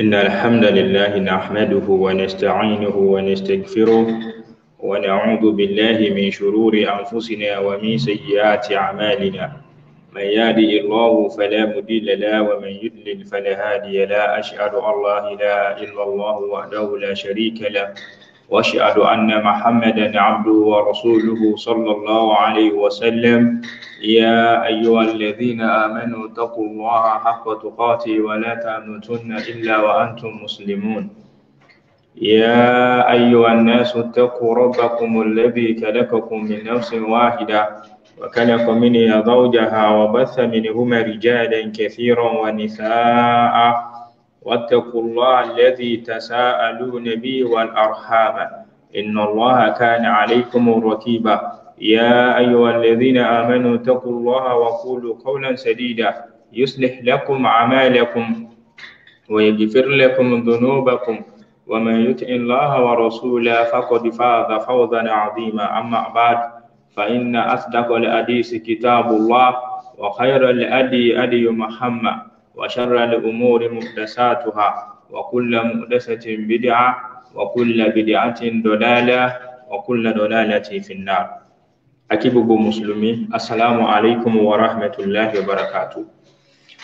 إن الحمد لله نحمده ونستعينه ونستغفره ونعوذ بالله من شرور أنفسنا ومن سيئات أعمالنا من يهده الله فلا مضل له ومن يضلل فلا هادي له أشهد أن لا إله إلا الله وحده لا شريك له واشهد ان محمدا عبده ورسوله صلى الله عليه وسلم يا ايها الذين امنوا اتقوا الله حق تقاته ولا تموتن الا وانتم مسلمون يا ايها الناس اتقوا ربكم الذي خلقكم من نفس واحده وخلق منها زوجها وبث منهما رجالا كثيرا ونساء واتقوا الله الذي تساءلون به والأرحام إن الله كان عليكم رقيبا يا أيها الذين آمنوا اتقوا الله وقولوا قولا سديدا يصلح لكم أعمالكم ويغفر لكم ذنوبكم ومن يطع الله ورسوله فقد فاز فوزا عظيما أما بعد فإن أصدق الحديث كتاب الله وخير الأدي أدي محمد وشر الأمور محدثاتها وكل محدثة بدعة وكل بدعة ضلالة وكل ضلالة في النار أكيد مسلمي السلام عليكم ورحمة الله وبركاته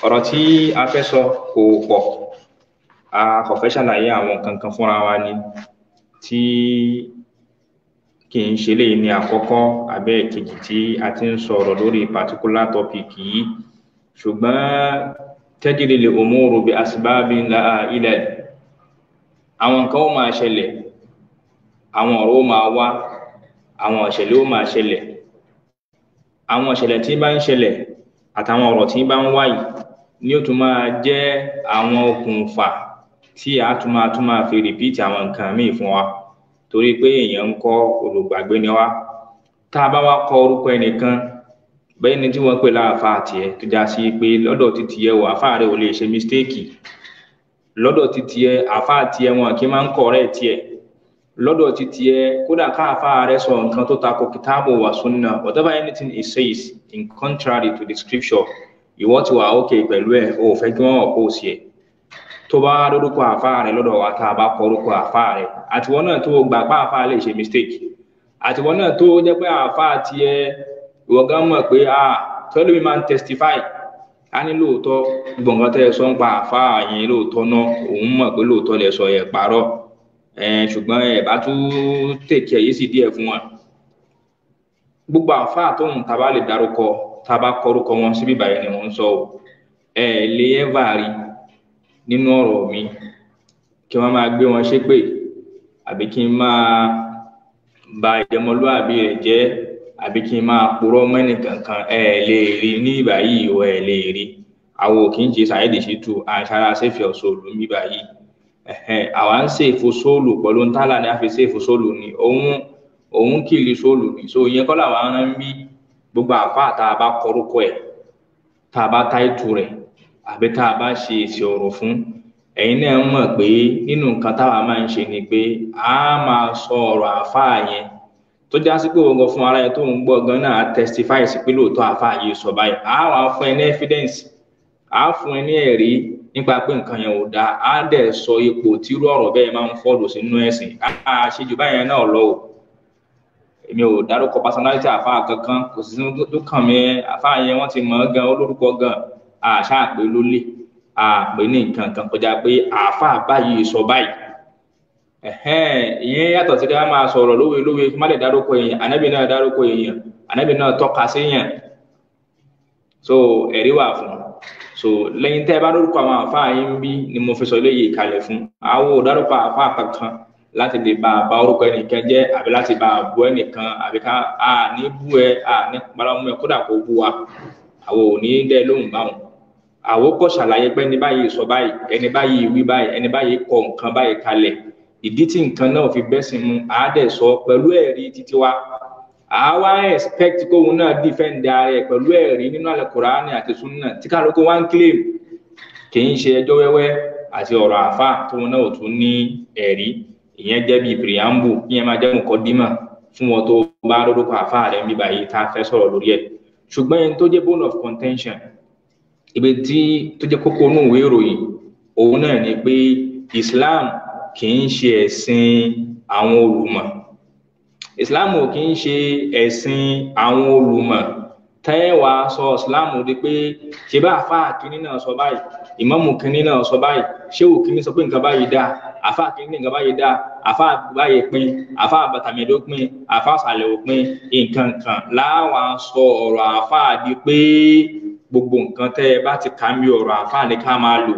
ọ̀rọ̀ tí a fẹ́ sọ kò pọ̀ a kò fẹ́ ṣàlàyé àwọn kankan fúnra wa ni tí kì í ṣe léyìí ní àkọ́kọ́ abẹ́ ìkejì tí a ti ń sọ̀rọ̀ lórí particular topic yìí ṣùgbọ́n tẹ́jìrì lè òmòrò bí asibábi ńlá ilẹ̀ àwọn nǹkan ó máa ṣẹlẹ̀ àwọn ọ̀rọ̀ ó máa wá àwọn ìṣẹ̀lẹ̀ ó máa ṣẹlẹ̀ àwọn ìṣẹ̀lẹ̀ tí bá ń ṣẹlẹ̀ àtàwọn ọ̀rọ̀ tí bá ń wáyìí ni ó tún máa jẹ́ àwọn okùnfà tí a tún máa tún máa fi rìpíìtì àwọn nǹkan míì fún wa torí pé èèyàn ń kọ́ olùgbàgbé ni wá tá a bá wá kọ orúkọ ẹnìkan bẹ́ẹ̀ ni tí wọ́n pè láàfà tiẹ̀ tó já sí pé lọ́dọ̀ ti tiẹ̀ wọ àfà rẹ̀ ò lè ṣe mistake lọ́dọ̀ ti tiẹ̀ àfà tiẹ̀ wọn kì í máa ń correct tiẹ̀ lọ́dọ̀ ti tiẹ̀ kódà káàfà rẹ̀ sọ nǹkan tó takò kìtàbù wà sunna whatever anything he says in contrary to the scripture ìwọ ti wà ókè pẹ̀lú ẹ̀ o ò fẹ́ kí wọ́n ọ̀pọ̀ òsì ẹ̀ tó bá lórúkọ àfà rẹ̀ lọ́dọ̀ wa tá a bá kọ orúkọ àfà rẹ̀ àtiwọn náà tó gbà pé àfà lè ṣe mistake náà tó jẹ́ pé àfà tiẹ̀ ìwọ gan mọ̀ pé a tọ́lùmí máa ń testify a ní lóòótọ́ gbọ̀ngàn tẹ́ ẹ sọ ń pa àfa àyìn lóòótọ́ náà òun mọ̀ pé lóòótọ́ lẹ sọ ẹ̀ parọ́ ṣùgbọ́n ẹ̀ bá tún tèkì ẹ̀yẹ́ sì díẹ̀ fún wọn gbogbo àfa àtọ̀hún tá a bá lè dárúkọ tá a bá kọrúkọ wọn síbí báyìí ni wọ́n ń sọ ọ́ ẹ̀ lè ẹ́ rí nínú ọ̀rọ̀ mi kí wọ́n máa gbé wọn ṣépè àbí kí n máa ba ìjẹmọlúwàbí rẹ̀ jẹ́ àbí kí n máa purọ́ mẹ́nì kankan ẹ lè rí ní ìgbà yìí ìwọ ẹ lè rí àwọn òkè ń ṣe ṣàyẹ̀dì ṣètò àṣàrà ṣèfì ọ̀ṣọ́lù ní ìgbà yìí àwa ń ṣe ìfosóòlù pẹ̀lú ntálà ni a fi ṣe ìfosóòlù ni òun òun kìlì sóòlù ni so ìyẹn kọ́ làwọn ará ń bí gbogbo àfa tá a bá kọrúkọ ẹ̀ tá a bá táìtù rẹ̀ àbí tá a bá ṣe èsì ọ̀rọ̀ fún ẹ̀yin náà mọ̀ pé nínú nǹkan táwa máa ń ṣe ni pé a máa sọ ọ̀rọ̀ àfa yẹn tó já sí pé òun gan fún ara ẹ tó ń gbọ́ gan náà testify sí pé lóòótọ́ àfa yìí sọ báyìí àwọn afún ẹ ní evidence a fún ẹ ní ẹ̀rí nípa pé nǹkan yẹn ò dáa á dẹ̀ sọ ipò tí irú ọ̀rọ̀ bẹ́ẹ̀ máa ń fọ́lù sínú ẹ̀sìn á ṣe jù báyẹn náà lọ o èmi ò dárúkọ personality àfa kankan kò sí sínú tó kàn mí àfa yẹn wọ́n ti mọ̀ ọ́ gan olórúkọ gan àṣà àpè lólè àpè ní nǹkan kan kọjá pé àfa báyìí sọ báyìí ìyẹn yàtọ̀ sí ká máa sọ̀rọ̀ lówe lówe má lè dárúkọ èèyàn ànábì náà dárúkọ èèyàn ànábì náà tọ́ka séèyàn so ẹ̀rí wà fún so lẹ́yìn tẹ́ ẹ bá dárúkọ àwọn àfáà yín bí ni mo fi sọ léyè kalẹ̀ fún àwọn ò dárúkọ àfáà kankan láti lè bá bá orúkọ ẹnìkan jẹ́ àbí láti bá bú ẹnìkan àbí ká a ní bú ẹ a ní paramú ẹ kódà kó bú wa àwọn ò ní dẹ lóhùn báwọn àwọn kò ṣàlàyé pé ẹni báyìí sọ báyìí ẹni báyìí wí báyìí ẹni báyìí kọ nǹkan báyìí kalẹ̀ ìdí tí nǹkan náà fi bẹ́sìn mu àádẹ́sọ pẹ̀lú ẹ̀rí títí wa àwa expect kóun náà defend ara ẹ̀ pẹ̀lú ẹ̀rí nínú àlùkùránì àti sunna tí kálukú wá ń claim kì í ṣe ẹjọ́ wẹ́wẹ́ àti ọ̀rọ̀ àáfà tóun náà ò tún ní ẹ̀rí ìyẹn jẹ́ bíi preamble ìyẹn máa jẹ́ nǹkan dímọ̀ fún wọn tó bá lórúkọ àáfà rẹ̀ níbi báyìí tá a fẹ́ sọ̀rọ̀ lórí ẹ̀ ṣùgbọ́n ẹni tó jẹ́ bone of contention ibi tí tó jẹ́ kókó inú ìwé ìròyìn òun náà ni pé Islam kì í ṣe ẹ̀sìn àwọn olùmọ̀ islam kì í ṣe ẹ̀sìn àwọn olùmọ̀ tẹ́wà sọ islam di pé ṣe bá àfa kínní náà sọ báyìí ìmámù kínní náà sọ báyìí ṣéwù kínní sọ pé nǹkan báyìí dáa àfa kínní nǹkan báyìí dáa àfa báyìí pin àfa bàtàmẹ́dó àfa sàlẹ̀ òpin nǹkan kan láwa sọ ọ̀rọ̀ àfa di pé gbogbo nǹkan tẹ́ bá ti kà mí ọ̀rọ̀ àfa ni ká máa lò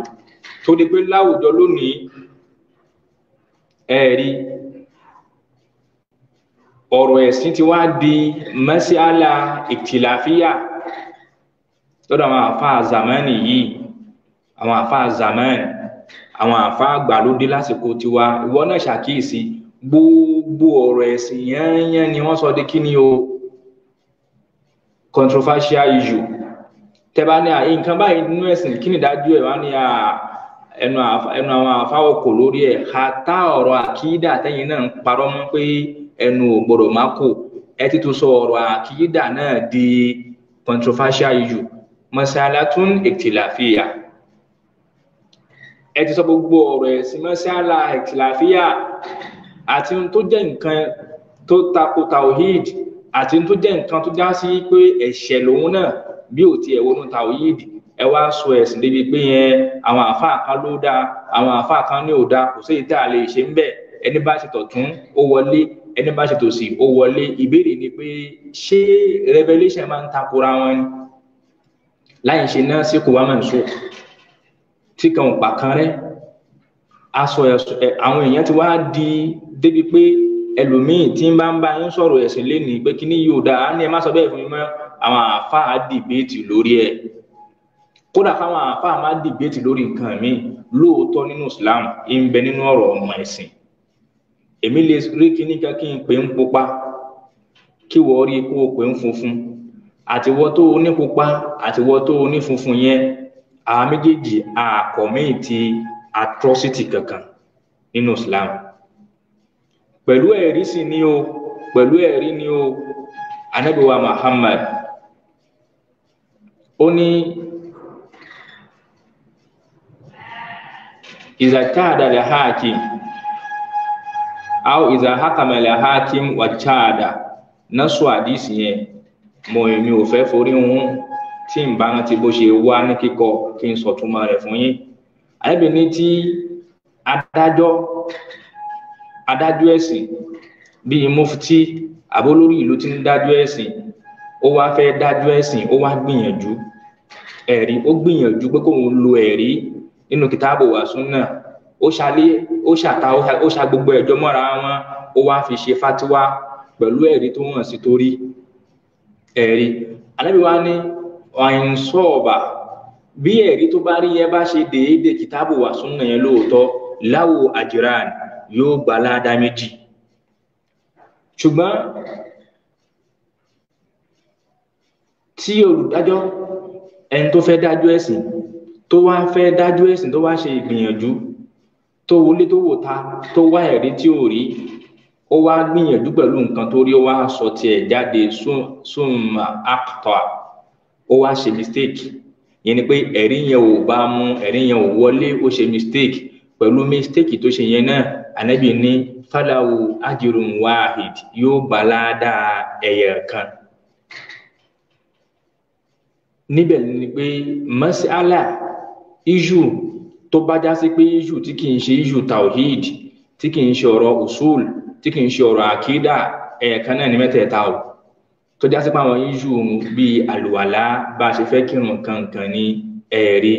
tó di pé láwùjọ lónìí ẹ̀rí ọ̀rọ̀ ẹ̀sìn ti wá di mẹ́síálà ìtìláfíà lọ́dọ̀ àwọn àfáà zamani yìí àwọn àfáà zamani àwọn àfáà gbàlódé lásìkò tiwa ìwọ náà ṣàkíyèsí gbogbo ọ̀rọ̀ ẹ̀sìn yányán ni wọ́n sọ di kí ni o controversial issue tẹ́bá ní nǹkan báyìí nínú ẹ̀sìn kí ni ìdájọ́ ẹ̀ wá ní à ẹnu ẹnu àwọn àfáwọ kò lórí ẹ hàtà ọ̀rọ̀ àkídà tẹ̀yin náà ń parọ́ mọ́ pé ẹnu ò má kò ẹ ti tún sọ ọ̀rọ̀ àkídà náà di controversial issue masalatun iktilafiya ẹ ti sọ gbogbo ọ̀rọ̀ ẹ̀sìn masala iktilafiya àti ohun tó jẹ́ nǹkan tó tako tawhid àti ohun tó jẹ́ nǹkan tó já sí pé ẹ̀ṣẹ̀ lòun náà bí ò tiẹ̀ wọnú tawhid ẹ wá sọ ẹ̀sìn débi pé yẹn àwọn àáfàá kan ló dáa àwọn àáfàá kan ní ò dáa kò sí ìta àlè ṣe ń bẹ ẹni bá ṣe tọ̀tún ó wọlé ẹni bá ṣe tòsì ó wọlé ìbéèrè ni pé ṣé revelation máa ń takora wọn ni láyìn ṣe náà sí kò wá mọ̀ nsọ tí kan ò pàkan rẹ aṣọ ẹ àwọn èèyàn ti wá di débi pé ẹlòmíì tí ń bá ń bá yín sọ̀rọ̀ ẹ̀sìn lénìí pé kíní yóò dáa á ní ẹ má sọ bẹ́ẹ̀ fún mi mọ́ àwọn àáfàá dìbéètì lórí ẹ̀ kódà káwọn àfáà máa dìbẹ́tì lórí nǹkan mi lóòótọ́ nínú Islam ń bẹ nínú ọ̀rọ̀ ọmọ ẹ̀sìn èmi lè rí kíní kan kí n pè ń pupa kí wọ́n rí kó o pè ń funfun àtiwọ́ tó o ní pupa àtiwọ́ tó o ní funfun yẹn àwọn méjèèjì àkọ́míì ti atrocity kankan nínú Islam pẹ̀lú ẹ̀rí sì ni o pẹ̀lú ẹ̀rí ni o Ànábì Muhammad ó ní. إذا اجتهد الحاكم أو إذا حكم الحاكم واجتهد نص حديث yẹn mo èmi ò fẹ́ forí hun tí n bá ti bó ṣe wá ní kíkọ kí n sọ túmọ̀ rẹ̀ fún yín àyẹ̀bẹ̀ni tí adájọ́ adájọ́ ẹ̀sìn bíi mufti abolórí ìlú ti ń dájọ́ ẹ̀sìn ó lo nínú kìtàbù wà súnà ó ṣàlẹ ó ṣàta ó ṣà gbogbo ẹjọ mọ́ra wọn ó wá fi ṣe fatiwa pẹ̀lú ẹ̀rí tó hàn sí torí ẹ̀rí anábì wa ní ọ̀hìnsọ́ọ̀bà bí ẹ̀rí tó bá rí yẹn bá ṣe déédéé kìtàbù wà súnà yẹn lóòótọ́ láwo àjìrán yóò gbà ládàá méjì ṣùgbọ́n tí olùdájọ́ ẹni tó fẹ́ dájọ́ ẹ̀sìn tó wá ń fẹ́ dájú ẹ̀sìn tó wá ṣe ìgbìyànjú tó wọlé tó wò ta tó wá ẹ̀rí tí ò rí ó wá gbìyànjú pẹ̀lú nǹkan tó rí ó wá sọ tiẹ̀ jáde súnmọ́ àpùtọ́ ó wá ṣe mistake yẹn ni pé ẹ̀rí yẹn ò bá mu ẹ̀rí yẹn ò wọlé ó ṣe mistake pẹ̀lú mistake tó ṣe yẹn náà ànábì ní falawu ajirun wahid yóò gbalada ẹyẹ kan níbẹ̀ ni pé masala iṣu tó bá já sí pé iṣu tí kì í ṣe iṣu tawhid tí kì í ṣe ọ̀rọ̀ usul tí kì í ṣe ọ̀rọ̀ àkídà ẹ̀ẹ̀kan náà ní mẹ́tẹ̀ẹ̀ta o tó já sí pé àwọn iṣu bíi àlùwàlá bá a ṣe fẹ́ kírun kankan ní ẹ̀ẹ̀rí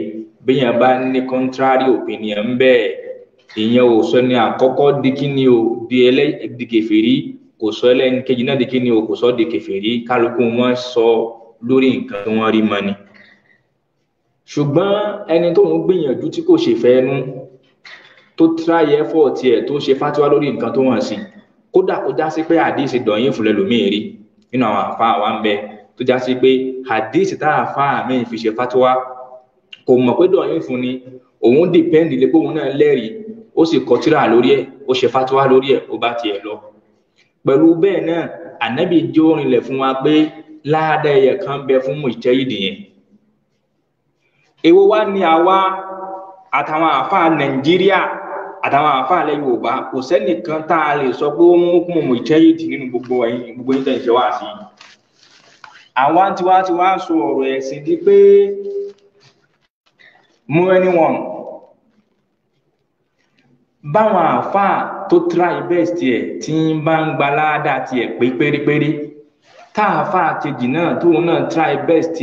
bíyàn bá ní contrary opinion bẹ́ẹ̀ ìyẹn ò sọ ní àkọ́kọ́ di kíni o di ẹlẹ́ di kèfèrí kò sọ ẹlẹ́ni kejì náà di kíni o kò sọ di kálukú wọn sọ lórí nǹkan tí wọ́n rí mọ́ ṣùgbọ́n ẹni tóun gbìyànjú tí kò ṣe fẹnu tó try effort ẹ tó ṣe fatiwa lórí nǹkan tó hàn sí kódà kó já sí pé àdìsí dọ̀yìn fúnlẹ̀ lómìn rí nínú àwọn àfa àwa ń bẹ tó já sí pé àdìsí tá àfa mi fi ṣe fatiwa kò mọ̀ pé dọ̀yìn fún ni òun dìpẹ́ndì lé pé òun náà lẹ́rìí ó sì kọ tírà lórí ẹ̀ ó ṣe fatiwa lórí ẹ̀ ó bá tiẹ̀ lọ pẹ̀lú bẹ́ẹ̀ náà ànábì jó rinlẹ̀ fún wa pé láàdá ẹ̀yẹ kan bẹ fún mùsítẹ́yìdì yẹn èwo wá ní àwa àtàwọn àáfàá nàìjíríà àtàwọn àáfàá ilẹ̀ yorùbá kò sẹ́nìkan tá a lè sọ pé ó mú kún mọ̀mọ́ ìjẹ́yìdì nínú gbogbo ẹ̀yìn gbogbo yín tẹ̀síọ́ wá sí i àwa tiwa tiwa sọ ọ̀rọ̀ ẹ̀sìn di pé mú anyone báwọn àáfàá tó try best ẹ̀ tí ń bá ń gba ládàá tiẹ̀ pé pérépéré táàfáà kejì náà tóun náà try best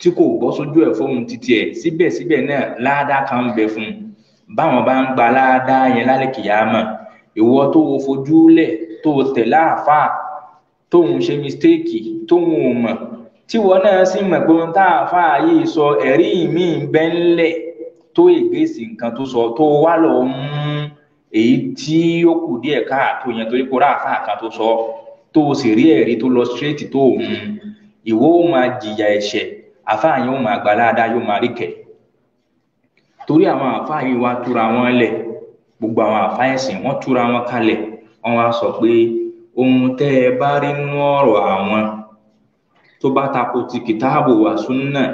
tí kò bọ́ sójú ẹ̀ fóun títí ẹ̀ síbẹ̀síbẹ̀ náà láàdá kan ń bẹ fún un báwọn bá ń gba láàdá yẹn lálẹ́ kìyàmọ̀ ìwọ tó o fojú lẹ̀ tó o tẹ̀ láàfáà tóun ṣe mistéèkì tóun ò mọ̀ tíwọ náà sì mọ̀ pé ohun táàfáà yìí sọ ẹ̀rí míì bẹ́ ńlẹ̀ tó ègbèsì nǹkan tó sọ tó wá lọ mú èyí tí ó kù díẹ̀ káàtó yẹn torí kó ráàfáà kan tó sọ tó o sì rí ẹ̀rí tó lọ straight tó o mú ìwọ ó máa jìyà ẹ̀ṣẹ̀ àfáà yẹn ó máa gbà dáadáa yóò máa rí kẹ̀ torí àwọn àfáà yìí wá túra wọn lẹ̀ gbogbo àwọn àfáà ẹ̀sìn wọ́n túra wọn kalẹ̀ wọ́n wá sọ pé ohun tẹ́ ẹ bá rí nínú ọ̀rọ̀ àwọn tó bá tako ti kìtáàbù wà súnà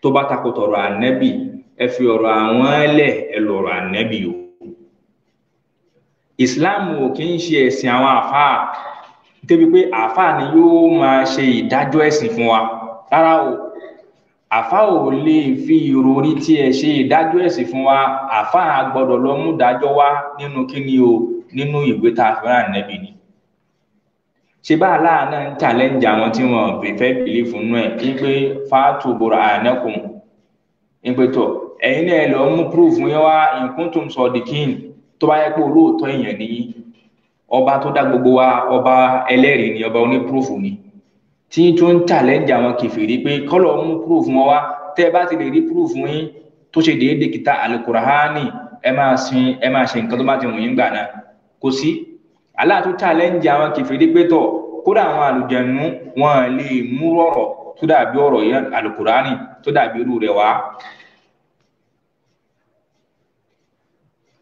tó bá tako tọ̀rọ̀ ànẹ́bì ẹ fi ọ̀rọ̀ àwọn ẹlẹ̀ ẹ lọ̀rọ̀ ànẹ́bì o ìsìláàmù ò kì í ṣe ẹ̀sìn àwọn àfáà débi pé àfáà ni yóò máa ṣe ìdájọ́ ẹ̀sìn fún wa rárá o àáfà ò lè fi ìròrí tiẹ̀ ṣe ìdájọ́ ẹ̀sìn fún wa àáfà gbọ́dọ̀ lọ mú dájọ́ wá nínú kíni o nínú ìwé tá a fi rán ànẹ́bì ni ṣe bá aláàánú ń challenge àwọn tí wọn fẹ́ believe nínú ẹ̀ kí pé fáàtù bọ̀rọ̀ àánẹ́kùn ń pé tọ̀ ẹ̀yin náà lọ mú proof yẹn wá nǹkan tó ń sọ dikin tó bá yẹ pé olóòótọ́ èèyàn nìyí ọba tó dá gbogbo wa ọba ẹlẹ́rìí ni ọba oníproof ni tí tó ń challenge àwọn kẹfìrí pé kọlọ mú proof wọn wá tẹ ẹ bá ti lè rí proof yín tó ṣe déédéé kìtà alukurahani ẹ máa sin ẹ máa ṣe nǹkan tó bá ti wù yín gbà náà kò sí Allah tó challenge àwọn kẹfìrí pé tọ kódà àwọn àlùjẹnu wọn lè mú ọ̀rọ̀ tó dàbí ọ̀rọ̀ yẹn alukurahani tó dàbí irú rẹ̀ wá.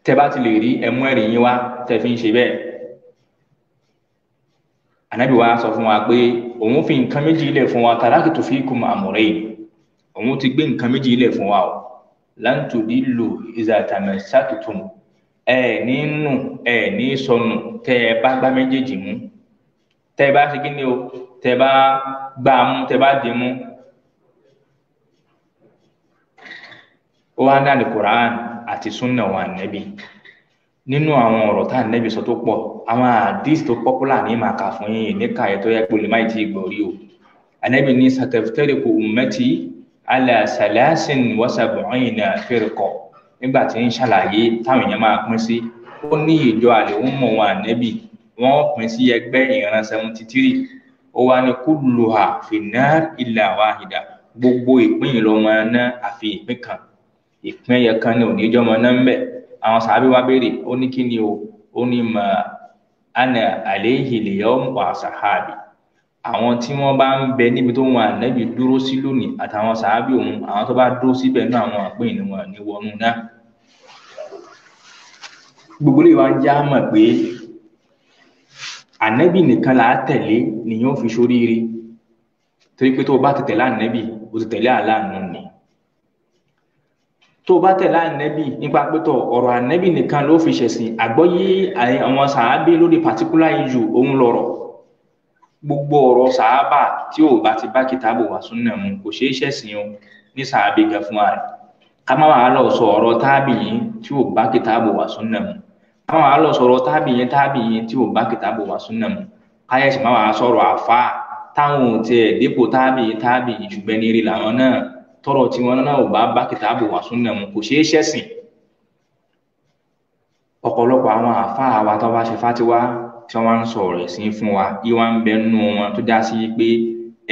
tẹ bá ti lè rí ẹmú ẹ̀rí yín wá tẹ fi ń ṣe bẹ́ẹ̀ ànábì sọ fún wa pé òun fi nǹkan méjì ilẹ̀ fún wa tàràkì tó fi kùn àmọ̀rẹ́ yìí òun ti gbé nǹkan méjì ilẹ̀ fún wa o láǹtòdì lò ìzàtàmẹ̀sá tuntun ẹ ní nù ẹ ní sọnù tẹ ẹ bá gbá méjèèjì mú tẹ ẹ bá ṣe kí ni o tẹ ẹ bá gbá mú tẹ ẹ bá dì mú ó wá dá ní Quran àti sunna wa nẹ́bí nínú àwọn ọ̀rọ̀ tá à nẹ́bi sọ tó pọ̀ àwọn àdìs tó pọ́pùlà ní màkà fún yín níka ẹ̀ tó yẹ pé lè má ti gbọ̀ rí o ànẹ́bi ní sàtẹ̀fẹ́tẹ̀rẹ̀kù ummati ala salasin wa sab'ina firqa nígbà tí ń ṣàlàyé táwọn èèyàn máa pín sí ó ní ìjọ àlèhùn mọ̀ wọn ànẹ́bi wọ́n pín sí ẹgbẹ́ ìran seventy three ó wá ní kulluha finnar illa wahida àwọn sàbí wa béèrè ó ní kí ni o ó ní mà ana alayhi liyawm wa sahabi àwọn tí wọn bá ń bẹ níbi tó wọn ànábì dúró sí lónìí àtàwọn sàábì òun àwọn tó bá dúró síbẹ̀ náà àwọn àpéyìn ni wọn ní wọnú náà gbogbo lè wá ń já mọ̀ pé ànábì nìkan là á tẹ̀lé nìyẹn ò fi ṣoríire torí pé tó o bá ti tẹ̀lé o ti tẹ̀lé àlànà nìyẹn tó o bá tẹ̀lé ànẹ́bì nípa pẹ́tọ̀ ọ̀rọ̀ ànẹ́bì nìkan ló fi ṣẹ̀sìn àgbọ́yé àwọn sàábé lórí pàtíkúlà ìjù òun lọ̀rọ̀ gbogbo ọ̀rọ̀ sàábà tí ò bá ti bá kìtàbù wà súnà mu kò ṣeé ṣẹ̀sìn o ní sàábé gan fún ààrẹ ká má wàá lọ sọ ọ̀rọ̀ táàbì yìí tí ò bá kìtàbù wà súnà mu ká má wàá lọ sọ ọ̀rọ̀ táàbì yìí táàbì yìí tí ò bá kìtàbù wà súnà mu káyẹ̀sì má wàá sọ̀rọ̀ àfa táwọn ò tiẹ̀ dépò táàbì yìí táàbì yìí ṣùgbẹ́ rí làwọn náà tọrọ tiwọn náà ò bá bá kìtàbù wà súnà mu kò ṣeé ṣẹ̀sìn ọ̀pọ̀lọpọ̀ àwọn àáfàá wa tó bá ṣe fátiwá tí wọ́n ń sọ ọ̀rọ̀ ẹ̀sìn fún wa ìwà ń bẹ wọn tó já sí pé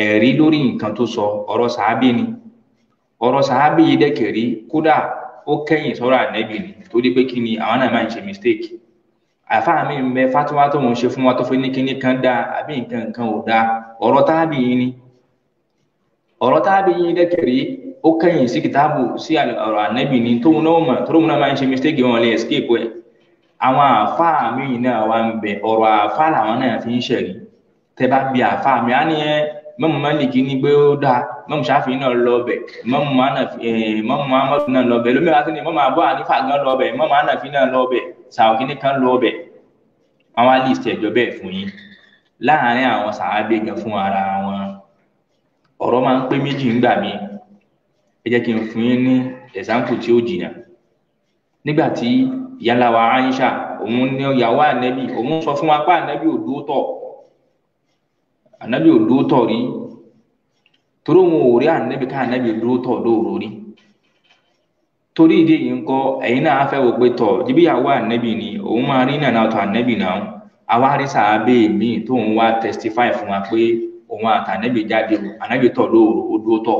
ẹ̀rí lórí nǹkan tó sọ ọ̀rọ̀ sàábì ni ọ̀rọ̀ sàábì yìí dẹ́kẹ̀rí kódà ó kẹ́yìn sọ́rọ̀ ànẹ́bì ni torí pé kí ni àwọn náà máa ń ṣe mistake àáfàá mi ń bẹ fátiwá tó ń ṣe fún wa tó fi ní kíní kan dáa àbí nǹkan nǹkan ò dáa ọ̀rọ̀ táàbì ni ọ̀rọ̀ táàbì dẹ́kẹ̀rí ó kẹ́yìn sí kìtáàbù si ọ̀rọ̀ ànábì ní tóun náà mọ̀ tóun náà máa ń ṣe mistake wọn lè escape ẹ̀ àwọn àáfàá míì náà wà ń bẹ ọ̀rọ̀ àáfàá làwọn náà fi ń ṣẹ̀rí tẹ́ bá bi àáfàá mi á ní ẹ mọ́mú málìkì ní pé ó dáa mọ́mú ṣáfì náà lọ bẹ̀ mọ́mú muhammadu náà lọ bẹ̀ lómìnira tó ní mọ́mú abọ́ ànífà gan lọ bẹ̀ mọ́mú ànàfi náà lọ bẹ̀ sàwọ́kínní kan lọ bẹ̀ àwọn àlìsí ẹ̀jọ́ bẹ́ẹ̀ fún yín láàárín àwọn sàábẹ̀ gan fún ara wọn ọ̀rọ̀ máa ń pé méjì ń gbà míì ẹ jẹ́ kí n fún yín ní ẹ̀sáǹpù tí ó jìnnà nígbà tí ìyáńlá wa Aisha òun ní ìyàwó ànábì òun sọ fún wa pé ànábì ò dóòtọ̀ ànábì ò dóòtọ̀ rí torí òun ò rí ànábì ká ànábì dóòtọ̀ lóòrò rí torí ìdí yìí ń kọ ẹ̀yin náà á fẹ́ wò pé tọ̀ jíbí ìyàwó ànábì ni òun máa rí nàná ọ̀tọ̀ ànábì náà àwa rí sàábé mi tóun wá testify fún wa pé òun àtànábì jáde ànábì tọ̀ lóòrò ó dóòtọ̀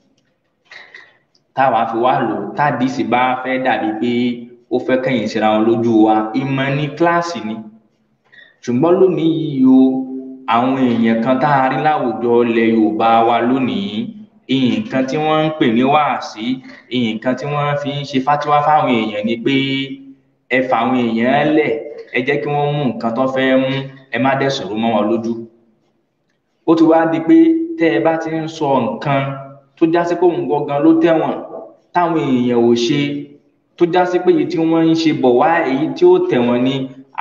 táwa fi wá lò tádì sì bá fẹ́ dàbí pé ó fẹ́ kẹ̀yìn síra wọn lójú wa ìmọ̀ ní kíláàsì ni ṣùgbọ́n lónìí yìí o àwọn èèyàn kan tá a rí láwùjọ ilẹ̀ Yorùbá wa lónìí nǹkan tí wọ́n ń pè ní wáàsí nǹkan tí wọ́n fi ń ṣe fátíwá fáwọn èèyàn ni pé ẹ fàwọn èèyàn lẹ̀ ẹ jẹ́ kí wọ́n mú nǹkan tó fẹ́ mú ẹ má dẹ̀ sọ̀rọ̀ mọ́ wọn lójú ó ti wá di pé tẹ́ ẹ bá ti ń sọ nǹkan tó já sí pé òun gangan ló tẹ̀wọ̀n táwọn èèyàn ò ṣe tó já sí pé èyí tí wọ́n ń ṣe bọ̀ wá èyí tí ó tẹ̀wọ̀n ni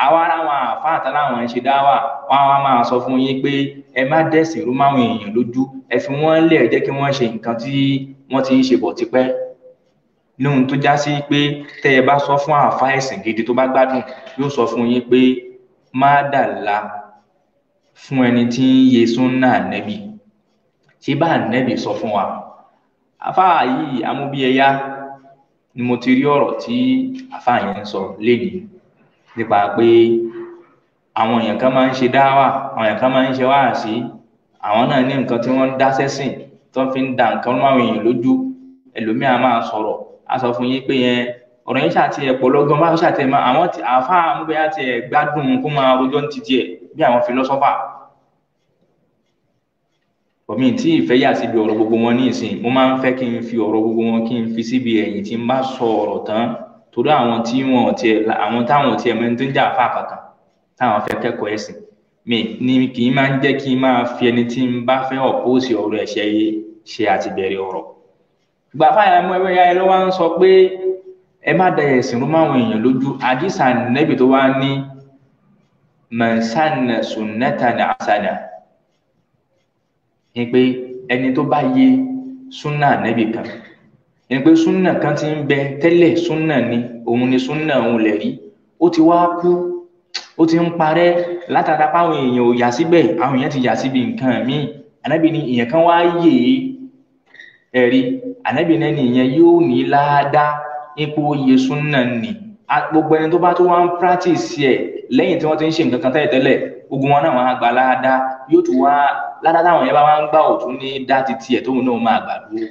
àwa ara wọn àáfàá àtàláwọn ṣe dá wà wọn á máa sọ fún yín pé ẹ má dẹ̀sìn rú máwọn èèyàn lójú ẹ fi wọ́n lẹ̀ jẹ́ kí wọ́n ṣe nǹkan tí wọ́n ti ń ṣe bọ̀ tipẹ́ lóhun tó já pé tẹ́ ẹ bá sọ fún àáfàá ẹ̀sìn gidi tó bá gbádùn yóò sọ fún yín pé má dàlá fún ẹni tí ń ye súnà nẹ́bì ṣé bá nẹ́bì sọ fún wa Afa yìí amúbíẹyá ni mo ti rí ọ̀rọ̀ tí àfáà yẹn ń sọ lénìí nípa pé àwọn èèyàn kan máa ń ṣe dáwà àwọn èèyàn kan máa ń ṣe wáàsí àwọn náà ní nǹkan tí wọ́n ń dá sẹ́sìn tó fi ń da nǹkan mọ́ àwọn èèyàn lójú ẹlòmíà máa sọ̀rọ̀ á sọ fún yín pé yẹn ọ̀rọ̀ yín ṣàti ẹ̀pọ̀ lọ́gán bá ṣàtẹ̀ máa àwọn àfáà amúbíẹyá ti ẹ̀ gbádùn kó máa rojọ́ ní titi ẹ̀ bí àwọn fìlọ́sọ́fà omi tí ìfẹ́ yà síbi ọ̀rọ̀ gbogbo wọn ní ìsìn mo máa ń fẹ́ kí n fi ọ̀rọ̀ gbogbo wọn kí n fi síbi ẹ̀yìn tí n bá sọ ọ̀rọ̀ tán torí àwọn tí wọn ò tiẹ̀ àwọn táwọn ò tiẹ̀ mẹ́ni tó ń jà fà kankan táwọn fẹ́ kẹ́kọ̀ọ́ ẹ̀sìn mi ni kì í máa ń jẹ́ kí n máa fi ẹni tí n bá fẹ́ ọ̀pọ̀ọ̀sì ọ̀rọ̀ ẹ̀ṣẹ̀ yìí ṣe àtìbẹ̀rẹ̀ ọ̀rọ̀ gbà fáyà mọ́ ẹgbẹ́ ya ni pé ẹni tó bá yé súnà ànábì kan ni pé súnà kan ti ń bẹ tẹ́lẹ̀ súnà ni òun ni súnà òun lẹ̀ rí ó ti wá kú ó ti ń parẹ́ látara páwọn èèyàn ò yà síbẹ̀ àwọn èèyàn ti yà síbi nǹkan míì ànábì ni èèyàn kan wá yè é ẹ̀rí ànábì náà nìyẹn yóò ní ládàá ipò oyè súnà ni gbogbo ẹni tó bá tó wá ń practice ẹ̀ lẹ́yìn tí wọ́n ti ń ṣe nǹkan kan tẹ́lẹ̀ tẹ́lẹ̀ ogun wọn náà wọn á gbà ládàá yóò tún wá ládá táwọn yẹn bá wá ń gbà ò tún ní dá ti tiẹ̀ tóun náà máa gbà dúró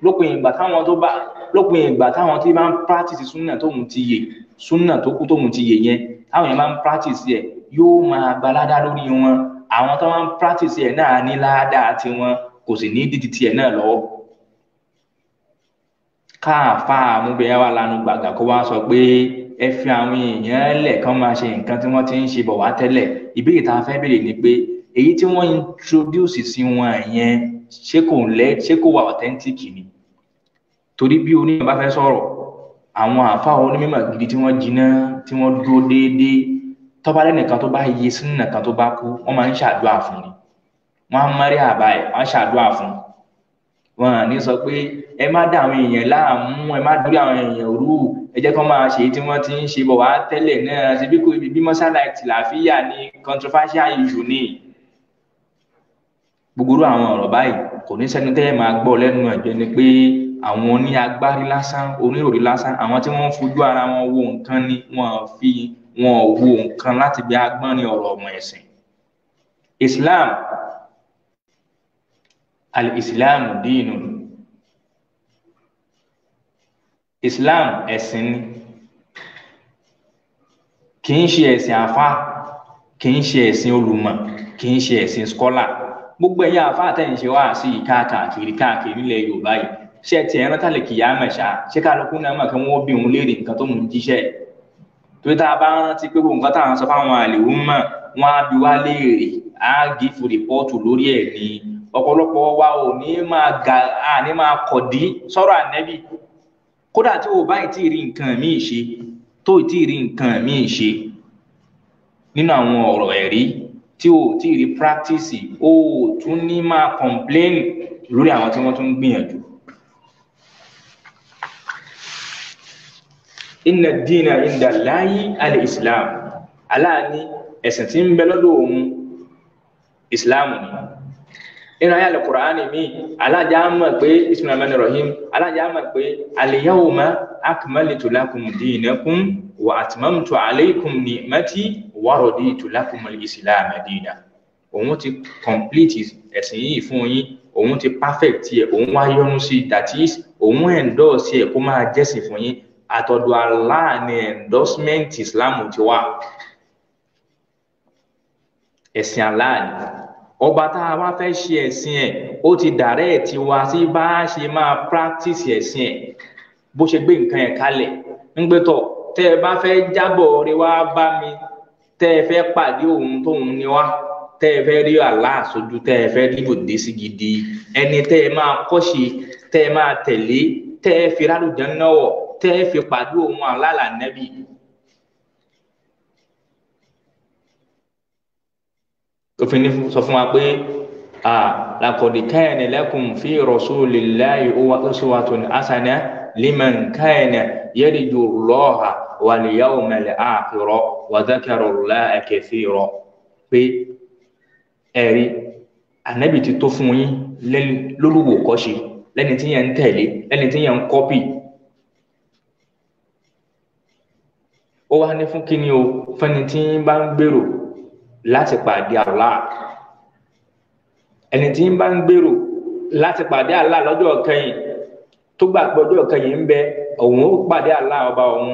lópin ìgbà táwọn tó bá lópin ìgbà táwọn tí máa ń practice súnà tóun ti yè súnà tó kú tóun ti yè yẹn táwọn yẹn máa ń practice yẹ yóò máa gba ládá lórí wọn àwọn tó máa ń practice yẹ náà ní ládá tiwọn kò sì ní dídì tiẹ̀ náà lọ́wọ́ káàfáà mú bẹ́ẹ̀ wá lanu gbàgbà kó wá sọ pé ẹ fi àwọn èèyàn lẹ̀ kán máa ṣe nǹkan tí wọ́n ti ń ṣe bọ̀ wá tẹ́lẹ̀ ìbéèrè tá a fẹ́ béèrè ni pé èyí tí wọ́n introduce sí wọn yẹn ṣé kò lẹ́ ṣé kò wà authentic ni torí bí onímọ̀ bá fẹ́ sọ̀rọ̀ àwọn àáfàá onímọ̀ gidi tí wọ́n jiná tí wọ́n dúró déédéé tọ́ba lẹ́nìkan tó bá yẹ sínú nìkan tó bá kú wọ́n máa ń ṣàdúrà fún ni wọ́n á mọ́rí àbá ẹ̀ wọ́n á ṣàdúrà fún wọn ní sọ pé ẹ má dá àwọn èèyàn láàmú ẹ má dúró àwọn èèyàn rú ẹ jẹ́ kán máa ṣe tí wọ́n ti ń ṣe bọ̀ wá tẹ́lẹ̀ náà ṣe bí kò ibi bí mọ́ṣáláìtì làáfíà ní controversial issue ní gbogbo àwọn ọ̀rọ̀ báyìí kò ní sẹ́ni tẹ́ máa gbọ́ lẹ́nu ẹ̀jẹ̀ ni pé àwọn oníagbárí lásán oníròrí lásán àwọn tí wọ́n ń fojú ara wọn wo nǹkan ni wọ́n fi wọn wo nǹkan láti bí agbọ́nrin ọ̀rọ̀ ọmọ ẹ̀sìn Islam al-Islam dínú Islam ẹ̀sìn ni kì í ṣe ẹ̀sìn àfa kì í ṣe ẹ̀sìn olùmọ̀ kì í ṣe ẹ̀sìn scholar gbogbo ẹ̀yà àfa àtẹ̀yìn ṣe wá sí káàkiri káàkiri nílẹ̀ Yorùbá yìí ṣé ti ẹ̀rọ tálẹ̀ kìyà mẹ̀ṣá ṣé kálukú náà mọ̀ kí wọ́n bí òun léèrè nǹkan tó mú un jíṣẹ́ tó tá a bá rántí pé gbogbo nǹkan táwọn sọ fáwọn àlèwò mọ̀ wọ́n á bí wá léèrè á gífù rìpọ́ọ̀tù lórí ẹ̀ ní ọ̀pọ̀lọpọ̀ wa ò ní máa kọ̀dí sọ́rọ̀ ànẹ́bí kódà tí o bá ì tí ì rí nǹkan míì ṣe tó ì tí ì rí nǹkan míì ṣe nínú àwọn ọ̀rọ̀ ẹ̀rí tí o tí ì rí practice o tún ní máa complain lórí àwọn tí wọ́n tún gbìyànjú. inna dina inda lahi al-islam aláàní ẹ̀sìn tí ń bẹ lọ́dọ̀ òun islam ni nínú ayé alukur'ani mi alájà mọ̀ pé bisimilahi rahman rahim alájà mọ̀ pé aliyahuma akmaltu lakum dinakum wa atmamtu alaykum ni'mati wa raditu lakum al-islam dina òun ti complete ẹ̀sìn yìí fún yín òun ti perfect yẹ òun wá yọ́nú sí that is òun endorse yẹ kó máa jẹ́sìn fún yín àtọ̀dọ̀ Allah endorsement islam ti wá ẹ̀sìn Allah ọba tá a wá fẹ́ ṣe ẹ̀sìn ẹ̀ ó ti dàrẹ́ ẹ̀ ti wá sí bá a ṣe máa practice ẹ̀sìn ẹ̀ bó ṣe gbé nǹkan ẹ̀ kalẹ̀ ńgbẹ́tọ̀ tẹ́ ẹ bá fẹ́ jábọ̀ rí wá bá mi tẹ́ ẹ fẹ́ pàdé òun tóun ni wá tẹ́ ẹ fẹ́ rí Allah sójú tẹ́ ẹ fẹ́ rí bòde sí gidi ẹni tẹ́ ẹ máa kọ́ṣe tẹ́ ẹ máa tẹ̀lé tẹ́ ẹ fi rálùjẹ́ náwọ̀ tẹ́ ẹ fi pàdé òun Allah lànẹ́bí òfin ní sọ fún wa pé a laqad kana lakum fi rasulillahi uswatun hasana liman kana yarju Allaha wal yawmal akhir wa dhakara Allaha kathira pé ẹ̀rí ànábì ti tó fún yín lólùwò kọ́ṣe lẹ́ni tí yẹn ń tẹ̀lé lẹ́ni tí yẹn ń kọ́pì ó wá ní fún kíni o fẹ́ni tí bá ń gbèrò láti pàdé Allah ẹni tí ń bá ń gbèrò láti pàdé Allah lọ́jọ́ kẹyìn tó gbà pé ọjọ́ kẹyìn ń bẹ òun ó pàdé Allah ọba òun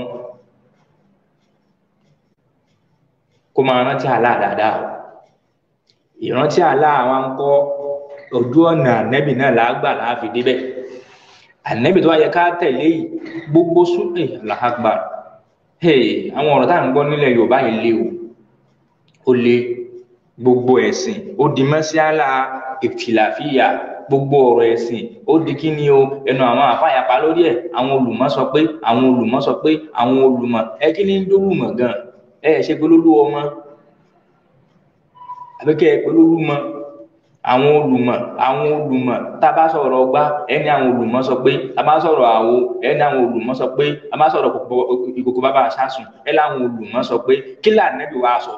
kó máa rántí Allah dáadáa ìrántí Allah àwọn ń ojú ọ̀nà ànẹ́bì náà làágbà láàfi débẹ̀ ànẹ́bì tó wá ká tẹ̀lé yìí gbogbo súnlẹ̀ làágbà àwọn ọ̀rọ̀ tá à ń gbọ́ nílẹ̀ Yorùbá yìí lé o olè gbogbo ẹ̀sìn ó di mọ́síálà ìtìláfíà gbogbo ọ̀rọ̀ ẹ̀sìn ó di kí ni o ẹnu àwọn àfàyàpá lórí ẹ̀ àwọn olùmọ̀ sọ pé àwọn olùmọ̀ sọ pé àwọn olùmọ̀ ẹ kí ni ń dólùmọ̀ gan ẹ ṣe pé lólú ọmọ àbíkẹ́ ẹ pé lólú mọ àwọn olùmọ̀ àwọn olùmọ̀ tá a bá sọ̀rọ̀ ọgbà ẹni àwọn olùmọ̀ sọ pé tá a bá sọ̀rọ̀ àwo ẹni àwọn olùmọ̀ sọ pé a bá sọ̀rọ̀ ìkòkò bàbá àṣàsùn ẹni àwọn olùmọ̀ sọ pé kí làǹdẹ́bí wàá sọ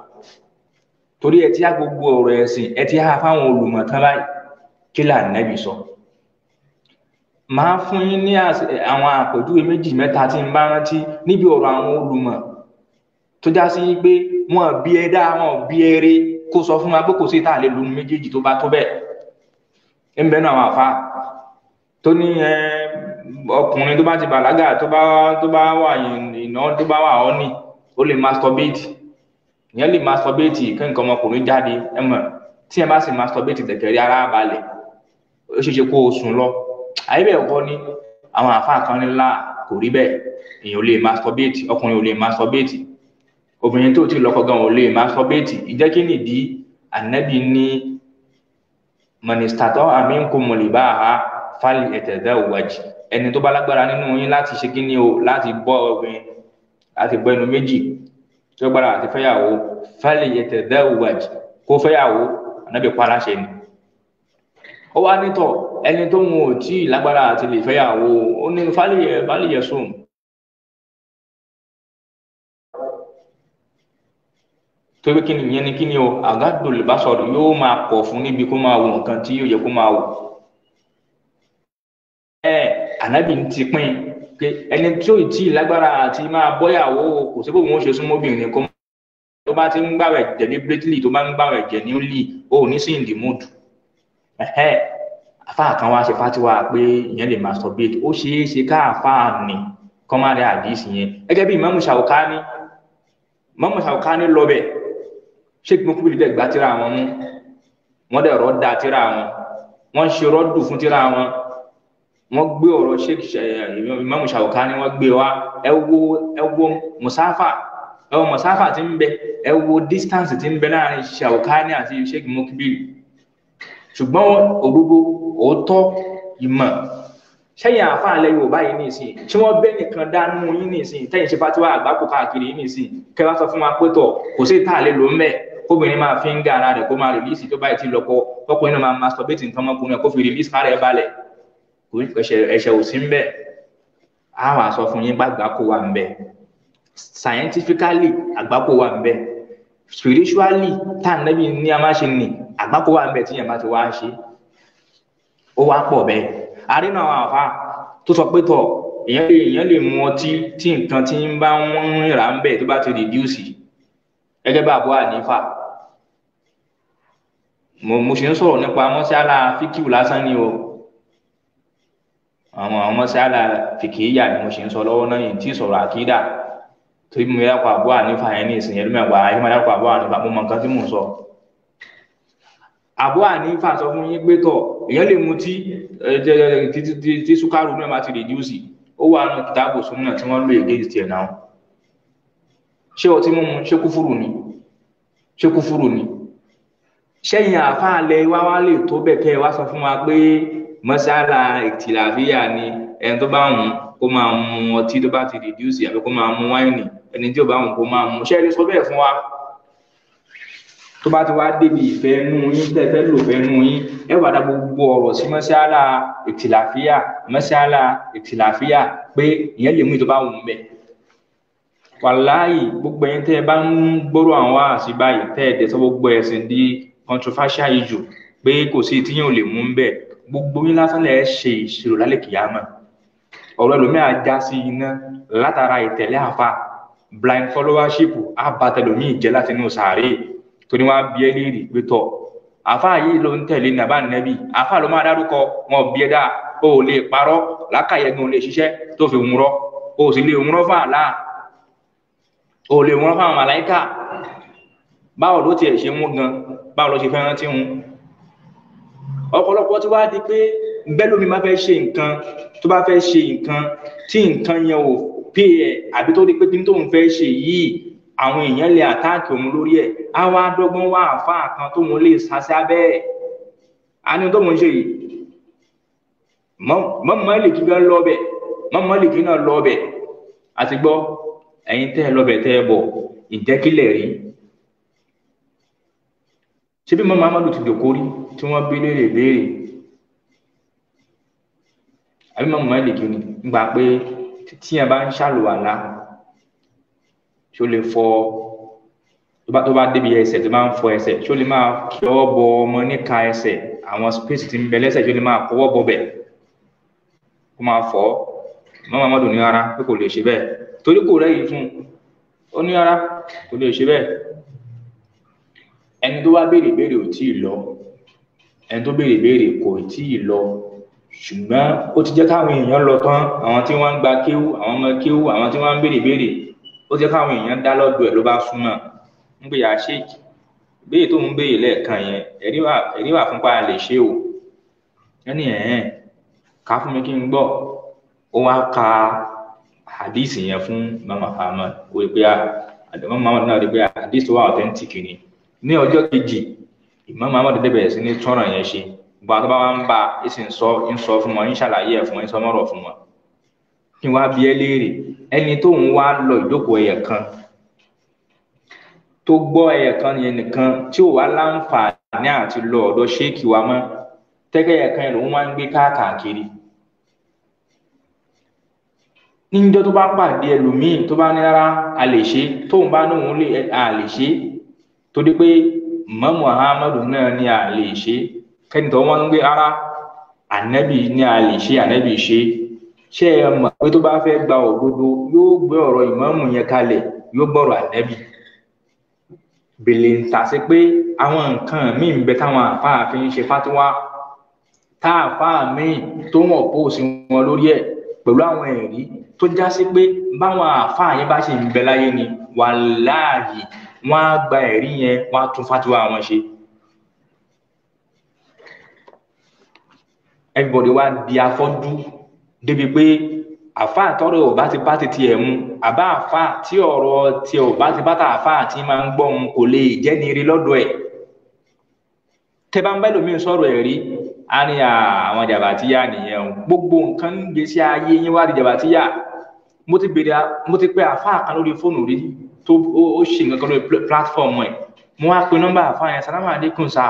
torí ẹ ti á gbogbo ọ̀rọ̀ ẹ̀sìn ẹ ti á fáwọn olùmọ̀tán báyìí kí là nẹ́bí sọ màá fún yín ní àwọn àpèjúwe méjì mẹ́ta tí n bá rántí níbi ọ̀rọ̀ àwọn olùmọ̀ tó já sí pé wọn bí ẹ dá wọn bí ẹ rí kó sọ fún wa pé kò sí ìta àlè méjèèjì tó bá tó bẹ́ẹ̀ ń bẹ́ẹ̀ àwọn àfa tó ní ẹ ọkùnrin tó bá ti bàlágà tó bá wà ìná tó bá wà ọ́ ni ó lè masturbate ìyẹn lè masturbate kí nǹkan ọmọkùnrin jáde ẹ mọ̀ tí ẹ bá sì masturbate tẹ̀kẹ̀rí ara balẹ̀ ó ṣeéṣe kó o sùn lọ àyè bẹ́ẹ̀ kọ́ ni àwọn àfáà kan ńlá kò rí bẹ́ẹ̀ èèyàn ò lè masturbate ọkùnrin ò lè masturbate obìnrin tó ti lọ́kọ gan ò lè masturbate ìjẹ́ kí nìdí ànábì ní mọ̀nìsítàtọ̀ àmì ń kó mọ̀lẹ́ bá a fálì ẹ̀tẹ̀dẹ̀ òwájì ẹni tó bá lágbára nínú yín láti ṣe kí ni o láti bọ́ obìnrin láti bọ́ ẹnu méjì tí ó gbára àti fẹ́yàwó fẹ́lẹ̀yẹtẹ̀ dẹ́wẹ̀j kó fẹ́yàwó ànábì para ṣe ni. wá nítọ̀ ẹni tó ń o tí lágbára àti lè fẹ́yàwó o ní fálẹ̀yẹ fálẹ̀yẹ o yóò fún yóò ẹ pé ẹni tí ò tí ì lágbára àti máa bọ́yàwó kò sí bóun ó ṣe súnmọ́ obìnrin kó tó bá ti ń gbà wẹ̀ jẹ̀ deliberately tó bá ń gbà wẹ̀ jẹ̀ newly o ò ní sí in the mood àfáà kan wá ṣe fátiwá pé ìyẹn lè masturbate ó ṣeé ṣe ká àfáà nì kọ́ má rẹ àdìsí yẹn gẹ́gẹ́ bí Imam Shawkani Imam Shawkani lọ́bẹ̀ ṣé kí mo kúrò nílẹ̀ gbá tíra wọn mú wọ́n dẹ̀ rọ́ da tíra wọn wọ́n ṣe rọ́dù fún tíra wọn wọ́n gbé ọ̀rọ̀ sheikh eh, imam Shawkani wọ́n gbé wa ẹ wo ẹ wo musafa ẹ wo musafa tí ń bẹ ẹ wo distance tí ń bẹ láàrin Shawkani àti sheikh Mukbil ṣùgbọ́n òdodo òótọ́ ìmọ̀ sẹ́yìn àáfàá lẹ yorùbá yìí nìsín tí wọ́n bẹ́ nìkan dánú yín nìsín tẹ́yìn ṣe fatiwa àgbákò káàkiri yín nìsín kẹ́ wá sọ fún wa pé tọ̀ kò sí ìta àlè ló ń bẹ̀ kóbìnrin máa fi ń ga ara rẹ̀ kó máa rìlíìsì tó báyìí ti lọ́kọ tọkùnrin náà máa masturbate nǹkan ọmọkùnrin kó fi rìlíìsì ara ẹ̀ balẹ̀ ẹ̀ṣẹ̀ ò sí ń bẹ̀ á wà yín pé àgbákò wà ń bẹ̀ scientifically àgbákò wà ń bẹ̀ spiritually tá à nẹ́bí ní a máa ṣe nì àgbákò wà ń bẹ̀ tí yẹn bá ti wá ṣe ó wá pọ̀ bẹ́ẹ̀ àrínà àwọn àfa tó sọ pé tọ̀ èèyàn lè èèyàn lè mu ọtí tí nǹkan tí ń bá ń rà ń bẹ̀ tó bá ti reduce gẹ́gẹ́ bá àbúrò ànífà mo ṣe ń sọ̀rọ̀ nípa mọ́ṣálá fíkìú lásán ni o àwọn àwọn mọ́sálà fìkìyà ni mo ṣe ń sọ lọ́wọ́ náà yìí tí sọ̀rọ̀ àkídà tó mú mi lápò ànífà yẹn ní ìsìn ẹlẹ́mẹ̀ wà ayé máa lápò àbúrò ànífà mo mọ nǹkan tí mò ń sọ. àbúrò ànífà sọ fún yín pé tọ̀ èèyàn lè mu tí tí sukaru náà máa ti rèdíùsì ó wà nù kìtàbù súnmọ́ tí wọ́n lò ègé tiẹ̀ náà. ṣé ọtí mímu ṣé kúfúrù ni ṣé kúfúrù ni ṣẹ́yìn àáfàá lẹ wá wá lè tó bẹ̀ mọ́sálà ìtìláfíà ni ẹni tó bá wù kó máa mu ọtí tó bá ti reduce àbí kó máa mu wáìnì ẹni tí ò bá wù kó máa mu ṣé ẹni sọ bẹ́ẹ̀ fún wa tó bá ti wá débi ìfẹ́ nú yín tẹ́ fẹ́ lò fẹ́ nú yín ẹ wà dá gbogbo ọ̀rọ̀ sí mọ́sálà ìtìláfíà mọ́sálà ìtìláfíà pé ìyẹn lè mú ìtọ́ bá wù mẹ́ wàláyì gbogbo ẹ̀yin tẹ́ ẹ bá ń gbọ́rọ̀ àwọn wáàsí báyìí tẹ́ ẹ dẹ̀ sọ gbogbo ẹ̀sìn di controversial issue pé kò sí tí ò lè mú bẹ́ẹ̀ gbogbo yín lásán lẹ ṣe ìṣirò lálẹ́ kìyàmọ ọ̀rọ̀ ẹlòmíà já sí iná látara ìtẹ̀lé àfa blind followership abatẹlòmíì jẹ láti inú sàárè tó ní wọn bí ẹ léèrè pé tọ àfa yìí ló ń tẹ̀lé nàbà nẹbì àfa ló máa dárúkọ wọn bí ẹ dáa o ò lè parọ́ lákàyẹgùn lè ṣiṣẹ́ tó fi wúrọ o sì lè wúrọ fún àlá o lè wúrọ fún àwọn màláíkà báwo ló tiẹ̀ ṣe mú gan báwo ló ṣe fẹ́ràn tí ń ọ̀pọ̀lọpọ̀ ti wá di pé bẹ́lómi máa fẹ́ ṣe nǹkan tó bá fẹ́ ṣe nǹkan tí nǹkan yẹn ò pè ẹ̀ àbí tó rí pé kíni tóun fẹ́ ṣe yìí àwọn èèyàn lè àtáàkì òun lórí ẹ̀ á wá dọ́gbọ́n wá àáfàá kan tóun lè sá sí abẹ́ ẹ̀ á ní tóun ṣe yìí mọ́mọ́ lè kí gan lọ́bẹ̀ mọ́mọ́ lè kí náà lọ́bẹ̀ àti gbọ́ ẹ̀yin tẹ́ ẹ lọ́bẹ̀ tẹ́ ẹ rí ṣé bí mọ́mọ́ amadu ti dòkó rí tí wọ́n bí léèrè léèrè àbí mọ̀mọ́ mẹ́lìkì ni gbà pé tí yẹn bá ń ṣàlùwàlá ṣó lè fọ tó bá débi ẹsẹ̀ tó bá ń fọ ẹsẹ̀ ṣó lè máa kí ọwọ́ bọ ọmọ níka ẹsẹ̀ àwọn space ti ń bẹ lẹ́sẹ̀ ṣó lè máa kọwọ́ bọ bẹ̀ kó máa fọ́ mọ́mọ́ mọ́tò ní ara pé kò lè ṣe bẹ́ẹ̀ torí kò rẹ́yìn fún un ó ní ara kò lè ṣe bẹ́ẹ̀ ẹni tó wá béèrè béèrè ò tí lọ ẹni tó béèrè béèrè kò tí ì lọ ṣùgbọ́n ó ti jẹ́ káwọn èèyàn lọ tán àwọn tí wọ́n ń gba kéwú àwọn ọmọ kéwú àwọn tí wọ́n ń béèrè béèrè ó jẹ́ káwọn èèyàn dá lọ́dọ̀ ẹ̀ ló bá súnmọ́ ń pè ya sheik béèrè tó ń béèrè lẹ́ẹ̀kan yẹn ẹ̀rí wà fúnpa lè ṣe o ẹni ẹ̀hẹ́n ká fún mi kí n gbọ́ ó wá ka hadith yẹn fún mama ahmed ó rí pé àdéhùn ah, mama náà rí pé ah, hadith wà authentic ni ní ọjọ́ kejì Imam Ahmad dẹ̀ bẹ̀rẹ̀ sí ní tọ́rọ̀ yẹn ṣe gbogbo àtọ́ bá wá ń bá a sì ń sọ ń sọ fún wọn ń ṣàlàyé ẹ̀ fún wọn ń sọ mọ́rọ̀ fún wọn kí wọ́n á bi ẹ́ léèrè ẹni tó ń wá lọ ìjókòó ẹ̀yẹ̀ kan tó gbọ́ ẹ̀yẹ̀ kan yẹn nìkan tí ò wá láǹfààní àti lọ ọ̀dọ̀ ṣéèkì wa mọ́ tẹ́kẹ̀yẹ kan yẹn lòun wá ń gbé káàkiri níjọ́ tó bá pàdé ẹlòmíì tó bá ní rárá a lè ṣe tóun bá ní òun lè a lè ṣe torí pé mọ́mù ahmadu náà ní a lè ṣe kẹ́ni tó wọ́n ń gbé ara ànábì ní a lè ṣe ànábì ṣe ṣé ẹ mọ̀ pé tó bá fẹ́ gba òdodo yóò gbé ọ̀rọ̀ ìmọ̀mù yẹn kalẹ̀ yóò gbọ́rọ̀ ànábì bèlè ń tà sí pé àwọn nǹkan míì ń bẹ táwọn àfáà fi ń ṣe fátúwá tá àfáà míì tó wọ̀n póòsì wọn lórí ẹ̀ pẹ̀lú àwọn ẹ̀rí tó já sí pé báwọn àfáà yẹn bá ṣe ń bẹ láyé ni wàláàyè wọ́n á gba ẹ̀rí yẹn wọ́n á tún fatiwa wọn ṣe. everybody wá di afọ́jú débi pé àfa àtọrọ ò bá ti bá ti tiẹ̀ mu àbá àfa tí ọ̀rọ̀ tiẹ̀ ò bá ti bá ta àfa àti máa ń gbọ́ òun kò lè jẹ́ ní rí lọ́dọ̀ ẹ̀ tẹ́ bá ń bá ẹlòmíín sọ̀rọ̀ ẹ̀ rí a ní àwọn jàbàtíyà nìyẹn o gbogbo nǹkan ń gbèsè ayé yín wá di jàbàtíyà mo ti mo ti pè àfa kan lórí fóònù rí tó ó ṣe nǹkan kan lórí platform ẹ̀ mo wá pe nọ́mbà àfáà yẹn sálámà àdínkù sá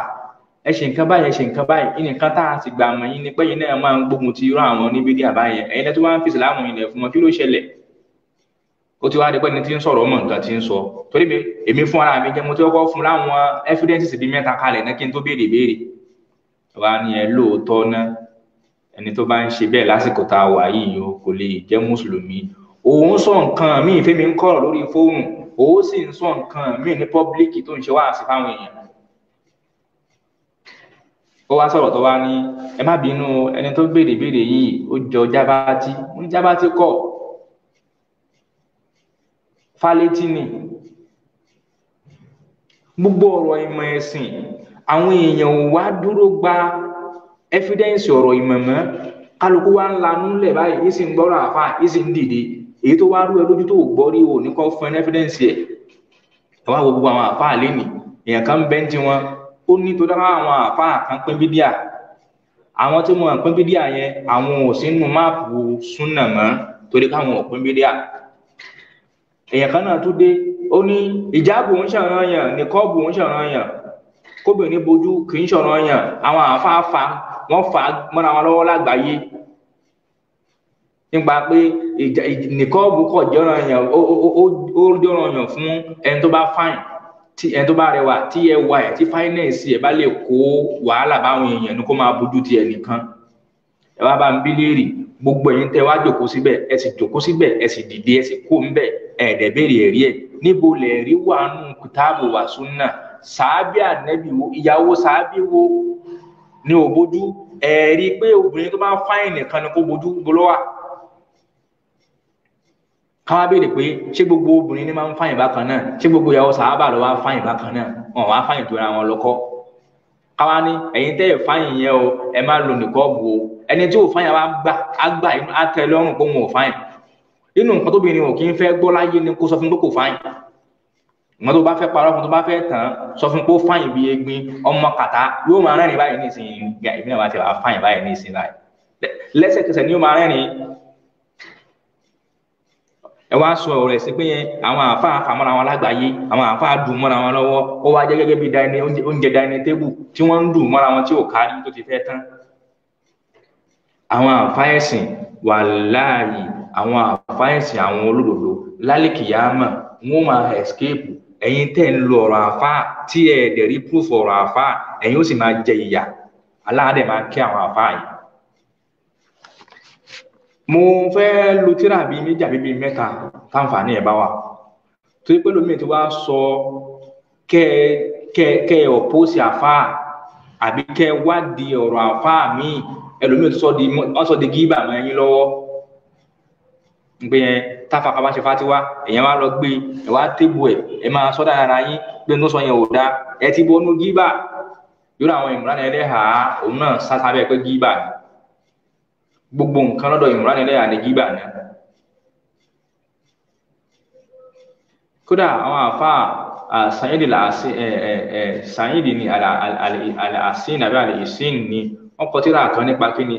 ẹ ṣe nǹkan báyìí ẹ ṣe nǹkan báyìí nǹkan tá a ti gbà mọ̀ yín ni pé yín náà máa ń gbógun ti irú àwọn níbi díà báyẹn ẹ̀yin náà tó wá ń fèsì láwọn ilẹ̀ fún wọn kí ló ṣẹlẹ̀ ó ti wá di pé ẹni tí ń sọ̀rọ̀ mọ̀ nǹkan tí ń sọ torí mi èmi fún ara mi jẹ́ mo ti kọ́kọ́ fún láwọn evidence bíi mẹ́ta kalẹ̀ náà kí n tó béèrè béèrè wa ni ẹ lóòótọ́ náà ẹni tó bá ń ṣe bẹ́ẹ̀ lásìkò tá a wà yìí o kò lè jẹ́ mùsùlùmí òun sọ nǹkan míì fẹ́mi ń kọ̀rọ̀ lórí fóònù ó sì ń sọ nǹkan míì ní pọ́blíkì tó ń ṣe wáàsí fáwọn èèyàn ó wá sọ̀rọ̀ tó wá ní ẹ má bínú ẹni tó béèrè béèrè yìí ó jọ jábátí ó ní jábátí kọ́ fálétí ni gbogbo ọ̀rọ̀ ìmọ̀ ẹ̀sìn àwọn èèyàn ò wá dúró gba ẹfídẹ́ǹsì ọ̀rọ̀ ìmọ̀ mọ́ kálukú wa ń lanú lẹ̀ báyìí ìsìn gbọ́rọ̀ àfa ìsìn dìde èyí tó wá rú ẹ lójú tó gbọ́ rí o ní kọ́ fún ẹ ní evidence ẹ̀ ẹ wá wo gbogbo àwọn àfáà lẹ́nìí èèyàn kan ń bẹ́ ń ti wọn ó ní tó dára àwọn àfáà kan pín bídíà àwọn tí mo hàn pín bídíà yẹn àwọn ò sí nínú máàpù súnà mọ́ torí káwọn ò pín bídíà èèyàn kan náà tún dé ó ní ìjáàbù ń ṣàrán yàn nìkọ́ọ̀bù ń ṣàrán yàn kóbìnrin bojú kì í ṣọ̀ràn yàn àwọn àfáà fa wọ́n fa mọ́ra wọn lọ́wọ́ lágbàáyé nípa pé ìjà nìkọ́ọ̀bù kọ̀ jọ́ràn yàn ó jọ́ràn yàn fún ẹni tó bá fáìn tí ẹni tó bá rẹwà tí ẹ wà ẹ tí fáínẹ̀nsì ẹ bá lè kó wàhálà báwọn èèyàn ni kó máa bójú ti ẹ nìkan ẹ wá bá ń bí léèrè gbogbo ẹ̀yin tẹ́ wá jòkó síbẹ̀ ẹ sì jòkó síbẹ̀ ẹ sì dìde ẹ sì kó ń bẹ̀ ẹ̀ẹ́dẹ̀ béèrè ẹ̀rí ẹ̀ níbo lẹ̀ rí wàánu kìtáàbù wà súnà sàábì ànẹ́bì wo ìyàwó sàábì wo ni ò bójú ẹ̀ẹ́rí pé obìnrin tó bá fáìn nìkan ni kó bójú gbólọ́wà káwá béèrè pé ṣé gbogbo obìnrin ní máa ń fàyìn bákan náà ṣé gbogbo ìyàwó sàábà ló wá ń fàyìn bákan náà wọn wá fàyìn tó ra wọn lọkọ káwá ní ẹ̀yin tẹ́ ẹ fàyìn yẹn o ẹ má lo nìkọ bò ó ẹni tí ò fàyìn wa gbà á gbà á tẹ́ lọ́rùn pé wọn ò fàyìn inú nǹkan tóbìnrin ò kí ń fẹ́ gbọ́ láyé ni kó sọ fún pé kò fàyìn ìmọ̀ tó bá fẹ́ parọ́ fún tó bá fẹ́ tàn sọ fún pé ó fàyìn bí egbin ọmọ kàtá yóò máa rẹ́rìn báyìí nísìnyí ìgbà ni ẹ wá sọ ọrọ ẹ̀sìn pé yẹn àwọn àáfàá àfàmọ́ra wọn lágbàáyé àwọn àáfàá dùn mọ́ra wọn lọ́wọ́ ó wá jẹ́ gẹ́gẹ́ bí oúnjẹ dání tébù tí ń dùn mọ́ra wọn tí ò kárí tó ti fẹ́ tán. àwọn wà láàyè àwọn àwọn olódodo máa ń lo tí ó sì máa jẹ ìyà máa kí àwọn mo fẹ́ lo tíra bí méjì àbí bíi mẹ́ta táǹfààní ẹ̀ bá wà torí pé lómi ti wá sọ kẹ kẹ kẹ ọ̀pọ̀sì àfáà àbí kẹ wádìí ọ̀rọ̀ àfáà míì ẹlòmíì sọ di ọsọ di gíbà mọ́ ẹyin lọ́wọ́ gbé yẹn táfà kaba ṣe fatiwa èyàn wá lọ gbé ẹ wá tébù ẹ ẹ máa sọ dára yín pé ní sọ yẹn ò dáa ẹ ti bọnú gíbà yóò àwọn ìmúra ẹlẹ́hàá òun náà sásábẹ́ pé gíbà ni gbogbo nǹkan lọ́dọ̀ Imran Eleya ní gíbà ni kódà àwọn àfa Sa'id Sa'id ni al-Asin àbí al-Isin ni wọ́n kọ tírà kan nípa kí ni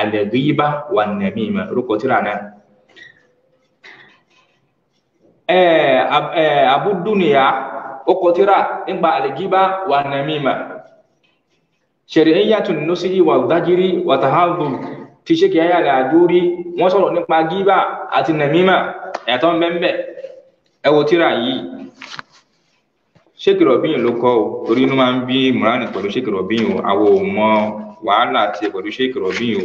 al-ghiba wan-namima orúkọ tírà náà. Abu Dunya ó kọ tírà nípa al-ghiba wan-namima ṣẹ̀ríyàtùn nùsí wà dájírí wà tàhálù ti ṣe kìí àyàlẹ̀ àdúrí wọ́n sọ̀rọ̀ nípa gíbà àti nàmímà ẹ̀tọ́ mẹ́mẹ́ ẹ wo tírà yìí ṣékìrọ̀ bíyìn ló kọ́ o torí inú máa ń bí mùránì pẹ̀lú ṣékìrọ̀ bíyìn o àwọn ò mọ wàhálà àti pẹ̀lú ṣékìrọ̀ bíyìn o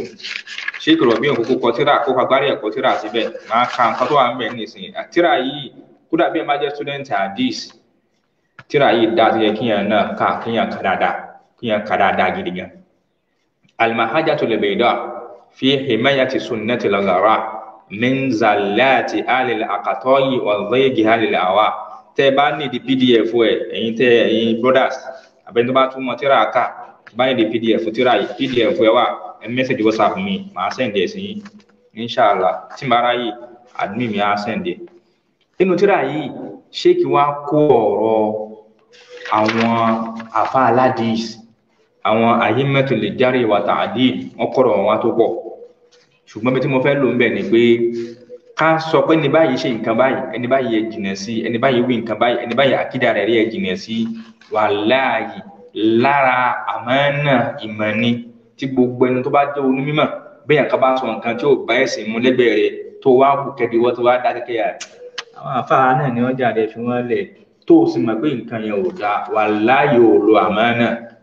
ṣékìrọ̀ bíyìn kókó kọ tírà kó fagbárí ẹ̀kọ́ tírà síbẹ̀ máa ka nǹkan tó wà ń bẹ̀ nísìnyí tírà yìí kódà bí ẹ bá jẹ́ student hadith tírà yìí dáa ti yẹ kíyàn náà ká kíyàn ká kíyàn kà dáadáa gidi gan almahajatul bayda fi himayati sunnati lagara min zalati alil akatọyi ọdọyegi alil awa tẹ́ bá ní di pdf ẹ ẹ̀yin tẹ́ ẹ̀yin brothers abẹnú bá tún mọ tíra ká bá di pdf tíra pdf ẹ wà ẹ mẹsàgì whatsapp mi màá sẹ́ǹdẹ̀ sí yín inshàlá tí màá admin mi á sẹ́ǹdẹ̀ nínú tíra yìí ṣé kí wàá kó ọ̀rọ̀ àwọn àfa aládìs àwọn àyímẹtòlè járe wa tààdì wọn kọrọ wọn tó pọ̀ ṣùgbọ́n bí tí mo fẹ́ lò ń bẹ ni pé ká sọ pé ẹni báyìí ṣe nǹkan báyìí ẹni báyìí ẹ jìnà sí ẹni báyìí wí nǹkan báyìí ẹni báyìí àkídà rẹ̀ rí ẹ jìnà sí wàláàyè lára àmánà ìmọ̀ ni tí gbogbo ẹni tó bá jẹ́ onímọ̀ bẹ́ẹ̀ ká bá sọ nǹkan tí ò bá ẹ̀sìn mu lẹ́gbẹ̀ẹ́ rẹ̀ tó wá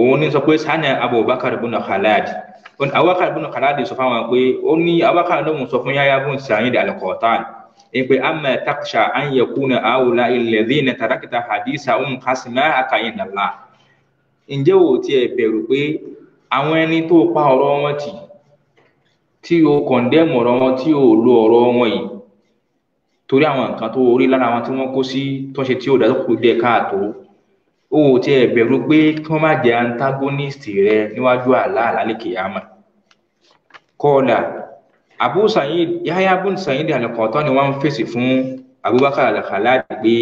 òun ní sọ pé sani abubakar bùnà khalad abubakar bùnà khalad sọ fáwọn pé oni abu bakar ló ń sọ fún yahya bùn sa'id al-qattan in pe amma taksha an yakuna awla alladhina tarakta hadisa um qasma aka inna allah ǹjẹ́ o tiẹ̀ bẹ̀rù pé àwọn ẹni tó pa ọ̀rọ̀ wọn tì tí o kọ̀ndẹ́mù ọ̀rọ̀ wọn tí o lo ọ̀rọ̀ wọn yìí torí àwọn nǹkan tó rí lára wọn tí wọ́n kó sí tó ṣe tí ó dá tó kù díẹ̀ káàtó o ò tiẹ̀ bẹ̀rù pé kí wọ́n má jẹ́ antagonist rẹ níwájú Allah lálẹ́kìyàmà kọ́ọ̀là abu sayid yahya bun sayid alikọ̀tọ́ ni wọ́n ń fèsì fún abubakar alakhalad pé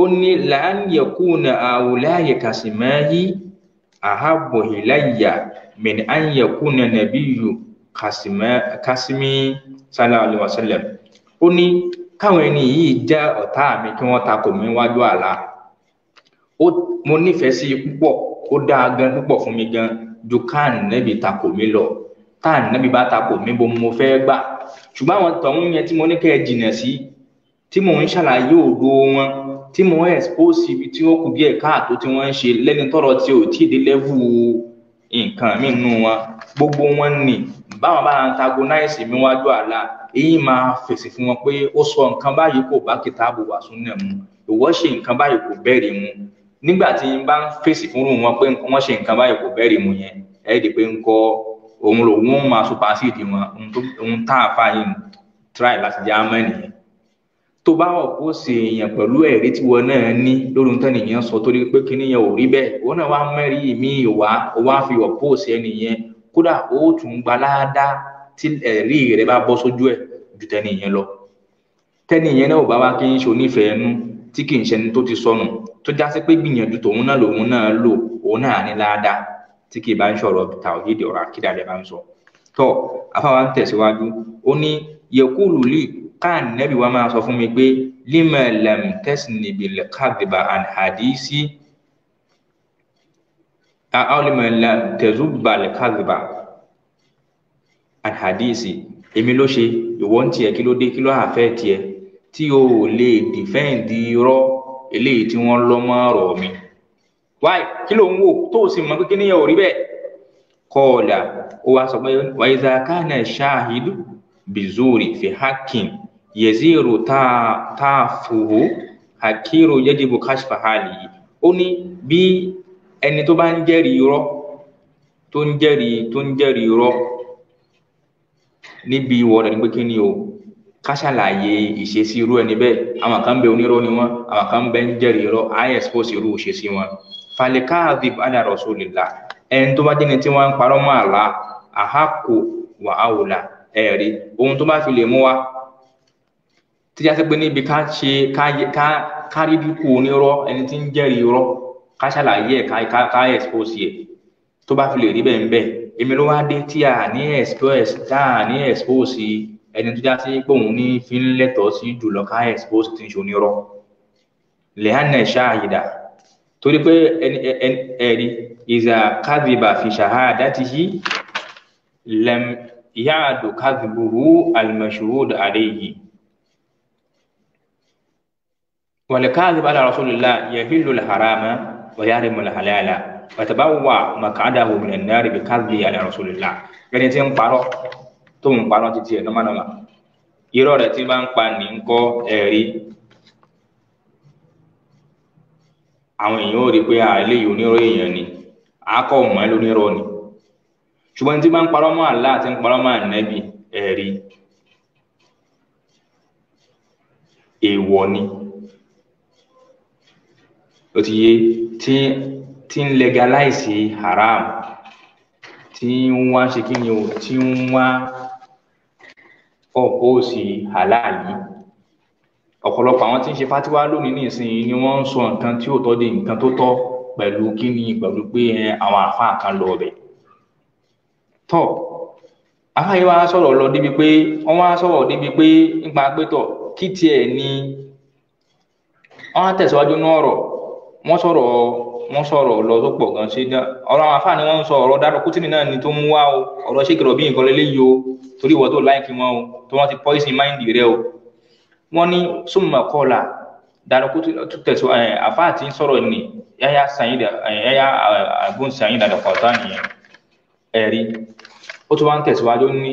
ó ní la'an yakuna awulaye kasimayi ahabbu ilayya min an yakuna nabiyyu kasimi sallallahu alaihi wasallam ó ní káwọn ẹni yìí jẹ́ ọ̀tá mi kí wọ́n takò mí wájú Allah ó mo nífẹ̀ẹ́ sí i púpọ̀ ó dáa gan púpọ̀ fún mi gan ju kan nẹ́bi takò mi lọ kan nẹ́bi bá takò mi bó mo fẹ́ gbà ṣùgbọ́n àwọn tọ̀hún yẹn tí mo ní kẹ́ ẹ jìnà sí tí mò ń ṣàlàyé òdo wọn tí mò ń expose ibi tí wọ́n kù díẹ̀ káàtó tí wọ́n ń ṣe lẹ́ni tọ́rọ̀ tí ò tí ì dé level nǹkan mi nù wọn gbogbo wọn nì báwọn bá antagonize mi wájú àlá èyí máa fèsì fún wọn pé ó sọ nǹkan báyìí kò bá kìtàbù wà náà mu ìwọ ṣe nǹkan báyìí kò bẹ́ẹ̀rẹ̀ mu nígbà tí n bá ń fèsì fún wọn pé wọn ṣe nǹkan báyìí kò bẹ́ẹ̀rì mu yẹn ẹ di pé ń kọ òun lòun ó máa supersede wọn òun tá a fà yín try láti jẹ àmọ́ nìyẹn tó bá wọ̀ kó ṣe èèyàn pẹ̀lú ẹ̀rí tí wọn náà ní lórí ohun tẹ́nìyàn sọ torí pé kíní yẹn ò rí bẹ́ẹ̀ òun náà wá mẹ́rí mi ìwà ó wá fi wọ̀ kó ṣe ẹnìyẹn kódà ó tún gba láàdá tí ẹ̀rí rẹ̀ bá bọ́ sójú ẹ̀ ju tẹ́nìyẹn lọ tẹ́nìyẹn náà ò bá wá kí n ṣe onífẹ̀ẹ́ nú tí kì í ṣe ẹni tó ti sọnù tó já sí pé gbìyànjú tòun náà lòun náà lò òun náà ní ládàá tí kì í bá ń sọ̀rọ̀ tàwídì ọ̀rọ̀ àkídà rẹ̀ bá ń sọ. tó afáwa ń tẹ̀síwájú ó ní yekulu li káàn nẹ́bí wa máa sọ fún mi pé lima lam tasni bil kadhiba an hadisi aw lam tazubba al kadhiba an hadisi èmi ló ṣe ìwọ́n tiẹ̀ kí ló dé kí ló hàfẹ́ tiẹ̀ tí o lè dìfẹ́ǹdì irọ́ eléyìí tí wọ́n lọ́ mọ́ ọ̀rọ̀ mi wáyé kí ló ń wò tó o sì mọ pé kí níyẹn ò rí bẹ́ẹ̀ kọ́ọ̀dà ó wá sọ pé wàyíṣà kánà ṣáàhídù bizuri fi hakim yeziru taafuhu hakiru yajibu kashfa hali yìí ó ní bí ẹni tó bá ń jẹ́rìí irọ́ tó ń jẹ́rìí tó ń jẹ́rìí irọ́ níbi ìwọ rẹ̀ ní pé kí ni o ká ṣàlàyé ìṣesí irú ẹni bẹ́ẹ̀ àwọn kan bẹ onírọ́ ni wọ́n àwọn kan bẹ ń jẹ́rìí irọ́ àyè expose irú ìṣesí wọn. falikadhib ala rasulillah ẹni tó bá jẹ́ ni tí wọ́n ń parọ́ mọ́ àlá àhàkù wà áwùlà ẹ̀rí ohun tó bá fi lè mú wa tíjà sí pé níbi ká ṣe ká kárí dínkù onírọ́ ẹni tí ń jẹ́rìí irọ́ ká ṣàlàyé ẹ̀ ká ká expose ẹ̀ tó bá fi lè rí bẹ́ẹ̀ bẹ́ẹ̀ èmi ló wá dé tí a ní expose tá a ní expose ẹni tó já sí pé òun ní fi ń lẹ́tọ̀ọ́ sí jùlọ ká expose tí ń ṣe onírọ́ lẹ́hánà ṣáàyìdà torí pé ẹni ìzà kádìbà fi ṣahadatihi lẹ́m yáàdù kádìbùrú al-mashhud alayhi والكاذب على رسول الله يهل الحرام ويحرم الحلال وتبوع مقعده من النار بكذبه على رسول الله يعني تنقرأ tóun parọ́ títí ẹ̀ nọ́mánọ́mà irọ́ tí bá ń pa ní ń ẹ̀rí àwọn èèyàn ò rí pé àìléyìí onírọ́ èèyàn ni àákọ́ ọ̀mọ́ ẹ lónírọ́ ni ṣùgbọ́n tí bá ń parọ́ mọ́ àlá àti ń parọ́ ẹ̀rí ni ó ti yé tí tí ń haram tí ń wá ṣe kí òsì aláàlí ọ̀pọ̀lọpọ̀ àwọn tí ń ṣe fátíwá lónìí nísìnyí ni wọ́n ń sọ nǹkan tí ò tọ́ di nǹkan tó tọ́ pẹ̀lú pẹ̀lú pé àwọn àfáà kan lọ ọbẹ̀ tọ́ wa sọ̀rọ̀ lọ débi pé wọ́n wá sọ̀rọ̀ débi pé nípa pé tọ̀ kí tiẹ̀ ni wọ́n á wọ́n sọ̀rọ̀ wọ́n sọ̀rọ̀ lọ tó pọ̀ gan ṣe dá ọ̀rọ̀ àwọn afáàní wọ́n ń sọ ọ̀rọ̀ Dárò Kútìnì náà ni tó mú wá o ọ̀rọ̀ ṣé kìrọ̀ bí nǹkan lélẹ́yìí o torí ìwọ tó láìkí wọn o tó wọ́n ti poison mind rẹ o wọ́n ní súnmọ́ kọ́là Dárò Kútìnì tẹ̀sọ àfáà ti ń sọ̀rọ̀ ni yáyà sàyìn yáyà àgbọn sàyìn dàdàkọ̀tà nìyẹn ẹ̀rí ó tún wá ń tẹ̀síwájú ní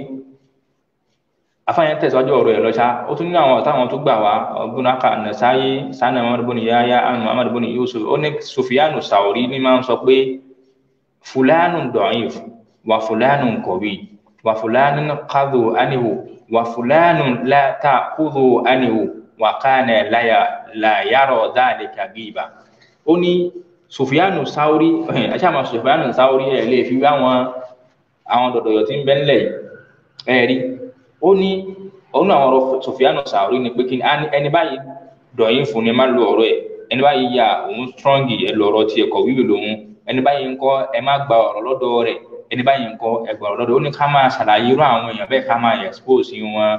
afáyẹn tẹ̀síwájú ọ̀rọ̀ ẹ̀ lọ́ṣá ó tún ní àwọn ọ̀tá àwọn tó gbà wá ọ̀gbọ́nàkà nàṣáyé sani amadu yaya anu amadu yusuf ó ní sufiyanu saori ní máa ń sọ pé fulanu dọ̀yìn wà fulanu kọ̀wé wà fulanu kádò ánìwò wà fulanu látà kúrò ánìwò wà kánẹ̀ láyà láyàrọ̀ dáàdì kàgíba ó ní sufiyanu saori ẹ̀ ẹ̀ ṣáà máa sufiyanu saori ẹ̀ lè fi wá àwọn àwọn dọ̀dọ̀yọ̀ tí ń bẹ ńlẹ̀ yìí ẹ̀ rí ó ní ọ̀nà àwọn ọ̀rọ̀ Sufyanu Sàárì ni pé kí ẹni báyìí dọ̀yìn fún ni má lo ọ̀rọ̀ ẹ̀ ẹni báyìí ya òun strong ẹ lọ́rọ̀ tiẹ̀ kọ̀ wíwì lòun ẹni báyìí ńkọ́ ẹ má gba ọ̀rọ̀ lọ́dọ̀ rẹ̀ ẹni báyìí ńkọ́ ẹ gba ọ̀rọ̀ lọ́dọ̀ ó ní ká máa ṣàlàyé irú àwọn èèyàn bẹ́ẹ̀ ká máa expose wọn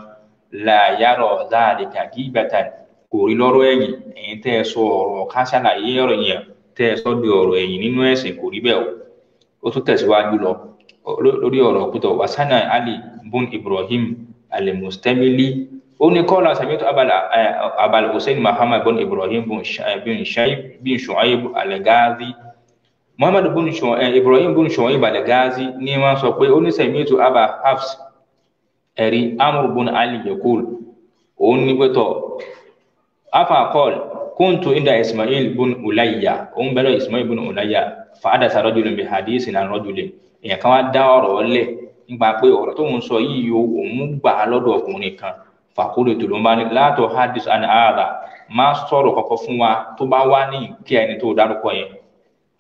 làyàrọ̀ dáadéka kí ìbàtà kò rí lọ́rọ̀ ẹ̀yìn ẹ̀yin tẹ́ ẹ sọ ọ̀rọ̀ ká ṣàlàyé ọ̀rọ̀ yẹn tẹ́ ẹ sọ di ọ̀rọ̀ ẹ̀yìn nínú ẹ̀sìn kò rí bẹ́ẹ̀ o ó tún tẹ̀síwájú ali bun ibrahim alimustamili ó ní kọ́lá samitu eh, abal hussein muhammad bin ibrahim bin eh, shaib bin shuaib alagazi muhammad bin eh, ibrahim bin shuaib alagazi ní wọ́n sọ pé ó ní samitu aba hafs ẹ̀rí amr bin ali yakul òun ní pẹ́tọ̀ afa kọ́l kuntu inda ismail bin ulayya òun bẹ̀rẹ̀ ismail bin ulayya fa adasa rajulun bi hadisi na rajulin èèyàn kan wá dá ọ̀rọ̀ lẹ̀ nípa pé ọ̀rọ̀ tóun sọ yìí o òun gbà á lọ́dọ̀ ọkùnrin kan fàkúrò tó ló ń bá ní látọ̀ hadith and ara máa sọ̀rọ̀ kọ̀kọ́ fún wa tó bá wá ní kí ẹni tó dárúkọ yẹn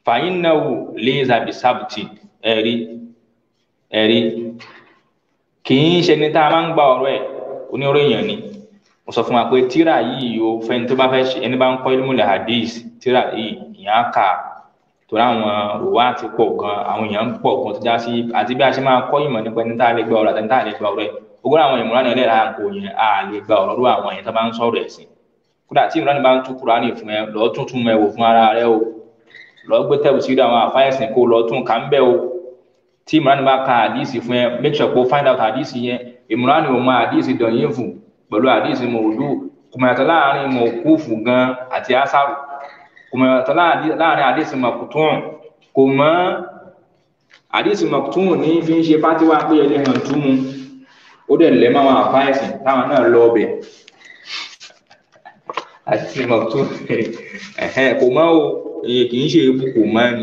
fàyín náà wò léèzà bí sábùtì ẹ̀rí ẹ̀rí kì í ṣe ni tá a máa ń gba ọ̀rọ̀ ẹ̀ oníròyìn ni mo sọ fún wa pé tíra yìí o fẹ́ni tó bá fẹ́ ṣe ẹni bá ń kọ́ ilmùlẹ̀ hadith tíra yìí ìyá kà torí àwọn òwá àti pọ̀ gan àwọn èèyàn pọ̀ gan tó já sí àti bí a ṣe máa kọ́ ìmọ̀ nípa ẹni tá a lè gba ọ̀rọ̀ àti ẹni tá a lè gba ọ̀rọ̀ ẹ̀ ogún àwọn ìmúránì ẹlẹ́ra kò yẹn a lè gba ọ̀rọ̀ lọ́wọ́ àwọn èèyàn tó bá ń sọ̀rọ̀ ẹ̀sìn kódà tí ìmúránì bá ń tú kúránì fún ẹ lọ́ọ́ tún tún ẹ wò fún ara rẹ o lọ́ọ́ gbé tẹ́bù sí àwọn àfáyẹ̀sìn kó lọ́ọ́ tún kà ń bẹ́ o kò mọ̀ yàtọ̀ láàrin àdéhùn mọ̀kútùn kò mọ̀ àdéhùn mọ̀kútùn ní fi ń ṣe fátíwá pé ẹni hàn túmù ó dẹ̀ lẹ́ máa wọn àfa ẹ̀sìn táwọn náà lọ ọbẹ̀ àdéhùn mọ̀kútùn kò mọ̀ o kì í ṣe ebu kò mọ̀ ni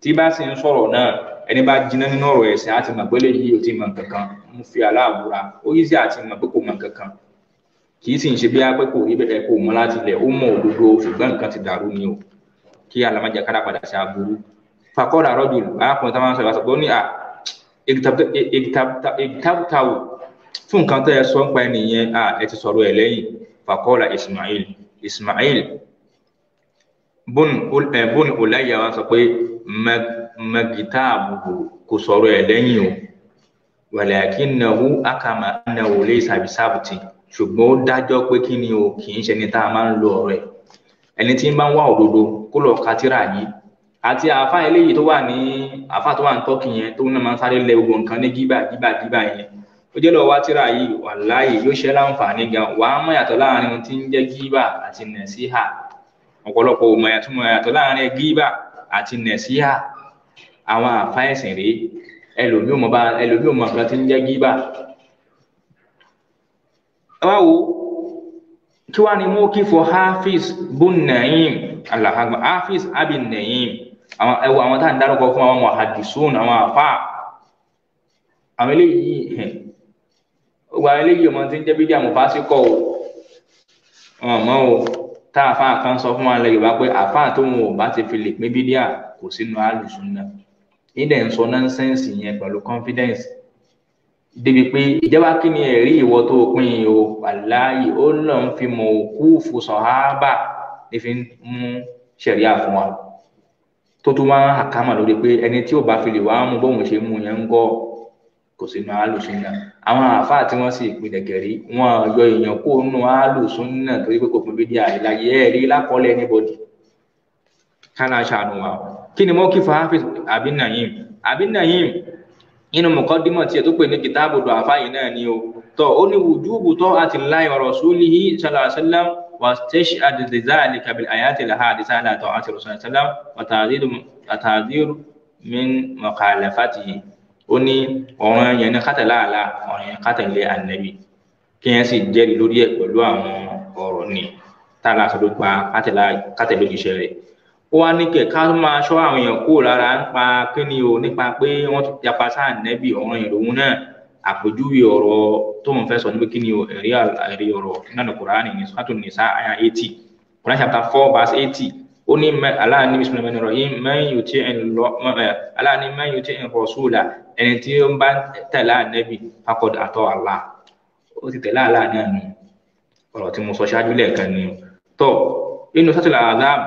tí bá sì ń sọ̀rọ̀ náà ẹni bá jiná nínú ọ̀rọ̀ ẹ̀sìn àti mọ̀ pé lè yí o ti mọ̀ kankan mo fi aláàbúra ó yí sí àti mọ̀ kò mọ̀ kankan kì í sì ń ṣe bí apẹ kò rí bẹ́ẹ̀ kò mọ láti ilẹ̀ ó mọ òdodo ṣùgbọ́n nǹkan ti dàrú ni o kí alamajà kára padà sí aburú fakọ́ra rọ́jò arákùnrin táwọn sọ̀rọ̀ sọ̀rọ̀ ní à ègìtàbùtàwò fún nǹkan tó yẹ sọ ń pa ẹni yẹn ẹ ti sọ̀rọ̀ ẹ̀ lẹ́yìn fakọ́ra Ismail Ismail bóun ọ̀làyà wa sọ pé magitaabuhu kò sọ̀rọ̀ ẹ̀ lẹ́yìn o wàlàkínnahu akama annahu laysa bisábùtì ṣùgbọ́n ó dájọ́ pé kí ni o kì í ṣe ẹni tá a máa ń lo ọ̀rọ̀ ẹ̀ ẹni tí ń bá ń wá òdodo kó lọ ka tírà yìí àti àáfà eléyìí tó wà ní àáfà tó wà ní tọ́kì yẹn tó náà máa ń sáré lẹ gbogbo nǹkan ní gíbà gíbà gíbà yẹn ó jẹ́ lọ́ọ́ wá tírà yìí wàláyé yóò ṣe láǹfààní gan wàá mọ̀ yàtọ̀ láàrin ohun tí ń jẹ́ gíbà àti nẹ̀síhà ọ̀pọ̀lọpọ̀ ò mọ̀ yàtọ̀ ẹ wá wo kí wàá ní mú kí fọ hafiz bun naim alahagba hafiz abin naim àwọn ẹwọ àwọn tá à ń dárúkọ fún àwọn muhadisun àwọn afa àwọn eléyìí gbogbo àwọn eléyìí ọmọ tí ń jẹ bídí àmọ fásikọ o wọn mọ o tá àfa kan sọ fún wa lẹ yorùbá pé àfa tóun ò bá ti fi lè pín bídí à kò sínú àlùsùn náà ní dẹ̀ ń sọ nọ́ńsẹ́ǹsì yẹn pẹ̀lú confidence débi pé ìjọba kí ni ẹ̀rí ìwọ tó pín o wàláyé ó lọ ń fi mọ òkú fòsànhábà ní fi mú ṣẹ̀ríà fún wa tó tún máa ń àkámà lórí pé ẹni tí ò bá fi lè wá mú bóun ṣe mú yẹn ń gọ kò sínú alùsùnà àwọn àáfàá tí wọ́n sì ìpìlẹ̀ gẹ̀rí wọn yọ èèyàn kó nù alùsùnà torí pé kò fún bídí àìláyé ẹ̀rí lákọọ́lẹ̀ anybody kánà ṣàánú wa kí ni mo kí fa hafiz abinayim nínú mọ̀kọ́dímọ̀ tiẹ̀ tó pè ní kìtáàbù dọ̀ àfáyì náà ni o tọ́ ó ní wùdúùbù tọ́ àti láì ọ̀rọ̀ sólìhí sàlàsálàm wà tẹ́ṣì àdìdìzá àlìkàbìl àyàtì làhà àdìsá àlàtọ̀ àti rọ̀sàlàsálàm àtàdírù min mọ̀kàlàfàtìhì ó ní ọ̀ràn yẹn ní kátàláàlà ọ̀ràn yẹn kátàlé ànẹ́bì kí yẹn sì jẹ́rìí lórí ẹ̀ pẹ̀lú àwọn ọ̀rọ̀ ni tá ó wàá ní kẹ ká máa ṣọ àwọn èèyàn kúrò lára nípa kíni o nípa pé wọn ti japa sáà nẹbi ọ̀ràn ìròhùn náà àpèjúwe ọ̀rọ̀ tóun fẹ́ sọ ní pé kíni o ẹ̀rí ẹ̀rí ọ̀rọ̀ nínú kùránì ní sọ́tò nìsa àyà eighty kùránì chapter four verse eighty ó ní aláàní bisimilá mẹni rọ yín mẹyìn yóò tí ẹ ń lọ aláàní mẹyìn yóò tí ẹ ń rọ sóòlà ẹni tí ó ń bá tẹ̀lé ànẹbi fakọdà àtọ àlá ó ti tẹ̀lé àlá náà nù ọ̀rọ̀ tí mo sọ ṣáájú lẹ́ẹ̀kan ni tọ inú sátìlà azab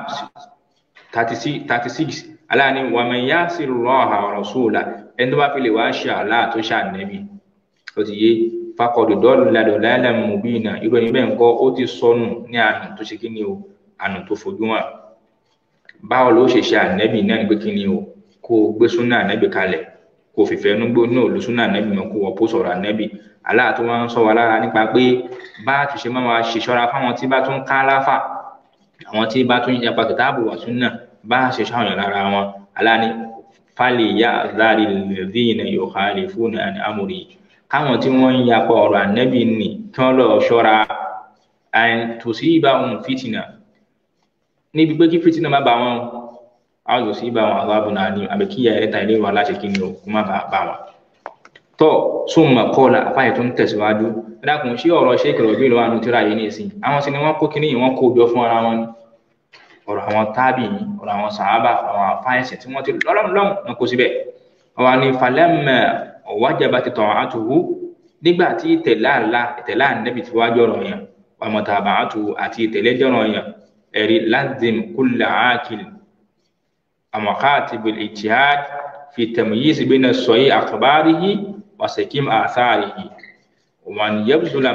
36 aláàní wàmẹ̀ yá sí lọ́ọ̀hà ọ̀rọ̀ sóòlà ẹni tó bá fi lè wá ṣe àlá tó ṣàǹdẹ́bì ó ti yé fakọ̀dù dọ́ọ̀lùladọ̀ láìláì mùbínà irú ẹni bẹ́ẹ̀ ńkọ́ ó ti sọnù ní àná tó ṣe kíni o àná tó fojú báwo ló ṣe ṣe àǹdẹ́bì náà ní pé o kó o gbé súnà àǹdẹ́bì kalẹ̀ kó o fìfẹ́ náà ló súnà àǹdẹ́bì mọ́ kó o pò sọ̀rọ̀ àǹdẹ́bì aláà tó wá sọ wa lára nípa pé bá a tún ṣe máa ṣe ṣọ́ra fáwọn tí bá tún ká láfà àwọn tí bá tún yapa kìtáàbù wà súnà bá a ṣe ṣàwọn lára wọn aláàní fálẹ̀ yá àdáàrí lẹ́dínà yóò hálì fún àmúrí káwọn tí wọ́n ń yapa ọ̀rọ̀ ànábì nì kán lọ ṣọ́ra àìtòsí ìbá ohun fìtìnà níbi pé kí fìtìnà má bá wọn a yóò sí bá wọn aláàbò náà ní àbí kíyà ẹ̀ta ilé wa láti kí ni o kó má bá wọn. tọ́ sóun mọ̀ kọ́ọ̀lá apáyẹ tó ń tẹ̀síwájú dákun sí ọ̀rọ̀ ṣé ìkẹrọ̀ bí ìlú wa nù ni wọ́n kó kinní ara wọn ni ọ̀rọ̀ àwọn tábì ní ọ̀rọ̀ àwọn sàábà àwọn àfáìsì tí wọ́n ti lọ́lọ́mùlọ́mù náà kó síbẹ̀ ọ̀wà ní falẹ́mẹ̀ ọ̀wájàba ti tàn àtúwú nígbà tí ìtẹ̀lá ńlá ìtẹ̀lá nẹ́bì tí wájú ọ̀rọ̀ yẹn ọmọtàbà àtúwú àti ìtẹ̀lé jọ̀rọ̀ yẹn ẹ̀rí lazim kúlà ákìl àmọ̀kátìbìl ìtìhàd fi tẹ̀mùyísí bí na sọ̀yí àkàbáríhì wàsẹ̀kìm àsáàríhì wọ́n yẹ́bùsùlà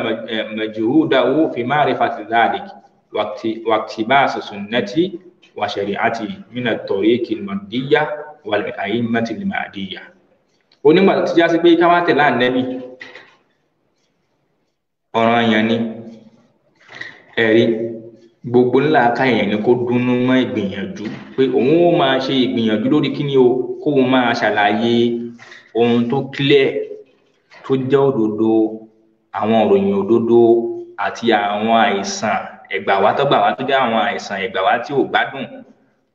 mẹjùhúdàwó fi máa rí fàtìláàdìkì واقتباس سنة وشريعتي من الطريق المادية والأئمة المادية onímọ̀ tí já sí pé ká má يعني، ànẹ́bì ọ̀ràn èèyàn ni ẹ̀rí gbogbo ńlá ká èèyàn ni kó dúnú mọ́ ìgbìyànjú pé òun ó máa ṣe ìgbìyànjú lórí kíni o kóun máa ṣàlàyé ohun tó clear tó jẹ́ òdodo àwọn òròyìn òdodo àti àwọn àìsàn ẹgbà wá tọgbà wá tó jẹ àwọn àìsàn ẹgbà wá tí ò gbádùn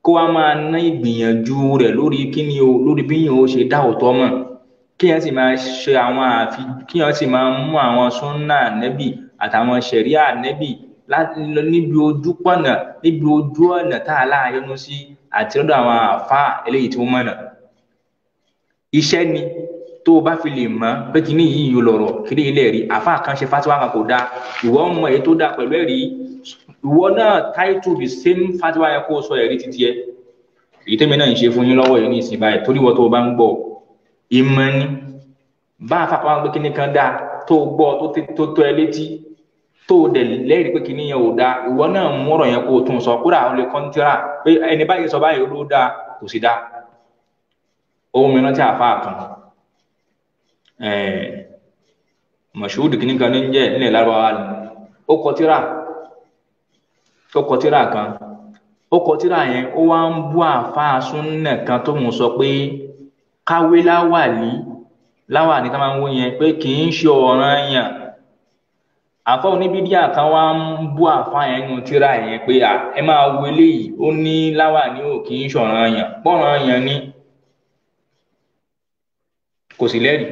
kó wá máa ná ìgbìyànjú rẹ̀ lórí kíni o lórí bíyàn ó ṣe dá òótọ́ mọ̀ kíyàn sì máa ṣe àwọn àfi kíyàn sì máa mú àwọn súnà nẹ́bì àtàwọn ṣẹ̀ríà nẹ́bì níbi ojú pọ̀nà níbi ojú ọ̀nà tá a láàyọnu sí àti lọ́dọ̀ àwọn àáfàá eléyìí tí wọ́n mọ̀nà iṣẹ́ ni tó o bá fi lè mọ̀ pé kíní yìí yìí lọ̀rọ̀ kíní ilé rí àáfàá kan ṣe kan kò dáa ìwọ mọ̀ èyí tó dáa pẹ̀lú ẹ̀rí ìwọ náà táìtù the same fatiwa yẹn kó o sọ ẹ̀rí títí ẹ èyí tẹ́mi náà ń ṣe fún yín lọ́wọ́ yìí ní ìsìn báyìí torí wọ́n tó o bá ń gbọ́ ìmọ̀ ni bá a fapá wọn pé kíní kan dáa tó o gbọ́ tó tó ẹ létí tó o dẹ̀ lẹ́rìí pé kíní yẹn ò dáa ìwọ náà mú ọ̀rọ̀ yẹn kó o tún sọ kódà àwọn lè kọ́ńtírà pé ẹni báyìí sọ báyìí ló dáa kò sí dáa ohun mìíràn tí a fa àtàn mọ̀ṣúùdù kíní kan ní ń jẹ́ nílẹ̀ lárúbáwá ni ó kọ tíra tó tíra kan ó yẹn ó wá ń bú àáfàá súnnà tó mú sọ pé káwé láwàlí láwàlí tá máa ń wó yẹn pé kì í ṣe ọ̀ràn yàn àfọ oníbídíà kan wá ń bú yẹn nù tíra yẹn pé ẹ máa wo eléyìí ó ní láwàlí ò kì í yàn pọ̀ràn yàn ni kò lẹ́rìí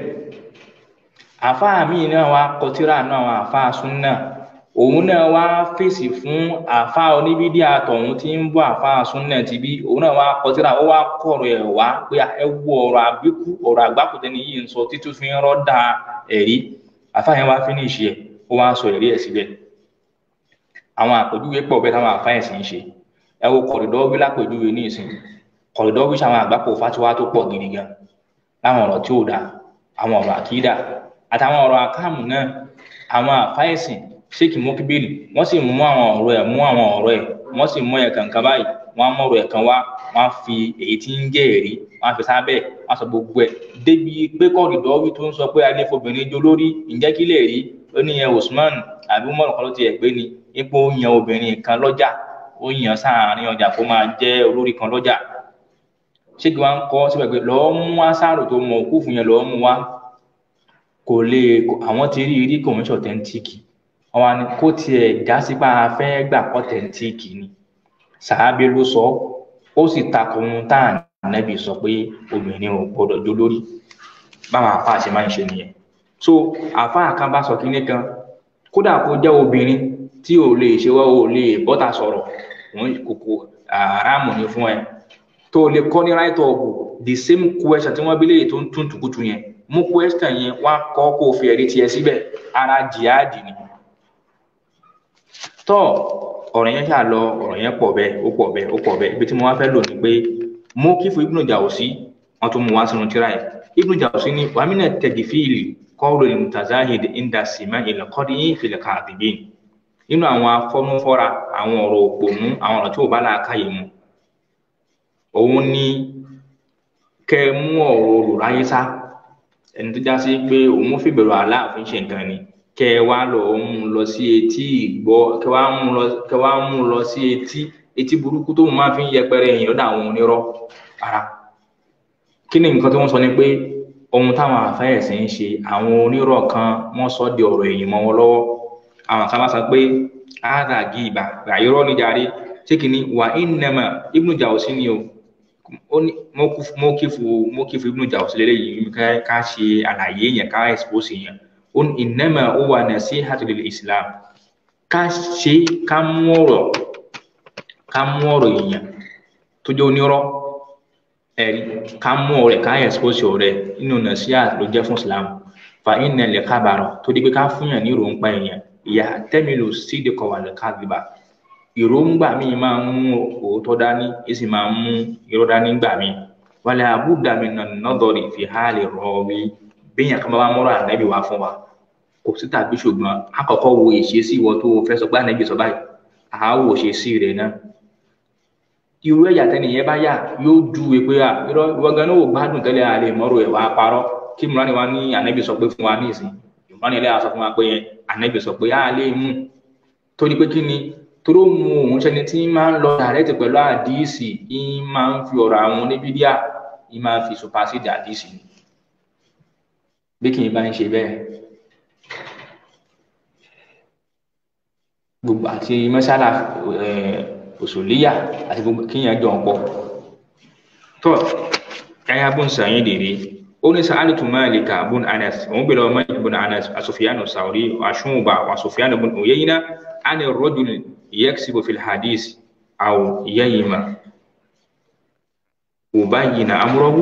míì náà wá náà òun náà wá fèsì fún àáfàá oníbídíà tọ̀hún tí ń bọ́ ti bí òun náà wá kọ síra ó wá kọ̀rọ̀ ẹ̀ wá pé ẹ wo ọ̀rọ̀ àbíkú ọ̀rọ̀ àgbákùtẹ́ ni yìí ń sọ títú fi ń rọ́dà ẹ̀rí yẹn wá fínísì ẹ̀ ó wá sọ ẹ̀rí ẹ̀ síbẹ̀ àwọn àpèjúwe pọ̀ bẹ́ẹ̀ táwọn ń ṣe ẹ wo kọ̀rìdọ́wí lápèjúwe ní sheik mokbil wọn sì mú àwọn ọ̀rọ̀ ẹ̀ mú àwọn ọ̀rọ̀ ẹ̀ wọn sì mú ẹ̀kan kan báyìí wọn á mọ̀rọ̀ ẹ̀kan wá wọn á fi èyí tí ń jẹ́ ẹ̀rí wọn fi sábẹ́ wọn sọ gbogbo ẹ̀ débi pé kọ́ọ̀dùdọ́ wí tó ń sọ pé adéfobìnrin jó lórí ǹjẹ́ kí lè rí ó ní yẹn Usman àbí Umar kan ló ti ẹ̀ pé ni ipò yan obìnrin kan lọ́jà ó yan sáàárín ọjà kó máa jẹ́ olórí kan lọ́jà sheik wa ń kọ́ síbẹ̀ pé lọ́ọ́ mú àṣàrò tó mọ̀ òkú fún yẹn lọ́ọ́ mú wá kò lè àwọn ti rí rí kò ń wọn ni kó tiẹ̀ já sí pé a fẹ́ gbà kọ́tẹ̀ǹtíìkì ni sàábé ló sọ ó sì takò ohun tá à nẹ́bí sọ pé obìnrin ò gbọdọ̀ jó lórí báwọn àfáà ṣe máa ń ṣe nìyẹn so àfáà kan bá sọ kínní kan kódà kó jẹ́ obìnrin tí ò lè ṣe wá ò lè bọ́tà sọ̀rọ̀ òun kòkò àràmù ni fún ẹ tó lè kọ́ ní right up the same question tí wọ́n bí léyìí tó ń tún tùkùtù yẹn mú question yẹn wá kọ́ kó fi ẹ̀rí tiẹ̀ síbẹ̀ ara jihadi ni tọ ọ̀rọ̀ yẹn ṣáà lọ ọ̀rọ̀ yẹn pọ̀ bẹ́ẹ̀ ó pọ̀ bẹ́ẹ̀ ó pọ̀ bẹ́ẹ̀ ibi tí mo wá fẹ́ lò ní pé mo kífo Ibnu Jawzi wọn tún mú wá sínú tíra yẹn Ibnu Jawzi ní wàmínà tẹgifíìlì kọrò ní mutazahid inda sima ilẹ kọdí yín ìfìlẹ káàdìbí nínú àwọn afọnúfọra àwọn ọ̀rọ̀ òpònú àwọn ọ̀rọ̀ tí ò bá làákàyè mu òun ni kẹ mú ọ̀rọ̀ olùráyé sá ẹni tó já sí pé òun fìbẹ̀rù àlá ṣe nǹkan ni kẹ wá lọ mú lọ sí etí ìgbọ́ kẹ wá mú lọ kẹ wá mú lọ sí etí etí burúkú tó máa fi ń yẹpẹrẹ èèyàn lọ́dọ̀ àwọn onírọ́ ara kí ni nǹkan tí wọ́n sọ ni pé ohun táwọn àfẹ́yẹ̀sí ń ṣe àwọn onírọ́ kan wọ́n sọ di ọ̀rọ̀ èyí mọ́ wọn lọ́wọ́ àwọn kan bá pé áàdà gí ibà àìrọ́ ní jàre ṣé kìíní wà ìnẹ̀mà Ibnu Jawzi ni o mo kí fún mo kí fún Ibnu Jawzi lélẹ́yìn ká ṣe àlàyé yẹn ká expose yẹn ó ní innama huwa nasihatu lil islam ká ṣe ká mú ọ̀rọ̀ ká mú ọ̀rọ̀ èèyàn tó jẹ́ onírọ́ ẹ̀rí ká mú ọ̀rẹ́ ká expose ọ̀rẹ́ nínú nasiha ló jẹ́ fún islam fa inna lil khabara tó di pé ká fúnyàn ní ìròǹpa èèyàn ìyá tẹ́mìlò sídìkọ̀ wà lẹ́ka àgbà ìròǹgbà míì máa ń mú òótọ́ dání ó e sì máa ń mú irọ́ dání gbà míì wala budda min an-nadari fi hali béèyàn kan bá wá mọ́rọ̀ ànábì wá fún wa kò sí tàbí ṣùgbọ́n àkọ́kọ́ wo ìṣesí ìwọ tó fẹ́ sọ pé ànábì sọ báyìí àá wò ìṣesí rẹ̀ náà irú ẹ̀yà tẹ́nìyẹn bá yà yóò ju pé à ìwọ gan náà ò gbádùn tẹ́lẹ̀ àlè mọ́rọ̀ ẹ̀ wá parọ́ kí mùránì wa ní ànábì sọ pé fún wa ní ìsìn ìmọ̀ràn ilé àṣọ fún wa pé ànábì sọ pé àá lè mú torí pé kí ni toró mu òun ṣẹni tí máa ń lọ dàrẹ́tì pẹ̀lú àdìsí ń máa ń fi ọ̀rọ̀ àwọn oníbídíà ń máa ń fi sùpàṣídì àdìsí ni bí kì í bá ń ṣe bẹ́ẹ̀ gbogbo àti mọ́sálà òṣòlíyà àti gbogbo kíyàn jọ ń pọ̀ tó ẹ̀yà bó ń sàyìn dèrè ó ní sàálì tó máa lè kà bún anas òun bèèrè ọmọ ibùn anas asòfìyànù sàwórí àṣùnwòbà àṣòfìyànù bùn òyìnbá àni rọ́dùn yẹ́kìsìbò fìl hadith àwò yẹ́yìnmá òbá yìí na amúrọ́bù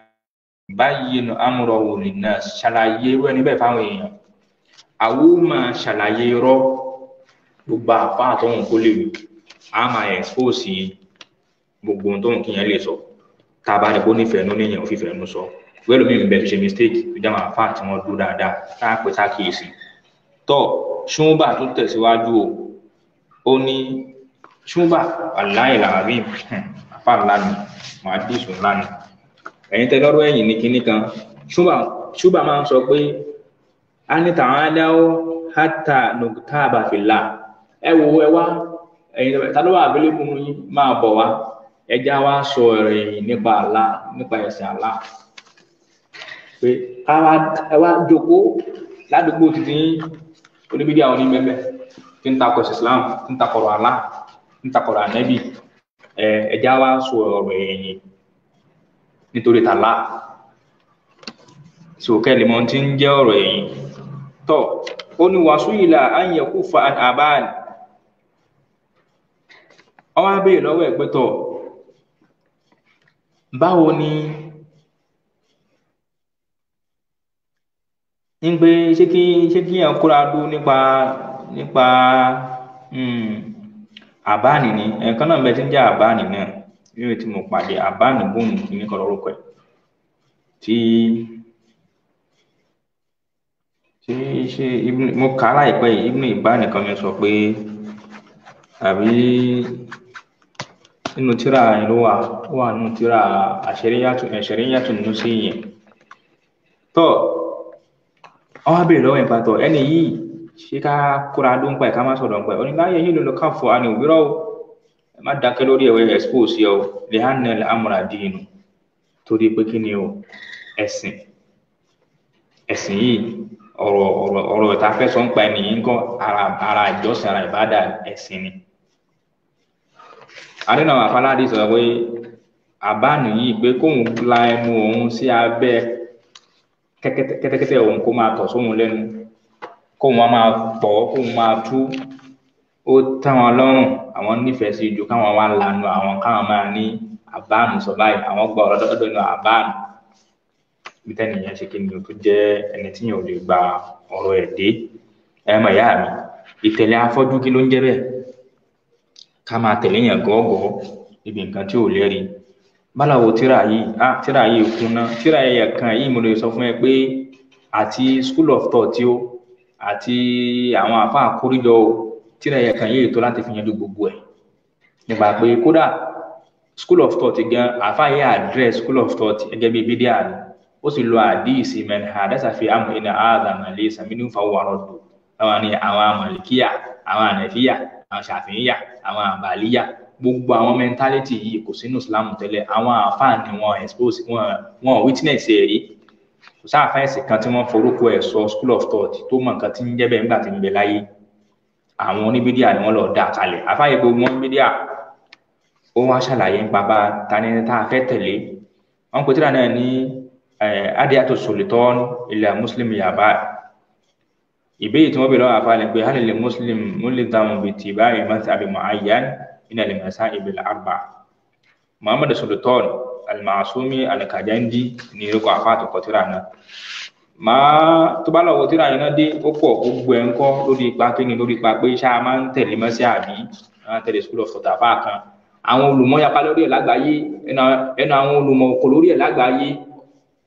báyìí nù amúrọ òrì náà ṣàlàyé irú ẹni bẹ́ẹ̀ fáwọn èèyàn àwọn ò máa ṣàlàyé irọ́ gbogbo àfa àtọhún kó lè a máa expose gbogbo ohun tóhun kìyàn lè sọ tá a bá rí kó nífẹ̀ẹ́ nú níyàn òfìfẹ́ nú sọ wẹ́lú mi bẹ̀ tó ṣe mistake tó jẹ́ àwọn àfa àti dúró dáadáa tá a pè sákìyèsí tọ́ ṣùgbọ́n tó tẹ̀síwájú o ó ní ṣùgbọ́n aláìlàrí àfa ńlá ni màá dìsùn ńlá ni ẹ̀yin tẹ lọ́rọ̀ ẹ̀yìn ní kinní kan ṣùgbà máa ń sọ pé a ní tàwọn adáwọ́ hátà nùtà àbàfìlà ẹ wo ẹ wá ẹ̀yin tẹ lọ́wọ́ àbílẹ̀kùn yín máa bọ̀ wá ẹja wa sọ ọ̀rọ̀ ẹ̀yìn nípa àlá nípa ẹ̀sìn àlá pé ẹ wá jókòó ládùúgbò títí oníbídìí àwọn onímẹ̀mẹ̀ tí ń takọ̀ Islam tí ń takọ̀rọ̀ àlá tí ń takọ̀rọ̀ ànẹ́bì ẹja wa sọ ọ̀rọ̀ ẹ̀yìn nítorí tàlá sòkè lè mọ tí ń jẹ́ ọ̀rọ̀ ẹ̀yìn tọ ó ní wàásù yìí là á yẹ kó fa àbáàlì ọwọ abéè lọ́wọ́ ẹ tọ báwo ni ń gbé ṣé kí ṣé kí yẹn kóra dú nípa nípa àbáàlì hmm, ni ẹ̀kan náà bẹ ti ń jẹ́ àbáàlì náà nínú tí mo pàdé àbáàní bóun kìíní kan lórúkọ ẹ tí tí ṣe mo kà á láìpẹ́ yìí ibùdó ìbáàní kan mi sọ pé àbí nínú tíra ìlú wa ó wà nínú tíra àṣẹríyàtò ẹṣẹríyàtò nínú sí yẹn tó ọ wá bèrè lọ́wọ́ ìpa tó ẹni yìí ṣé ká kóra ló ẹ ká má sọ̀rọ̀ ń ẹ oníláyẹ yìí ló lọ káfọ àní òwúrọ̀ o. má dákẹ́ lórí ẹ̀wẹ̀ expose yẹ o torí pé kí o ẹ̀sìn ẹ̀sìn yìí ọ̀rọ̀ ọ̀rọ̀ ọ̀rọ̀ tá a fẹ́ sọ ń pa ara ara ìjọsìn ara ìbádà ẹ̀sìn ni. adénáwó afáláàdì sọ pé àbánu yìí pé kóun la ẹnu òun sí òun kó máa tọ̀ lẹ́nu kóun máa tọ̀ kóun máa tú ó tẹ́ wọn lọ́rùn àwọn nífẹ̀ẹ́ sí ju káwọn wá lanu àwọn káwọn máa ní àbáàmù sọ báyìí àwọn gba ọ̀rọ̀ dọ́dọ̀ nínú àbáàmù bí tẹ́nìyàn ṣe kíni tó jẹ́ ẹni tí yàn ò lè gba ọ̀rọ̀ ẹ̀ dé ẹ mọ̀ ìyá mi ìtẹ̀lé afọ́jú kí ló ń jẹ́ bẹ́ẹ̀ ká máa tẹ̀lé yàn gọ́ọ̀gọ́ ibi nǹkan tí ò lẹ́rí báláwo tíra yìí ah tíra yìí kúnná tíra ẹ̀yà kan yìí mo lè sọ fún ẹ pé àti school of thought tí ó àti àwọn àfa àkóríjọ o tíra ẹ̀yẹ kan yóò tó láti fi yanjú gbogbo ẹ̀ nípa pé kódà school of thought gan àfáàyè address school of thought gẹ́gẹ́ bí bídíà ni ó sì lo àdíìsì mẹ́rin àdásàfi àmọ́ iná àdàmàlẹ́ sàmínú fàwọ́rọ̀ dùn àwọn ni àwọn amọ̀lẹ́kíyà àwọn ànàfíyà àwọn ṣàfihàn àwọn àbàlíyà gbogbo àwọn mentality yìí kò sínú islam tẹ́lẹ̀ àwọn àfáà ni wọ́n expose wọ́n wọ́n witness ẹ̀ rí kò sáà fáìsì kan tí wọ́n forúkọ ẹ̀ sọ school of thought tó mọ̀ nǹkan tí ń jẹ́ bẹ́ẹ̀ nígbà tí ń bẹ láyé àwọn oníbídíà ni wọ́n lọ dá kalẹ̀ àfáàyè gbogbo oníbídíà ó wá ṣàlàyé ń bàbá tani tá a fẹ́ tẹ̀lé wọn kò tíra náà ní adíyàtò sòlítọ́n ilẹ̀ mùsùlùmí yàbá ìbéyìí tí wọ́n bèèrè lọ́wọ́ àfáàlẹ̀ pé hálẹ̀lẹ̀ mùsùlùmí múlẹ̀dàmù bíi ti báyìí mọ́tì àbìmọ̀ àyàn nínú àlìmọ̀sá ìbílẹ̀ àrùbá muhammadu sòlítọ́n alimàṣúmi alikajandi ní orúkọ àfáàtò kọtíra náà màá tó bá lọ́wọ́ tíra yẹn náà dé ó pọ̀ gbogbo ẹ̀ ń kọ́ lórí ipa kíni lórí ipa pé ṣáà máa ń tẹ̀lé mọ́sí àbí tẹ̀lé school of thought àfa kan àwọn olùmọ̀ yapa lórí ẹ̀ lágbàáyé ẹnu àwọn olùmọ̀ kò lórí ẹ̀ lágbàáyé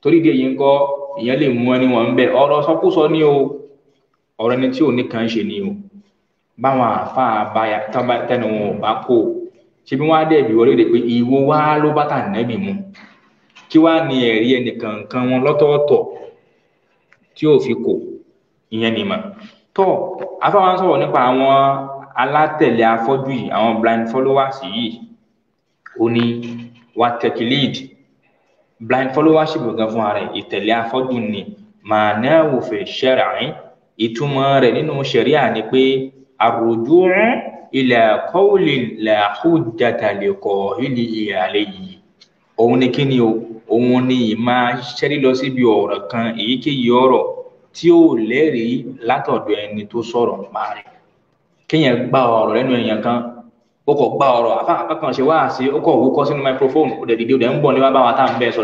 torí ìdí èyí ń kọ́ ìyẹn lè mú ẹni wọn ń bẹ ọ̀rọ̀ sọkúsọ ni o ọ̀rọ̀ ẹni tí ò ní kàn ṣe ni o báwọn àáfàá báyà tẹnu wọn ò bá kó ṣe bí wọn á dẹ̀ bí wọlé de pé ìwo wá ló bá tà nẹ́bì mu kí wàá ní ẹ̀rí ẹnìkankan wọn lọ́tọ̀ọ̀tọ̀ tí ò fi kò ìyẹn ni mà tó afáwọn sọ̀rọ̀ nípa àwọn alátẹ̀lé afọ́jú yìí àwọn blind followers yìí ó ní wa tẹkilid blind followership gan fún ara ìtẹ̀lé afọ́jú ni màá náà wò fẹ́ ṣẹ́ra ẹ̀ ìtumọ̀ rẹ̀ nínú ṣẹ̀ríà ni pé àròjú ila qawlin la hujjata li qa'ilihi alayhi òun ni kí ni o òun ni ìmọ̀ ṣẹ́rí lọ síbi ọ̀rọ̀ kan èyíkéyìí ọ̀rọ̀ tí ó lẹ́rìí látọ̀dọ̀ ẹni tó sọ̀rọ̀ ń parí kéèyàn gba ọ̀rọ̀ lẹ́nu èèyàn kan ó kọ̀ gba ọ̀rọ̀ afọ ṣe wá sí ó kọ̀ wúkọ́ sínú microphone ó dẹ̀ dìde ó dẹ̀ ń bọ̀ ní bábá wa tá à ń bẹ́ẹ̀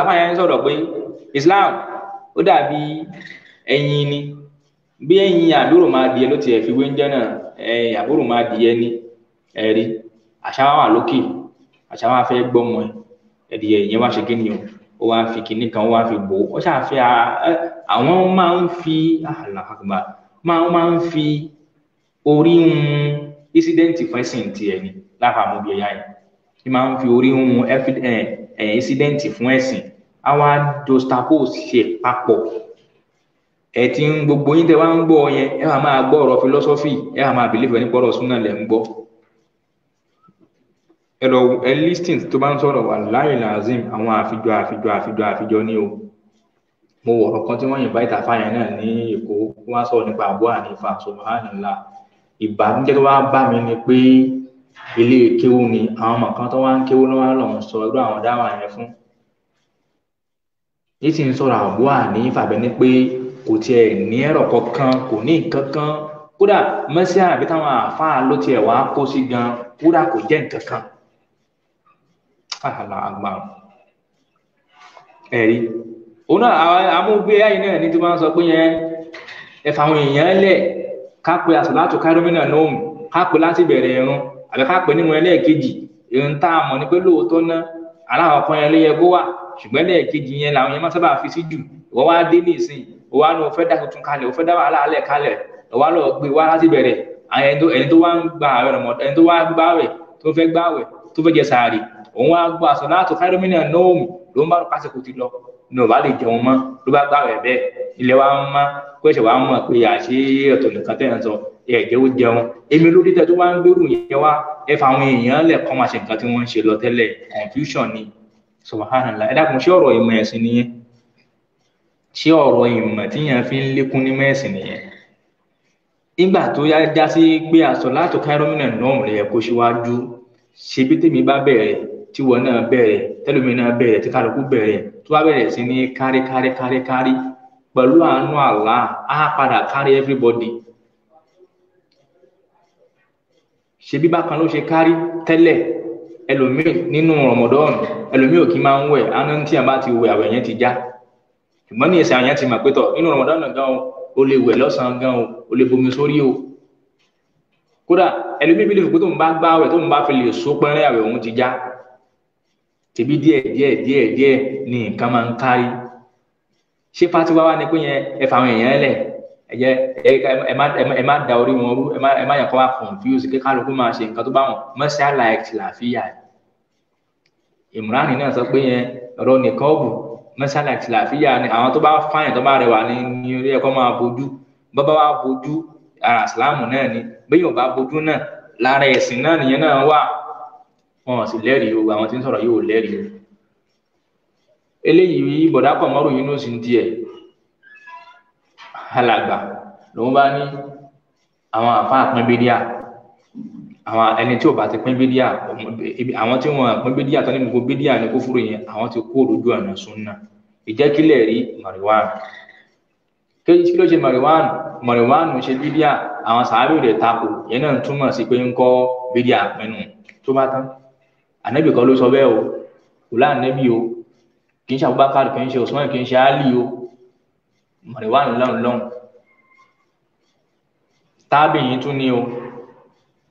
sọ̀rọ̀ sọ Islam ó dàbí bí ẹ̀yin àbúrò máa di ẹ ló ti ẹ fi wéńjẹ náà ẹ̀yin àbúrò máa di ẹ ní ẹrí àṣà wà lókè àṣà wà fẹ́ gbọmọ ẹ ẹdìyẹ ìyẹn wá ṣe kí ni o ó wá fi kinní kan ó wá fi bò ó ṣàfẹ́ àwọn máa ń fi àlàkàgbà ah, máa máa ń fi orí ń ìsídẹ́ǹtì fẹ́sìn tiẹ̀ ni láfàmú bí ẹ̀yà yìí ni máa ń fi orí ń ìsídẹ́ǹtì eh, fún ẹ̀sìn àwa dostapos ṣe papọ̀ ẹ ń gbogbo yín tẹ wá ń gbọ́ yẹn ẹ wàá máa gbọ́ ọ̀rọ̀ philosophy ẹ wàá máa believe nípa ọ̀rọ̀ súnà lẹ ń gbọ́ ẹ bá ń wà láì àwọn àfijọ àfijọ àfijọ àfijọ o mo wọ tí invite náà ní èkó wọ́n sọ̀rọ̀ nípa tó wá bá mi ni pé ilé ni àwọn ọmọ kan tó wá ń kéwú lọ́wọ́ lọ́hùn sọ irú àwọn dáwà yẹn fún ń kò tiẹ̀ ní ẹ̀rọ kankan kò ní nǹkan kan kódà mẹsẹ àbí táwọn àáfàá ló tiẹ̀ wàá kó sí gan kódà kò jẹ́ nǹkan kan àhàlà àgbà ẹ̀rí òun náà amúgbé ayé náà ní tí wọ́n sọ pé yẹn ẹ̀fà àwọn èèyàn lẹ̀ ká pe àsàlátù kárọ́mìnà nóòmù ká pe láti bẹ̀rẹ̀ irun àbí ká pe nínú ẹlẹ́ẹ̀kejì irun tá a mọ̀ ni pé lóòótọ́ náà aláwọ̀ kan yẹn ló yẹ kó wà ṣùgbọ́n ẹlẹ́ẹ̀kejì yẹn làwọn yẹn má sábà fi sí jù ìwọ́n wá dé ní ìsìn wà lọ fẹ́ dá tuntun kalẹ̀ o fẹ́ dá wàhálà alẹ̀ kalẹ̀ wà lọ gbé wá láti bẹ̀rẹ̀ ẹni tó wá ń gba àwẹ̀ rẹ̀ mọ̀ ẹni tó wá gbá àwẹ̀ tó fẹ́ gbá àwẹ̀ tó fẹ́ jẹ sàárì òun wá gbọ́ àṣọ láàtọ̀ káìrọ́mìnà nóòmù ló ń bá kásìkò ti lọ ní ọba lè jẹun mọ́ ló bá gbàwẹ̀ bẹ́ẹ̀ ilẹ̀ wa ń mọ́ kó ẹ̀ṣẹ̀ wa ń mọ̀ pé àṣé ọ̀tọ̀ nìkan tẹ̀ ń sọ ẹ̀jẹ̀ ó jẹun èmi ló dídẹ tó wá ń gbèrú yẹn wá ẹ fa àwọn èèyàn lẹ̀ kọ́ máa ṣe nǹkan tí wọ́n ń ṣe lọ tẹ́lẹ̀ confusion ni subhanallah ẹ dákun ṣé ọ̀rọ̀ ìmọ̀ ẹ̀sìn nìyẹn ṣé ọ̀rọ̀ ìmọ̀ tíyàn fi ń lékún ní mẹ́sìn nìyẹn nígbà tó yá já sí pé aṣọ látò káírọ́mìnà náà rẹ̀ kó síwájú ṣebí tèmi bá bẹ̀rẹ̀ tíwọ náà bẹ̀rẹ̀ tẹ́lómi náà bẹ̀rẹ̀ tí kálukú bẹ̀rẹ̀ tó bá bẹ̀rẹ̀ sí ní kárí kárí kárí kárí pẹ̀lú àánú àlá á padà kárí everybody ṣebí bákan ló ṣe kárí tẹ́lẹ̀ ẹlòmíì nínú rọmọdọ́ọ̀nù ẹlòmíì ò kí máa ń wẹ̀ àánú tí a bá ti wẹ̀ àwẹ̀ ti já ṣùgbọ́n ní ẹsẹ̀ àyàn ti mọ̀ pé tọ̀ nínú Ramadan gan o o lè wẹ̀ lọ́sàn-án gan o o lè bomi sórí o kódà ẹlòmíì bí lè fi pé tóun bá gbá àwẹ̀ tóun bá fi lè so pẹ́rẹ́ àwẹ̀ òun ti já tèmi díẹ̀ díẹ̀ díẹ̀ díẹ̀ ni nǹkan máa ń kárí ṣé fatiwa wa ni pé yẹn ẹ fa àwọn èèyàn lẹ̀ ẹ jẹ́ ẹ má da orí wọn rú ẹ má yàn kó wa confuse kí kálukú máa ṣe nǹkan tó bá wọn mọ́ṣáláì tìlàfíà ìmúránì náà sọ pé yẹn ọ̀rọ̀ nìkan ọ̀bùn mẹsàlá ìtìláfíà ni àwọn tó bá fáyàn tó bá rẹwà ní ní orí ẹkọ máa bójú bàbá wa bójú ara ìsìláàmù náà ni bẹyìn ọba bójú náà lára ẹsìn náà nìyẹn náà wà wọn sì lẹ́rìí o àwọn tí ń sọ̀rọ̀ yóò lẹ́rìí o eléyìí bọ̀dá pọ̀ yìí ló sì ń tiẹ̀ alàgbà lòun bá ní àwọn àfa àpẹ́bíríà àwọn ẹni tí ò bá ti pín bídíà àwọn tí wọn pín bídíà tó ní gbogbo bídíà ní kúfúrú yẹn àwọn ti kó lójú ọ̀nà súnà ìjẹ́kílẹ̀ rí mariwan kí ló ṣe mariwan mariwan ṣe bídíà àwọn sàábì rẹ̀ takò yẹn náà túmọ̀ sí pé ń kọ́ bídíà pinnu tó bá tán ànábì kan ló sọ bẹ́ẹ̀ o kò láànábì o kì í ṣe Abubakar kì í ṣe Usman kì í ṣe Ali o mariwan lọ́nlọ́n tábìyìn tún ni o.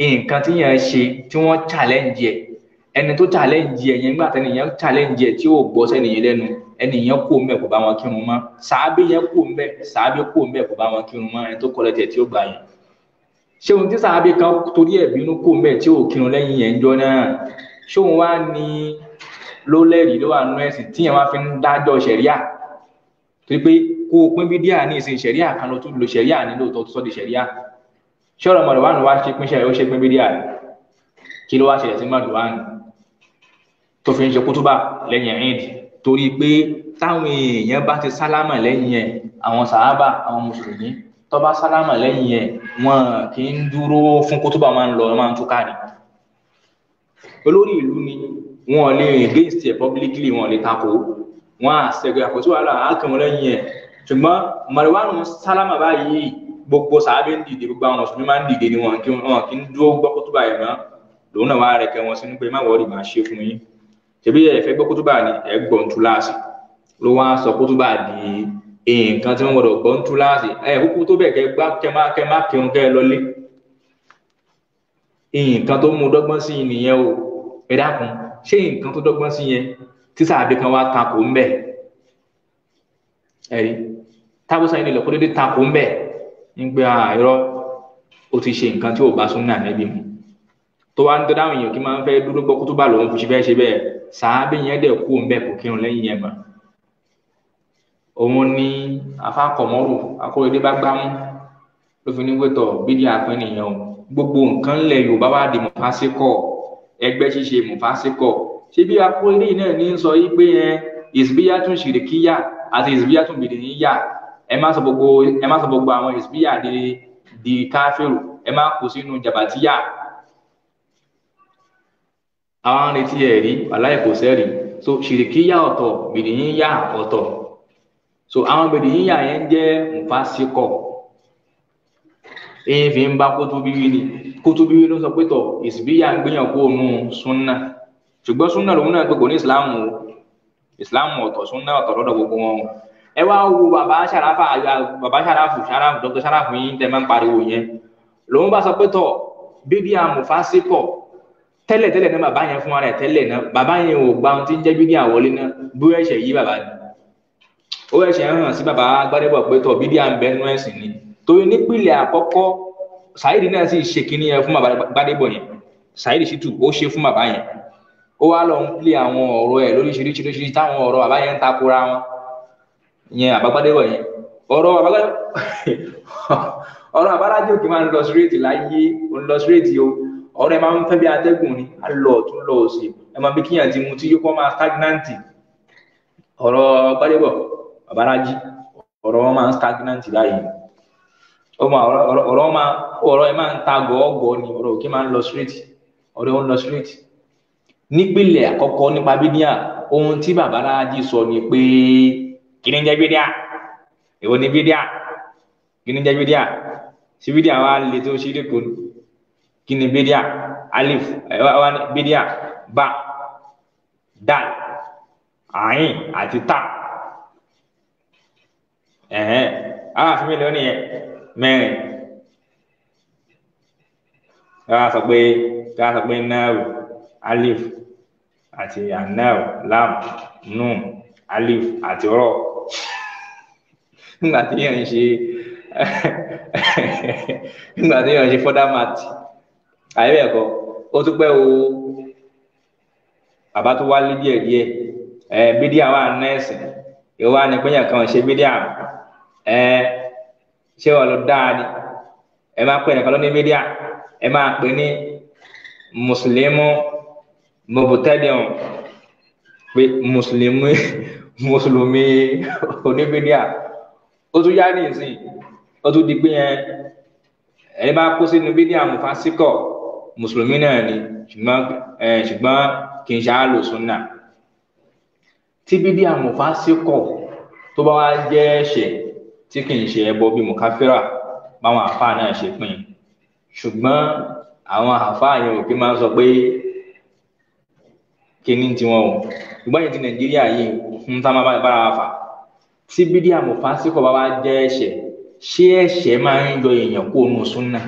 nǹkan tí yẹn ṣe tí wọ́n challenge ẹ̀ ẹni tó challenge ẹ̀ yẹn nígbà tí challenge ẹ̀ tí ò gbọ́ sẹ́niyẹn lẹ́nu ẹnìyẹn kú mbẹ kò bá wọn kírun mọ́ sàábì yẹn kú mbẹ sàábì kú mbẹ kò bá wọn kírun mọ́ ẹni tó kọlẹ̀ tẹ̀ tí ó gbà yẹn ṣé ohun tí sàábì kan torí ẹ̀ bínú kú mbẹ tí ò kírun lẹ́yìn yẹn jọ náà ṣé òun wá ní ló lẹ́rìí ló wà nú ẹ̀sìn tíyẹn wá fi ń dájọ́ ṣẹ̀ríà torí pé kó o pín bídíà ní ìsìn ṣẹ̀ríà kan ló tún lo ṣẹ̀ríà nílò tó sọ́ di ṣẹ̀ríà ṣé ọ̀rọ̀ Marwan wá ṣe pínṣẹ́ rẹ̀ ó ṣe pín bídíà rẹ̀ kí ló wá ṣẹlẹ̀ sí Marwan tó fi ń ṣe kútúbà lẹ́yìn Eid torí pé táwọn èèyàn bá ti sálámà lẹ́yìn ẹ̀ àwọn sàhábà àwọn mùsùlùmí tó bá sálámà lẹ́yìn ẹ̀ wọn kì í dúró fún kútúbà máa ń lọ máa ń túká ni olórí ìlú ni wọn lè against ẹ publicly wọn lè takò wọn àṣẹgbẹ àpótí wàhálà àkànwọ lẹ́yìn ẹ̀ ṣùgbọ́n Marwan sálámà báyìí gbogbo sàábé ń dìde gbogbo àwọn mùsùlùmí máa ń dìde ni wọn kí wọn kí ń dúró gbọ́ kútúbà yẹn mọ́ lòun náà wàá rẹkẹ wọn sínú pé má wọ́ọ̀rì máa ṣe fún yín ṣebí ẹ fẹ́ gbọ́ kútúbà ni ẹ gbọ́ ń túláàsì ló wá sọ kútúbà di nǹkan tí wọ́n gbọ́dọ̀ gbọ́ ń túláàsì ẹ kúkú tó bẹ̀ kẹ gbá kẹ má kẹ má kírun kẹ lọlé nǹkan tó mú dọ́gbọ́n sí nìyẹn o ẹ dákun ṣé nǹkan tó dọ́gbọ́n sí yẹn tí sàbí kan wá takò ń bẹ̀ ẹ̀rí tábùsàn yìí lọ kó dédé takò ń bẹ̀ nígbà àìrọ ah, ó ti ṣe nǹkan tí ò bá súnà nẹbi mu tó wá ń dọdá àwọn èèyàn kí máa ń fẹ́ dúró gbọ́ kútúbà lòun kò ṣe fẹ́ ṣe bẹ́ẹ̀ sàábì yẹn dẹ̀ kú òun bẹ́ẹ̀ kò kírun lẹ́yìn yẹn mọ́ òun ni afákọ̀mọ́rù akóredé bá gbámú ló fi ní wétọ̀ bídí àpín nìyẹn o gbogbo nǹkan ńlẹ̀ yorùbá wá di mọ̀fásíkọ̀ ẹgbẹ́ ṣíṣe mọ̀fásíkọ̀ ṣé bí akóredé náà ní sọ yí pé yẹn ìsìbíyà tún ṣìrìkíyà àti ìsìbíyà tún bìdìníyà ẹ má sọ gbogbo ẹ má àwọn ìsbíyà di di káfíìrù ẹ má kó sínú jàbàtíyà àwọn arìntí ẹ̀rí aláìkòsẹ́rì so ṣìrìkíyà ọ̀tọ̀ bìdìyíyà ọ̀tọ̀ so àwọn bìdìyíyà yẹn jẹ́ nfàṣíkọ̀ èyí ń bá kótóbíwí ni kótóbíwí ló sọ pé tọ̀ ìsbíyà ń gbéyàn kó nu súnà ṣùgbọ́n súnà lòun náà gbogbo ní ìsìláàmù ìsìláàmù ọ̀tọ̀ súnà ọ̀tọ̀ lọ́dọ̀ gbogbo wọn ẹ wá wo bàbá sàràfà bàbá sàràfù sàràfù dr sàràfù yín tẹ máa ń pariwo yẹn lòun bá sọ pé tọ bíbí àmùfá sí pọ tẹ́lẹ̀ tẹ́lẹ̀ náà bàbá yẹn fún ara ẹ tẹ́lẹ̀ náà bàbá yẹn ò gba ohun tí ń jẹ bíbí àwọlé náà bí ó ẹsẹ yí bàbá ni ó ẹsẹ hàn sí bàbá gbadébọ pé tọ bíbí àmbẹnú ẹsìn ni torí nípìnlẹ̀ àkọ́kọ́ Saheed náà sì ṣe kinní yẹn fún bàbá gbadébọ yẹn Saheed Shittu ó ṣe fún bàbá yẹn ó wá lọ ń pè àwọn ọ̀rọ̀ ẹ lóríṣiríṣiríṣi táwọn ọ̀rọ̀ bàbá yẹn ń takora wọn ìyẹn àbágbádéwọ̀ yẹn ọ̀rọ̀ ọ̀rọ̀ àbárájò kì máa ń lọ láyé lọ o ọ̀rọ̀ ẹ máa ń fẹ́ ni á lọ ọ̀tún ẹ máa ti mu kọ́ máa stagnanti ọ̀rọ̀ àbágbádéwọ̀ àbárájì ọ̀rọ̀ stagnanti báyìí ọ̀rọ̀ máa ọ̀rọ̀ ẹ máa ń ni ọ̀rọ̀ máa ń lọ Kini ni ń jẹ́ ni bídíà kini ni ń si bídíà sí bídíà wa lè tó ṣírí kò kí ni alif wa ni bídíà ba dal ayin ati ta ẹ̀hẹ́n ah, àfihàn ìlú nìyẹn mẹ́rin ká sọ pé ká sọ pé náírà alif àti anáírà lam nù alif ati ro nígbà tí yàn ń ṣe nígbà tí yàn ń ṣe further math àyẹ̀bẹ̀kọ ó tún pẹ́ o bàbá tó wálé díẹ̀ díẹ̀ ẹ̀ bídíà wà nẹ́ẹ̀sì ìwà ni péyàn kan ṣe bídíà ẹ̀ ṣé ni ẹ máa pè nìkan ló ní bídíà ẹ máa pè ó ya yá ní ìsìn ó tún di pé yẹn ẹni bá kó sínú bídí ni ṣùgbọ́n kì í ṣe àlòsùn náà tí bídí àmúfásíkọ tó bá wá jẹ́ ẹ̀ṣẹ̀ tí kì í ṣe ẹbọ bíi mùkáfírà báwọn àáfàá náà ṣe pín in ṣùgbọ́n àwọn àáfàá yẹn ò kí máa sọ pé kíní tiwọn o ṣùgbọ́n èyí ti nàìjíríà yìí ń tá máa bára wa fà á tí bídíà mufasiko bá wá jẹ́ ẹ̀ṣẹ̀ ṣé ẹ̀ṣẹ̀ máa ń yọ èèyàn kó nu súnà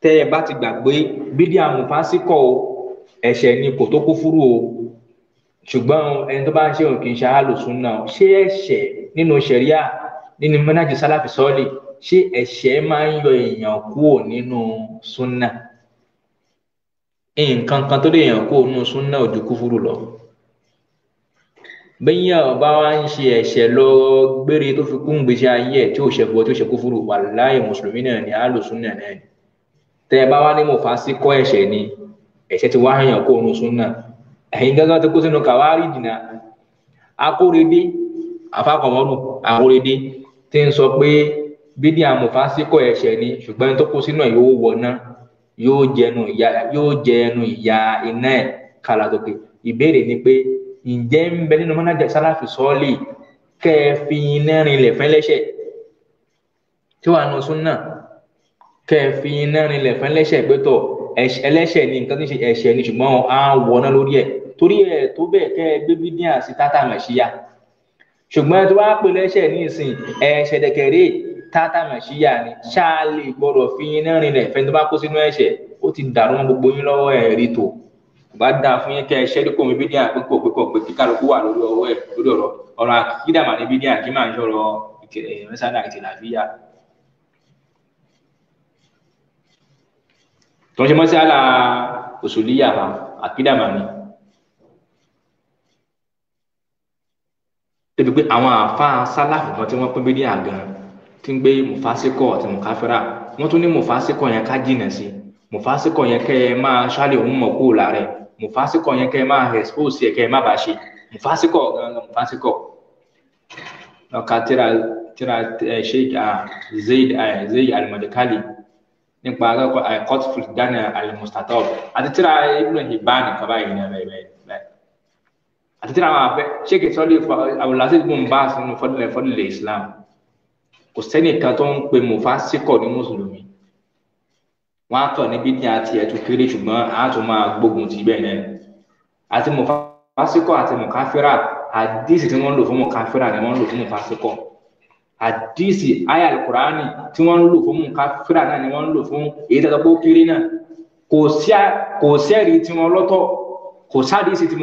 tẹ́ ẹ bá ti gbà pé bídíà mufasiko o ẹ̀ṣẹ̀ ni kò tó kúfúrú o ṣùgbọ́n ẹni tó bá ń ṣe òun kì í ṣe àlùsúnà ṣé ẹ̀ṣẹ̀ nínú ṣẹ̀ríà nínú mẹ́nájú sálàfì sọ́ọ̀lì ṣé ẹ̀ṣẹ̀ máa ń yọ èèyàn kúrò nínú súnà nǹkan kan tó lè yàn kúrò nínú súnà ojú kúfúrú bẹ́yìn bá wá ń ṣe ẹ̀ṣẹ̀ lọ gbére tó fi kún gbèsè ayé ẹ̀ tí ò ṣẹ̀bọ tí ò ṣe kúfúrú wàláhì mùsùlùmí náà ni àlùsùn náà náà ni tẹ́ ẹ bá wá ní mọ̀fá sí kọ́ ẹ̀ṣẹ̀ ni ẹ̀ṣẹ̀ ti wá hàn kó oorun sún náà ẹ̀yin gángan tó kó sínú kàwárí dìnnà akóredé afákọ̀mọ́nù akóredé tí ń sọ pé bídí àmọ̀fá sí kọ́ ẹ̀ṣẹ̀ ni ṣùgbọ́n tó kó sínú ẹ̀ yóò wọ̀ náà yóò jẹnu ìyá iná ẹ̀ ni pé ǹjẹ́ ń bẹ nínú mọ́nájà sálàfì sọ́ọ̀lì kẹ́ ẹ fi iná rinlẹ̀ fẹ́lẹ́ṣẹ̀ tí wàá nu súnà kẹ́ ẹ fi iná rinlẹ̀ fẹ́lẹ́ṣẹ̀ gbẹ́tọ̀ ẹlẹ́ṣẹ̀ ni nǹkan tí ń ṣe ẹ̀ṣẹ̀ ni ṣùgbọ́n à ń wọná lórí ẹ̀ torí ẹ̀ tó bẹ́ẹ̀ kẹ́ ẹ gbé bídíà sí tátà mẹ̀ṣíyà ṣùgbọ́n tí wàá pè lẹ́ṣẹ̀ ní ìsìn ẹ̀ṣẹ̀ dẹ̀kẹ̀rẹ́ tátà mẹ̀ṣíyà ni ṣáà lè gbọ́dọ̀ fi iná rinlẹ̀ fẹ́ni tó bá kó sínú ẹ̀ṣẹ̀ ó ti dàrú mọ́ gbogbo yín lọ́wọ́ ẹ̀rí tó bá dáa fún yín kẹ ẹ ṣẹ́rí kòmí bídíà pípọ̀ pípọ̀ pé kíkálukú wà lórí ọwọ́ ẹ̀ lórí ọ̀rọ̀ ọ̀rọ̀ àkídà mà ní bídíà kí máa ń yọ̀rọ̀ eh, mẹ́sàdá àti làbíyà. tó ń ṣe mọ́sálà òṣùlíyà àkídà mà ní. débi pé àwọn àáfàá sálàfù kan tí wọ́n pín bídíà gan ti ń gbé mùfásíkọ̀ àti mùkáfírà wọ́n tún ní mùfásíkọ̀ yẹn ká jìnà sí mùfásíkọ̀ yẹn kẹ́ ẹ máa ṣáàlì òun mọ̀ kúrò lára mufasikọ yẹn kẹ́ ẹ máa expose yẹ kẹ́ ẹ má bàa ṣe mufasikọ gangan mufasikọ ọkà tíra tíra ẹ sheik zayd zayd alimadikali nípa akẹ́kọ̀ọ́ àìkọ́tù dání alimustatọ́b àti tíra ibùdó ìbáni kaba yìí náà bẹ́ẹ̀ bẹ́ẹ̀ àti tíra àwọn abẹ́ sheik sọ́lé abdulaziz bin baas nínú fọ́dúnlẹ̀ fọ́dúnlẹ̀ islam kò sẹ́nìkan tó ń pe mufasikọ ní mùsùlùmí wọn á tọ̀ níbi tí a ti ẹ̀tún kéré ṣùgbọ́n a tún máa gbógun ti bẹ́ẹ̀ náà àti mufasiko àti mukafira àdíìsì tí wọ́n ń lò fún mukafira ni wọ́n ń lò fún mufasiko àdíìsì àyà alukurani tí wọ́n ń lò fún mukafira náà ni wọ́n ń lò fún èyí tó tọ́pọ̀ kéré náà kò sẹ́ẹ̀rí tí wọ́n lọ́tọ̀ kò sádìísì tí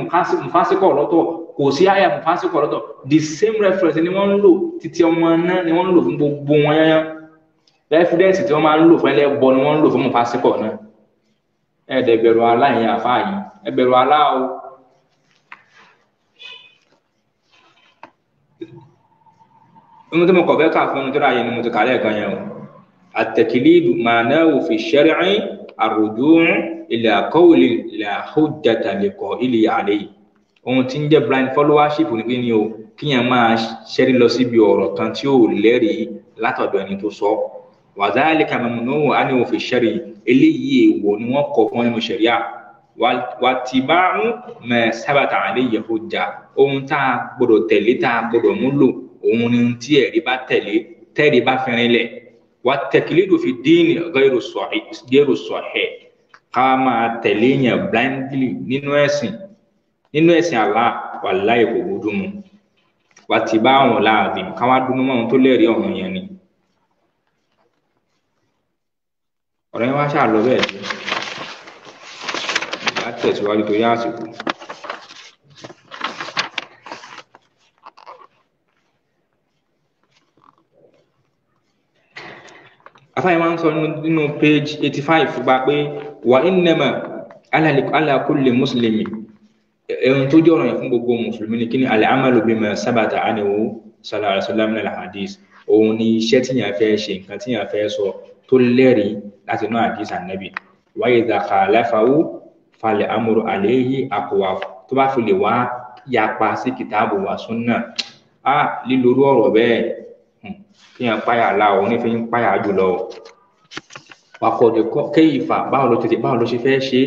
mufasiko lọ́tọ̀ kò sí àyà mufasiko lọ́tọ̀ the same reference ni wọ́n ń lò títí ọmọ náà ni wọ́n ń lò fún gbogbo wọn yányán rẹfúdẹǹsì tí wọn máa ń lò fún ẹlẹbọ ni wọn ń lò fún mufasíkọ náà ẹẹdẹgbẹrún aláìyẹn àfáàyàn ẹgbẹrún aláwo. nínú tí mo kọ̀ fẹ́ kà fún mi tó ráyè ni mo ti kà lẹ́ẹ̀kan yẹn o àtẹ̀kìlídù màánáwó fi ṣẹ́rìn àròjùn ilẹ̀ àkọ́wòlì ilẹ̀ àhójàtàlẹ̀kọ̀ ilẹ̀ àlẹ́ yìí ohun tí ń jẹ́ blind followership ni o kíyàn máa ṣẹ́rí lọ síbi ọ̀rọ̀ kan tí ò lẹ́rìí látọ̀dọ̀ ẹni tó sọ ọ́ wàzálìkà mọ̀mọ́nù àníwò fi ṣẹ́rí eléyìí èèwọ̀ ni wọ́n kọ̀ fún nínú ṣẹ̀ríà wàtìbáhùn mẹ́ sábàtà àlẹ́ yẹ̀hójà ohun tá a gbọ́dọ̀ tẹ̀lé tá a gbọ́dọ̀ múlò òun ni tí ẹ̀rí bá tẹ̀lé tẹ́rí bá fẹ́rin lẹ̀ wà tẹ̀kílídò fi díìnì gẹ́rù sọ̀hẹ́ ká máa tẹ̀lé yẹn blindly nínú ẹ̀sìn nínú ẹ̀sìn àlá wà láì kò gbójú mu wàtìbáhùn láàbì káwá dúnú mọ́ ohun tó lẹ́rìí ọ̀run yẹn ni ọ̀rọ̀ yẹn wá ṣáà lọ bẹ́ẹ̀ ni ìyá tẹ̀síwájú torí àsìkò. afáyín máa ń sọ nínú page eighty five gba pé wà innama ala kulli mùsùlùmí ẹ̀hún tó jẹ́ ọ̀ràn yẹn fún gbogbo mùsùlùmí ni kí ni al amalu bima sabata anhu sallallahu alaihi hadith òun ni iṣẹ́ tíyàn fẹ́ ṣe nǹkan tíyàn fẹ́ sọ tó lẹ́rìí láti inú àdìsí ànábì wáyé ìdàkà aláfàwù falẹ̀ amúrò àléyé àkùwà tó bá fi lè wá yapa sí kìtàbù wà súnà á lílorú ọ̀rọ̀ bẹ́ẹ̀ hmm, kéèyàn páyà láwọ onífi ń páyà jùlọ wakọ̀dé kéyìfà báwo ló tètè báwo ló ṣe fẹ́ ṣe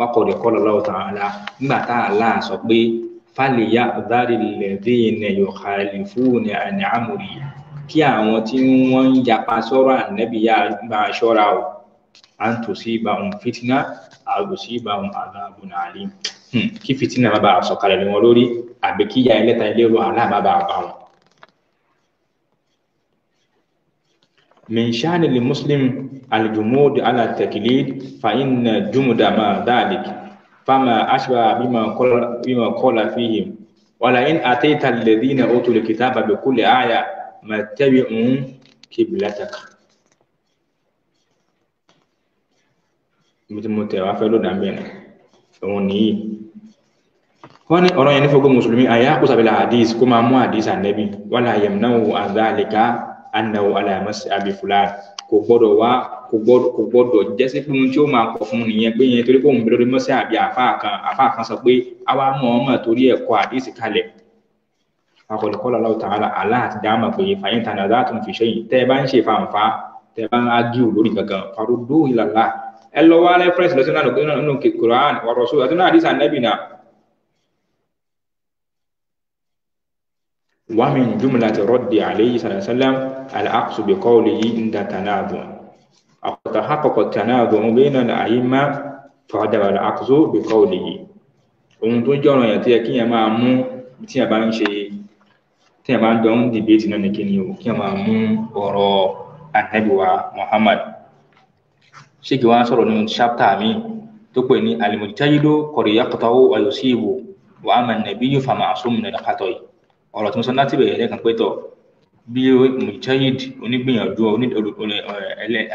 wakọ̀dé kọ́ lọ́wọ́ tàn án la nígbà tá a láà sọ pé fàlìyà dárìlẹ̀dínlẹ̀ yọ̀kàlìfúnni àní àmúrí kí àwọn tí wọ́n ń yapa sọ́rọ̀ ànẹ́bíyà máa ṣọ́ra o an tusibahum fitna aw yusibahum adhabun alim kí fitina má bàa sọ̀kalẹ̀ lé wọn lórí àbí kí ìyà ẹlẹ́ta ẹlẹ́rú àlá má bàa bá wọn. من شأن المسلم الجمود على التقليد فإن جمد ما ذلك فما أشبه بما قال بما قال فيهم ولئن أتيت الذين أوتوا الكتاب بكل آية ما تبعوا قبلتك mo ti mo tẹ̀ wá fẹ́ ló dà ń bẹ̀rẹ̀ òun nìyí wọ́n ní ọ̀rọ̀ yẹn ní fọ́gbọ́n mùsùlùmí àyà kó sàbẹ̀lá hadith kó máa mú hadith ànẹ́bí wàlá yamnahu àdáàlìká annahu alayamasi abifula kò gbọ́dọ̀ wá kò gbọ́dọ̀ kò gbọ́dọ̀ jẹ́sí fún un tí ó máa kọ̀ fún un nìyẹn pé yẹn torí pé òun bẹ̀rẹ̀ mọ́sẹ́ àbí àfáà kan àfáà kan sọ pé àwa mọ̀ ọ́n mọ̀ torí ẹ̀kọ́ hadith kalẹ̀ akọ̀lẹ̀kọ́lá ẹ lọ wá reference lọ sí náà nínú Quran wà Rasul àti náà àdìsí ànábì náà. ومن جملة رد عليه صلى الله عليه وسلم العقص بقوله عند تنازع أو تحقق التنازع بين الأئمة فهذا العقص بقوله ohun tó jẹ́ ọ̀ràn yẹn tó yẹ kí yẹn máa mú tí yẹn bá ń ṣe tí yẹn bá ń dán dìbéètì náà nìkan ni o kí yẹn máa mú ọ̀rọ̀ ànábì Muhammad ṣéèkì wa sọ̀rọ̀ nínú ṣápítà mi tó pè ní alimujitayido kọ̀rìyàkọ̀tàwó ayọ̀síìbò wà á mẹ́rin nàbí yóò fàmà àsomùnà nàkàtọ̀ yìí ọ̀rọ̀ tí mo sọ láti bẹ̀rẹ̀ lẹ́ẹ̀kan pé tọ̀ bí mujitayid onígbìyànjú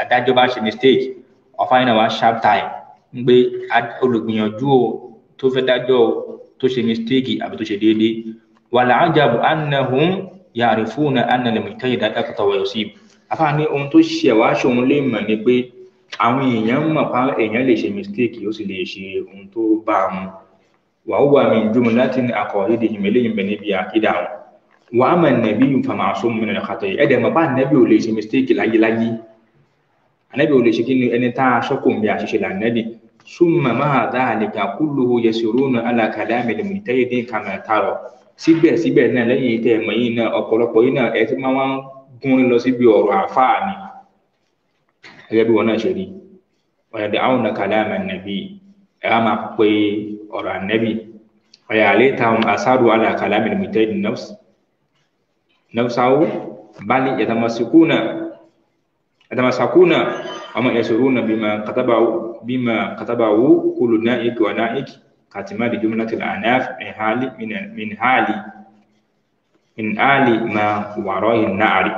adájọ́ bá ṣe mistake ọ̀fà yìí náà wá ṣápítà yìí ń gbé olùgbìyànjú tó fẹ́ dájọ́ tó ṣe mistake àbí tó ṣe déédéé wàlàájàbù annahum yàrífúnà annalẹ̀ mujitayid adákọ̀tàwó ayọ̀síìbò afáàní ohun tó ṣe wá ṣòun lè mọ̀ ni pé àwọn èèyàn mọ̀ pa èèyàn lè ṣe mistake ó sì lè ṣe ohun tó bá a mu wàá wà mí jùmọ̀ láti ní akọ̀ọ̀dẹ́dẹ́ yìí mẹ́lẹ́yìn bẹ̀ níbi àkídà wọn wàá mọ̀ nàbí yìí fàmà àṣọ mi nìyẹn kàtọ́ yìí ẹ̀dẹ̀ mọ̀ pa nàbí ò lè ṣe mistake láyéláyé ànábì ò lè ṣe kí ni ẹni tá a sọ́kò ń bẹ àṣìṣe lànàbì súnmọ̀ máa dá àlèkà kúlù yẹsùrúnà alákàlà mẹ́lẹ̀mù tẹ́yẹ̀dẹ́ kàmà tààrọ̀ gẹ́gẹ́ bí wọn náà ṣe rí ọ̀yà dẹ̀ àwọn nàkàlẹ́ àmà nàbí ẹ̀ á máa pe ọ̀rọ̀ ànẹ́bì ọ̀yà àlẹ́ táwọn asáàdù alàkàlẹ́ àmì limited nọ́ọ̀sáwó bali yàtàmásíkúnà yàtàmásàkúnà ọmọ yasuruna bima katabawu bima katabawu kulu na'ik wa na'ik katimadi jumlatil anaf min hali min hali min hali ma warayhin na'ari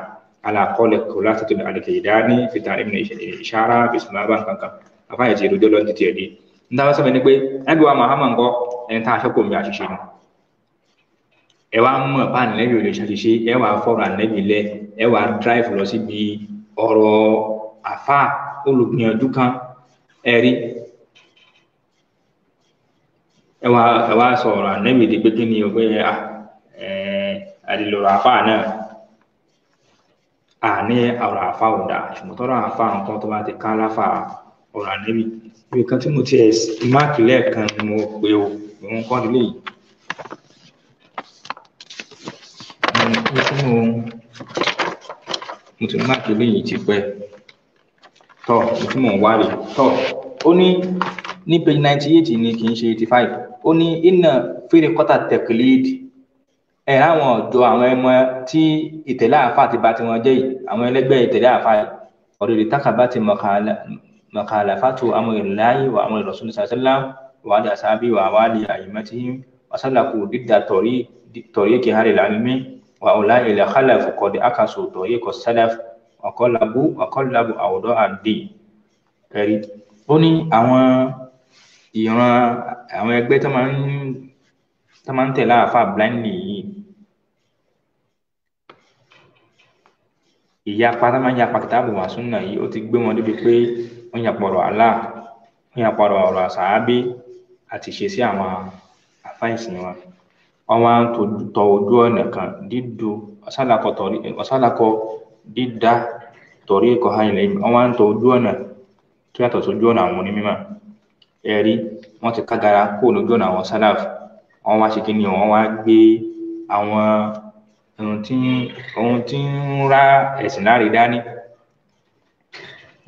على قول خلاصة الكيداني في تعليم الإشارة بسم الله كان كان أفا يجي رجل لون تتيدي nta wọ́n sábà ní pé ẹgbẹ́ wa mahama ń kọ́ ẹni tá a fẹ́ kó mi àṣìṣe mu ẹ wá mọ̀ bá ànẹ́bí ò lè ṣàṣìṣe ẹ wá fọ́ọ̀rọ̀ ànẹ́bí lẹ ẹ wá drive lọ síbi ọ̀rọ̀ àfa olùgbìyànjú eri, ẹ rí ẹ wá ẹ wá sọ̀rọ̀ ànẹ́bí di pé kí ni ọgbẹ́ ah, ẹ àdìlọ́rọ̀ àfa náà àní ọ̀rọ̀ àfa ò dáa ṣùgbọ́n tọ́rọ̀ àfa nǹkan tó bá ti ká láfa ọ̀rọ̀ ànẹ́bí ibi kan tí mo ti ẹ̀ máàkì lẹ́ẹ̀kan ni mo pe o ìwọ̀n kan nílé yìí. mo ti mú mo ti máàkì lẹ́yìn tipẹ́ tọ́ mo ti mọ̀ wá rè tọ́ ó ní ní page ninety eight ni kì í ṣe eighty five ó ní iná fèrè kọ́tà tẹ̀kìlíìdì ẹ ráwọn ọ̀dọ́ àwọn ẹmọ tí ìtẹ̀lé àáfà ti bá tiwọn jẹ́ yìí àwọn ẹlẹ́gbẹ́ ìtẹ̀lé àáfà yìí ọ̀rẹ́dì takaba ti mọ̀kàlà fatu amúrìnláyé wà amúrìn rọ̀sùn sàṣẹ́lá wà á dàṣà bí wà wà á lè àyèmọ́ tí wàsálàkù dídà tọ̀rí kì hàrì làmímí wà ọ̀là ilẹ̀ khalaf kọ̀dí akaso tọ̀rí kọ̀ sálàf ọ̀kọ́làbù ọ̀kọ́làbù àwùdọ́ àdì ẹ̀rí ó ní àwọn ìran àwọn ẹgbẹ́ tó máa ń tẹ̀lé àáfà blindly yìí ìyapa tá máa ń yapa kìtàbù wà súnà yìí ó ti gbé wọn débi pé wọn yapa ọ̀rọ̀ Allah wọn yapa ọ̀rọ̀ ọ̀rọ̀ àṣàábí àti ṣe sí àwọn àfáìsì wọn wọn máa ń tọ ojú ọ̀nà kan dídú ọ̀sálàkọ dídá torí ẹ̀kọ́ hàn ilẹ̀ wọn máa ń tọ ojú ọ̀nà tó yàtọ̀ sójú ọ̀nà àwọn onímọ̀ ẹ̀rí wọn ti kágara kó lójú ọ̀nà àwọn sálàf wọn wá ṣe kí ni wọn wá gbé àwọn ohun tí ohun tí ń ra ẹ̀sìn láre dání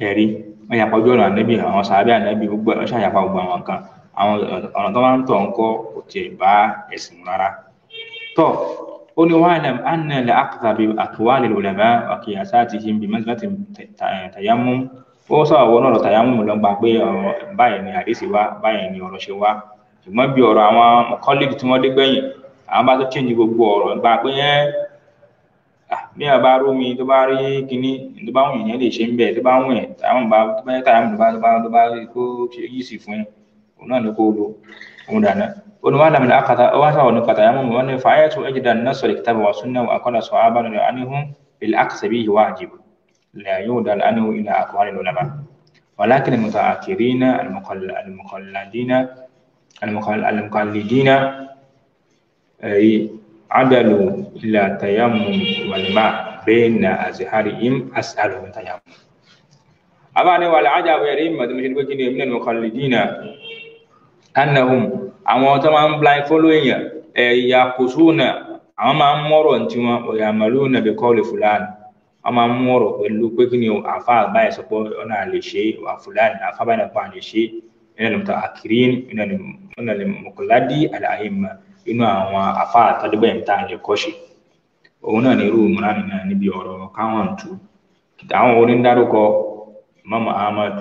ẹ̀rí wọn yàpá ojú ọ̀nà ànábì àwọn sàábẹ́ ànábì gbogbo ẹ̀ ṣàyàpá gbogbo àwọn nǹkan àwọn ọ̀nà tó máa ń tọ̀ ń kọ́ kò tiẹ̀ bá ẹ̀sìn rárá tọ́ ó ní wa'lam anna al-akhza bi aqwali al-ulama wa qiyasatihim bi manzilati tayammum ó sọ̀rọ̀ wọnú ọ̀rọ̀ tayammum lọ gba pé báyìí ni àdéṣe wá báyìí ni ọ̀rọ̀ ṣe wá ṣùgbọ́n bí ọ̀rọ̀ àwọn mọ̀kọ́lẹ́dì tí wọ́n dé gbẹ̀yìn àwọn bá tó change gbogbo ọ̀rọ̀ nípa pé ẹ bí wọn bá rómi tó bá rí kinní tó bá wùn yẹn lè ṣe ń bẹ tó bá wùn ẹ táwọn bá tó bá yẹ táwọn tó bá tó bá tó bá kó yìí sì fún ẹ òun náà ló kó o lo òun dàná ó ní wọn làmìlà àkàtà ó wá sàwọn ní kàtà yàmú wọn ní fàáyà tó ẹjì dànù náà sọ̀rọ̀ kìtàbà wà súnà wà sọ àbá nínú àníhùn ilẹ àkàtàbí yìí wà àjìbù là yóò dànù àníhùn ilẹ àkọwálẹ lọlọmọ ولكن المتأخرين المقلدين المقلدين أي عدلوا إلى تيمم والماء بين أزهارهم أسأل من تيمم أباني والعجب يا ريم مثل من المخلدين أنهم àwọn tó máa ń blind following yẹn ẹ̀yà kòsóònà àwọn máa ń mọ̀rọ̀ ní tiwọn ọ̀yà màlúù nàbẹ̀ kọ́ọ̀lì fúlàní wọ́n máa ń mọ̀rọ̀ pẹ̀lú pé kí ni o àfa àbáyé sọ pé ọ̀nà àlè ṣe wà fúlàní àfa àbáyé nàpọ̀ àlè ṣe ẹ̀nà lè mọ̀tà àkìrín ẹ̀nà lè mọ̀kọ́ládì àlàyé mọ̀ inú àwọn àfa àtọ́dẹ́gbẹ̀yìn tá à lè kọ́ṣe òun náà ní irú ìmúránì náà níbi ọ̀rọ̀ káwọn tù àwọn onídàrúkọ Imam Ahmad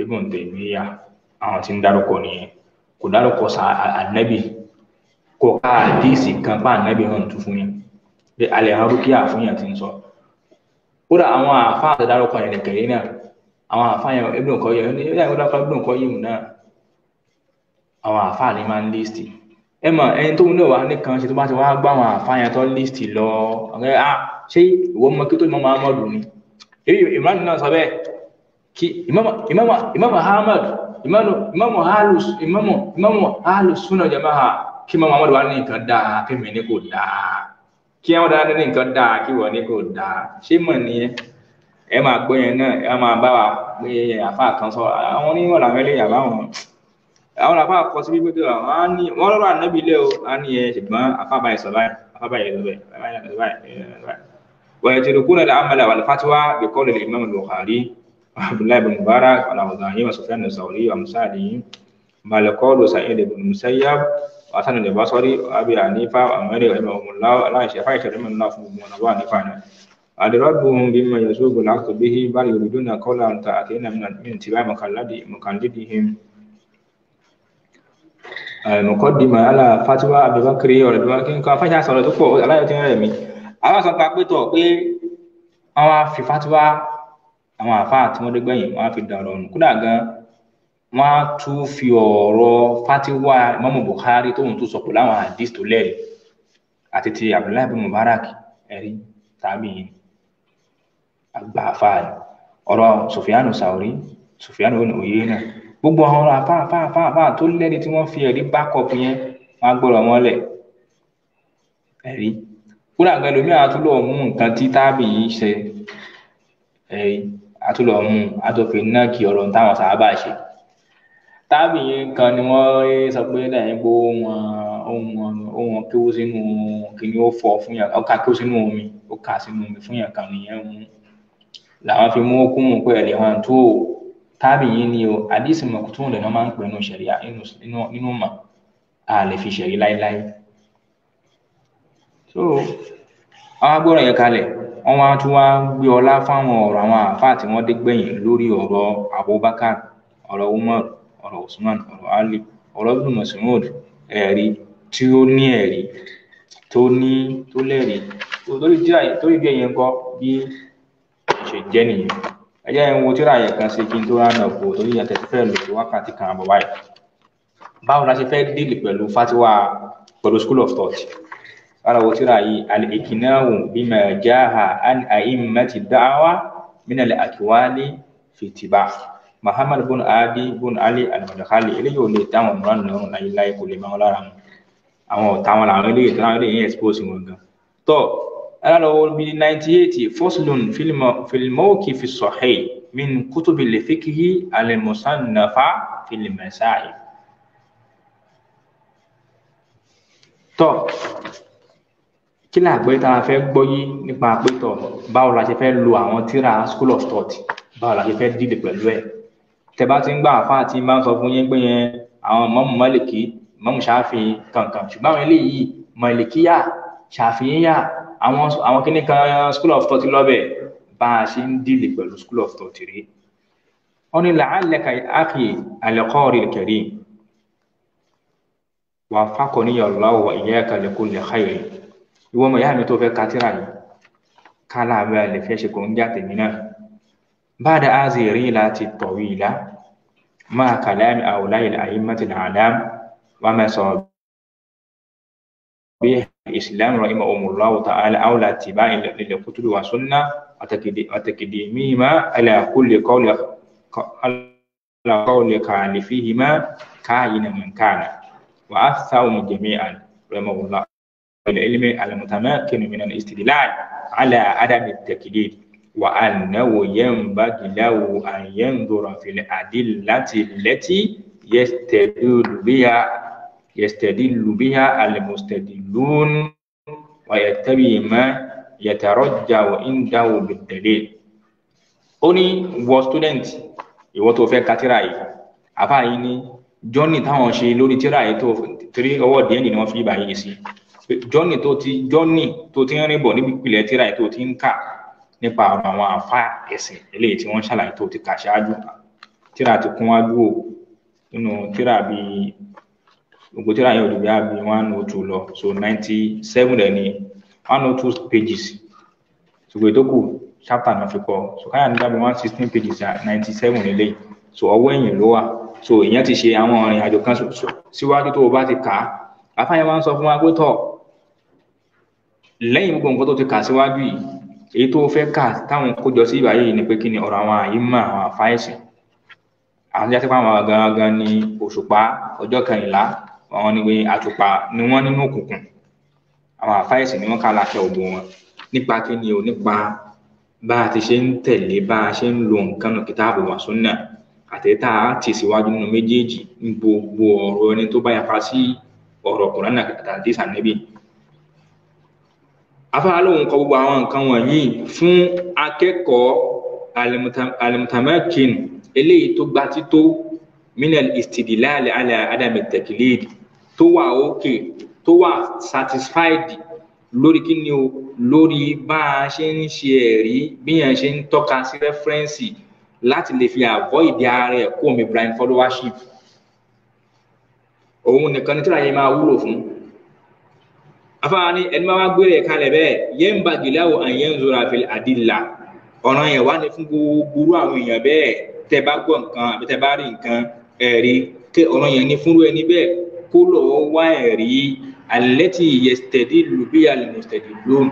Ibn Taymiyyah àwọn tí ń dárúkọ nìyẹn kò dárúkọ sa ànábì kò ká àdéhìsì kan bá ànábì hàn tù fún yẹn bí alẹ́ harukiya fún yẹn ti ń sọ kódà àwọn àfa àtọ́dárúkọ yẹn nìkẹ́yẹ náà àwọn àfa yẹn Ibn Qayyim yẹn ní ìyá ìwé dákọ̀ Ibn Qayyim náà àwọn àfa ni máa ń lísìtì ẹ mọ ẹni tóun náà wà nìkan ṣe tó bá ti wá gbà wọn àfààyàn tó list lọ ọ̀rẹ́ à ah, ṣé ìwọ ọmọ kí tó ìmọ̀ muhammadu ni èyí ìmọ̀ràn náà sọ bẹ́ẹ̀ kí ìmọ̀ muhammad ìmọ̀ halus ìmọ̀ halus súnà jama'a kí ìmọ̀ muhammadu wà ní nǹkan dáa kí mi ní kò dáa kí àwọn dáadáa ní nǹkan dáa kí wọ́n ní kò dáa ṣé mọ̀ nìyẹn ẹ máa gbé yẹn náà ẹ máa bá wa gbé yẹn àfa kan sọ àwọn onímọ̀ làwọn eléyàwó àwọn àwọn àfa kọ sí pípẹ́ tó àwọn á ní wọ́n lọ́rọ̀ ànábì ilé o á ní ẹ ṣùgbọ́n àfàbà ìsọ̀ báyìí àfàbà ìsọ̀ báyìí wọ́n ti rúkú náà àmàlà wà fatiwa bí kọ́lù lè imam bukhari abdullahi bin mubarak alawuzani wa sufyan al-sawri wa musadi malikolu sa'id bin musayyab wa sanu da basori wa abi hanifa wa amari wa imam mullah wa ala shafa shafa imam mullah fún gbogbo ọ̀nàbọ̀ nípa náà adirabuhum bima yasubu al-aqtu bihi bal yuriduna qawlan ta'atina min tibai mukallidihim mọ̀kọ́dìmọ̀ ala fatiwa abubakar ọ̀rọ̀ bí wọ́n kí n kan fẹ́ṣà sọ̀rọ̀ tó pọ̀ aláyọ̀ tí ń rẹ̀ mí àwọn sọ pa pé tọ̀ pé àwọn afi fatiwa àwọn àfáà tí wọ́n dé gbẹ̀yìn wọ́n á fi dàrọ̀ ọ̀nù gan wọ́n á tún fi ọ̀rọ̀ fatiwa mọ́mọ́ Bukhari tóun tún sọ̀pọ̀ láwọn hadith tó lẹ́rìí àti ti Abdullahi bin Mubarak ẹ̀rí tàbí àgbà àfáà ọ̀rọ̀ Sufyanu Sauri Sufyanu òye náà gbogbo àwọn ọ̀rọ̀ àfáà àfáà àfáà àfáà tó lẹ́ni tí wọ́n fi ẹ̀rí bákọ̀pù yẹn wọ́n á gbọ́dọ̀ wọn kúrò àgbẹ̀ lómi àtúlọ̀ mú nǹkan tí táàbì yìí ṣe ẹ̀rí àtúlọ̀ mú àtòfin náà kí ọ̀rọ̀ táwọn sábà ṣe táàbì yìí kan ni wọ́n sọ pé lẹ́yìn gbó ohun ohun kéwó sínú kíní ó fọ fún yàn ó kà sínú omi ó kà sínú omi fún yàn kan nìyẹn làwọn fi mú okùn mú pé ẹ̀rí wọn tó o tábìyí ni o àdìsí mọ̀kútùn lẹ́nu máa ń pè nínú ṣẹ̀ríà nínú mọ̀ a lè fi ṣẹ̀rí láéláé so àwọn agbọ́rọ̀ yẹn kalẹ̀ wọ́n wá tún wá gbé ọlá fáwọn ọ̀rọ̀ àwọn àáfàá tí wọ́n dé gbẹ̀yìn lórí ọ̀rọ̀ Abubakar ọ̀rọ̀ Umar ọ̀rọ̀ Usman ọ̀rọ̀ Ali ọ̀rọ̀ Ibn Mas'ud ẹ̀rí tí ó ní ẹ̀rí tó ní tó lẹ́rìí torí díẹ̀ yẹn kọ́ bí ṣe nìyẹn ẹ jẹ́ ń wo tíra yẹn kan ṣe kí n tó rán ọ̀pọ̀ torí yẹn tẹ̀sí fẹ́ lò sí wákàtí kan àbọ̀ báyìí báwo la ṣe fẹ́ dìlì pẹ̀lú fatiwa pẹ̀lú school of thought ara wo tíra yìí al-iqna'u bima jaha an a'immati da'wa min al-aqwali fi ittiba' muhammad bun adi bun ali al eléyìí ò lè táwọn mìíràn lọ́rùn láyé láyé kò lè máa wọn lára wọn àwọn ọ̀tá làwọn eléyìí tó láwọn eléyìí expose wọn gan tó ara lọ wọ́n bíi ninety eight foslun filimọ́ọ̀kì fi sahih min kutubi lẹ́fíkìyí alẹ́mùsánnáfà filimẹ́sáì. tọ́ kí ni àgbẹ̀ tá a fẹ́ gbọ́ yìí nípa àpétọ̀ báwo la ṣe fẹ́ lo àwọn tíra school of thought báwo la ṣe fẹ́ dìde pẹ̀lú ẹ̀ tẹ́bá ti ń gbà àfáà tí máa ń sọ fún yín pé yẹn àwọn mọ́mù kankan ṣùgbọ́n àwọn eléyìí mọ̀lìkíyà ṣáfihàn àwọn àwọn kìnnì kan school of thought lọ́bẹ̀ bá a ṣe ń dìlì pẹ̀lú school of thought rí wọn ni làálẹ̀ka àkì àlẹ́kọ́ rí kẹrí wà fákọ̀ ní yàrá wà ìyá ẹ̀ka lẹ́kọ́ lè xayè ìwọ ọmọ ìyá mi tó fẹ́ kátìrà yìí kálá abẹ́ àlẹ́ fẹ́ ṣe kò ń jáde mí náà bá a da azi rí láti tọ̀wé ìlà máa kàlámi àwòláyè àyè mẹ́tìlá àdám wà mẹ́sàn-án الإسلام رحمهم الله تعالى أولى اتباع للكتب والسنة وتقديمهما على كل قول على قول كان فيهما كائنا من كان وأكثرهم جميعا رحمه الله العلم المتمكن من الاستدلال على عدم التكليف وأنه ينبغي له أن ينظر في الأدلة التي يستدل بها يستدل بها المستدلون ويتبع ما يترجى عنده بالدليل ó ní wọ student ìwọ tó fẹ́ ka tírà yìí àfáà yìí ní journey táwọn ṣe lórí tírà yìí tó torí ọwọ́ díẹ̀ ni wọ́n fi ibà yìí sí journey tó ti journey tó ti ń rìn bọ̀ níbi ìpìlẹ̀ tírà yìí tó ti ń kà nípa ọ̀rọ̀ àwọn àfáà ẹ̀sìn eléyìí tí wọ́n ti kà ṣáájú tírà ti kún wájú o nínú tírà bíi gbogbo tíra yẹn olùgbé àbí one oh two lọ so ninety seven rẹ ni one oh two pages ṣùgbọ́n ètò kù chapter náà fi kọ so káyà nígbà bí one sixteen pages ninety seven nílé so ọwọ́ ẹ̀yìn ló wà so ìyẹn ti ṣe àwọn ìrìn àjò kan síwájú tó o bá ti kà á afáyẹn máa ń sọ fún wa pé tọ̀ lẹ́yìn gbogbo nǹkan tó ti kà síwájú yìí èyí tó fẹ́ kà táwọn kójọ sí ìbáyé yìí ni pé kí ni ọ̀rọ̀ àwọn àyè mọ àwọn àfáìsìn àwọn jáde fáwọn gangan ni òṣùpá ọjọ́ kẹrìnlá àwọn ni wọ́n àtùpà ni wọ́n nínú òkùnkùn àwọn àfáìsì ni wọ́n kàlà kẹ ògbó wọn nípa kí ni o nípa bá a ti ṣe ń tẹ̀lé bá a ṣe ń lo nǹkan nù kìtààbù wa sunna àti tá a ti síwájú nínú méjèèjì ní gbogbo ọ̀rọ̀ ẹni tó bá yapa sí ọ̀rọ̀ kùránà àti sànẹ́bì afárá lòun kọ gbogbo àwọn nǹkan wọ̀nyí fún akẹ́kọ̀ọ́ alimutamakin eléyìí tó gba tító minal istidilali ala adami tó wà òkè tó wà satisfied lórí kí ni o lórí bá a ṣe ń ṣe ẹ̀rí bí yẹn ṣe ń tọ́ka sí rẹ́fúrẹ́ǹsì láti lè fi avoid ara ẹ̀ kó omi blind followership òun nìkan ní tíra yẹn máa wúlò fún afaani ẹni máa wá gbére ẹ̀ka lẹ̀ bẹ́ẹ̀ yẹn ń ba gìláwò àyẹ̀ ń zora fil adilla ọ̀nà yẹn wá ní fún gbogbo àwọn èèyàn bẹ́ẹ̀ tẹ́ bá gbọ́ nǹkan àbí tẹ́ bá rí nǹkan ẹ̀rí ọ̀nà yẹn ní fúnrú ẹni bẹ́ẹ̀ kó lọ wá ẹ̀rí alẹ́tì yẹstẹ̀dì lùbí alìmùsẹ̀dì lóhùn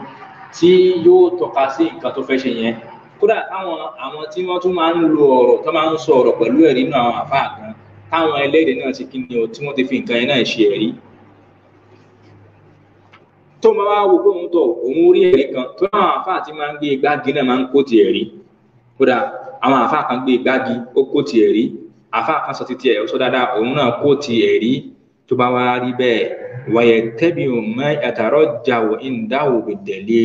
tí yóò tọ́ka sí nǹkan tó fẹ́ ṣe yẹn kódà táwọn àwọn tí wọ́n tún máa ń lo ọ̀rọ̀ tó máa ń sọ ọ̀rọ̀ pẹ̀lú ẹ̀rí nínú àwọn àfáà kan táwọn ẹlẹ́rìí náà ti kí ni o tí wọ́n ti fi nǹkan yẹn náà ṣe ẹ̀rí tó máa wá wo pé òun tọ òun rí ẹ̀rí kan tó àwọn àfáà ti máa ń gbé igbági náà máa ń kó ti ẹ̀rí kódà àwọn àfáà kan gbé igbági ó kó ti ẹ̀rí àfáà kan sọ ti tiẹ̀ ó sọ dáadáa òun náà kó ti ẹ̀rí tó bá wá rí bẹ́ẹ̀ wàyẹ tẹbi ọmọ àtàrọ jà wọ ìdáwò bìtẹlẹ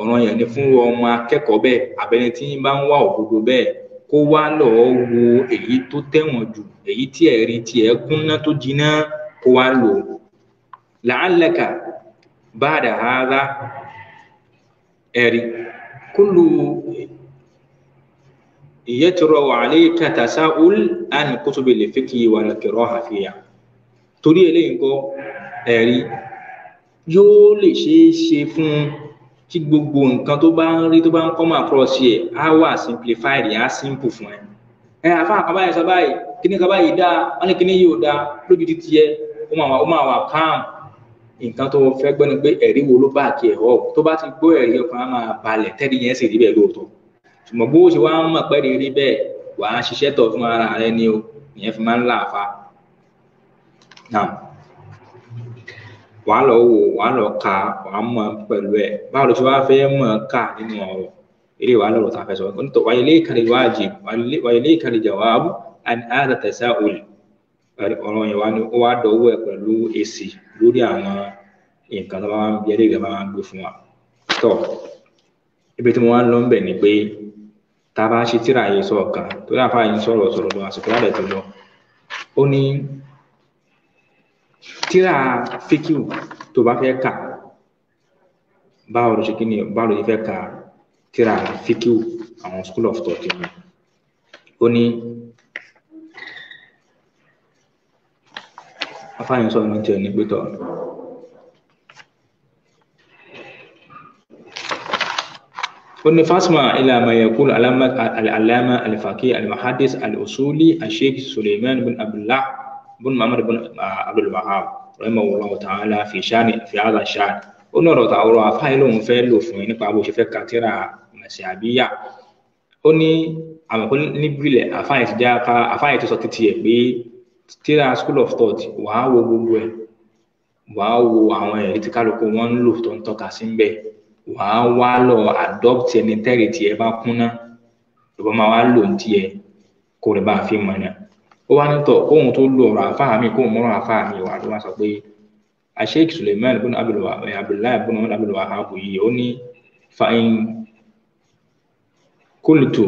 ọ̀ràn yẹn ni fún ọmọ akẹ́kọ̀ọ́ bẹ́ẹ̀ abẹni tí ń bá ń wá òdodo bẹ́ẹ̀ kó wá lọ́ọ́ wo èyí tó tẹ̀wọ̀n jù èyí tí ẹ̀rí tí ẹ̀ kúnná tó jiná kó wá lò làálẹ̀ka ba'da hadha ẹ̀rí kullu yatra'u 'alayka tasa'ul an kutubil fiqhi wal qira'ati fiha torí eléyìí kọ ẹ̀rí yóò lè ṣeé ṣe fún kí gbogbo nǹkan tó bá ń rí tó bá ń come across yẹ á wà simplified á simple fún ẹ ẹ àfa àkàbá yẹn sọ báyìí kíní kan báyìí dáa wọn ní kíní yìí ò dáa lójú ti tiẹ̀ ó máa wà ó máa wà calm nǹkan tó fẹ́ gbọ́ ni pé ẹ̀rí wo ló bá kí ẹ̀ ọ́ tó bá ti gbọ́ ẹ̀rí ọkàn á máa balẹ̀ tẹ́lẹ̀ yẹn sì rí bẹ́ẹ̀ lóòótọ́ ṣùgbọ́n bó ṣe wá ń mọ̀ pẹ́ rí rí bẹ́ẹ̀ wàá ṣiṣẹ́ tọ̀ fún ara rẹ ni o ìyẹn fi máa ń láàfa náà wàá lọ wò wàá lọ kà wàá mọ̀ pẹ̀lú ẹ báwo ló ṣe wá fẹ́ mọ̀ ká nínú ọ̀rọ̀ eré wàá lọrọ tá sọ nítorí wàá ilé ìkàlẹ wájib wàá ilé ìkàlẹ jawab an ada tasa'ul ọ̀rọ̀ yẹn wá ní ó wá dọwọ́ ẹ pẹ̀lú èsì lórí àwọn nǹkan tó bá ń bí ẹlẹgbẹ́ máa ń gbé fún wa tọ ibi tí mo wá ń lọ ń bẹ ni pé tá a bá ṣe tíra yìí sọ ọkàn tó dáa fáyín sọ̀rọ̀ sọ̀rọ̀ lọ àsìkò láti ẹtọ tíra fíkìwù tó bá fẹ́ kà báwo ló ṣe kí ni báwo ló ṣe fẹ́ kà tíra fíkìwù àwọn school of thought ni ó ní afáyín sọ̀rọ̀ ní tiẹ̀ ní gbẹ́tọ̀. قلنا فاسمع إلى ما يقول العلامة الفقيه المحدث الأصولي الشيخ سليمان بن عبد الله بن عمر بن عبد الوهاب rẹ́mọ̀ wọ́n lọ́wọ́ tààlà fi ṣáàni fi àlà ṣáàni ó ní ọ̀rọ̀ tàwọn afáyín lòun fẹ́ lò fún yín nípa bó ṣe fẹ́ kàtírà mẹ̀sìn àbíyà ó ní àmọ̀kó níbílẹ̀ àfáyín ti já àfáyín ti sọ títí ẹ̀ pé tíra school of thought wàá wo gbogbo ẹ̀ wàá wo àwọn ẹ̀rí tí kálukú wọn ń lò tó ń tọ́ka sí ń bẹ̀ wàá wá lọ adopt ẹni tẹ́rì ẹ bá kúnná ìbọn máa wá lò ń tiẹ̀ kó rẹ̀ bá fi mọ̀ náà ó wá ní tọ̀ kóun tó lo ọ̀rọ̀ àfáà mi kóun mọ́rọ̀ àfáà mi wà ló wá sọ pé asheik suleiman bin eh, abdullahi bin muhammad abdullahi ahabu yìí ó ní fa'in kúlùtù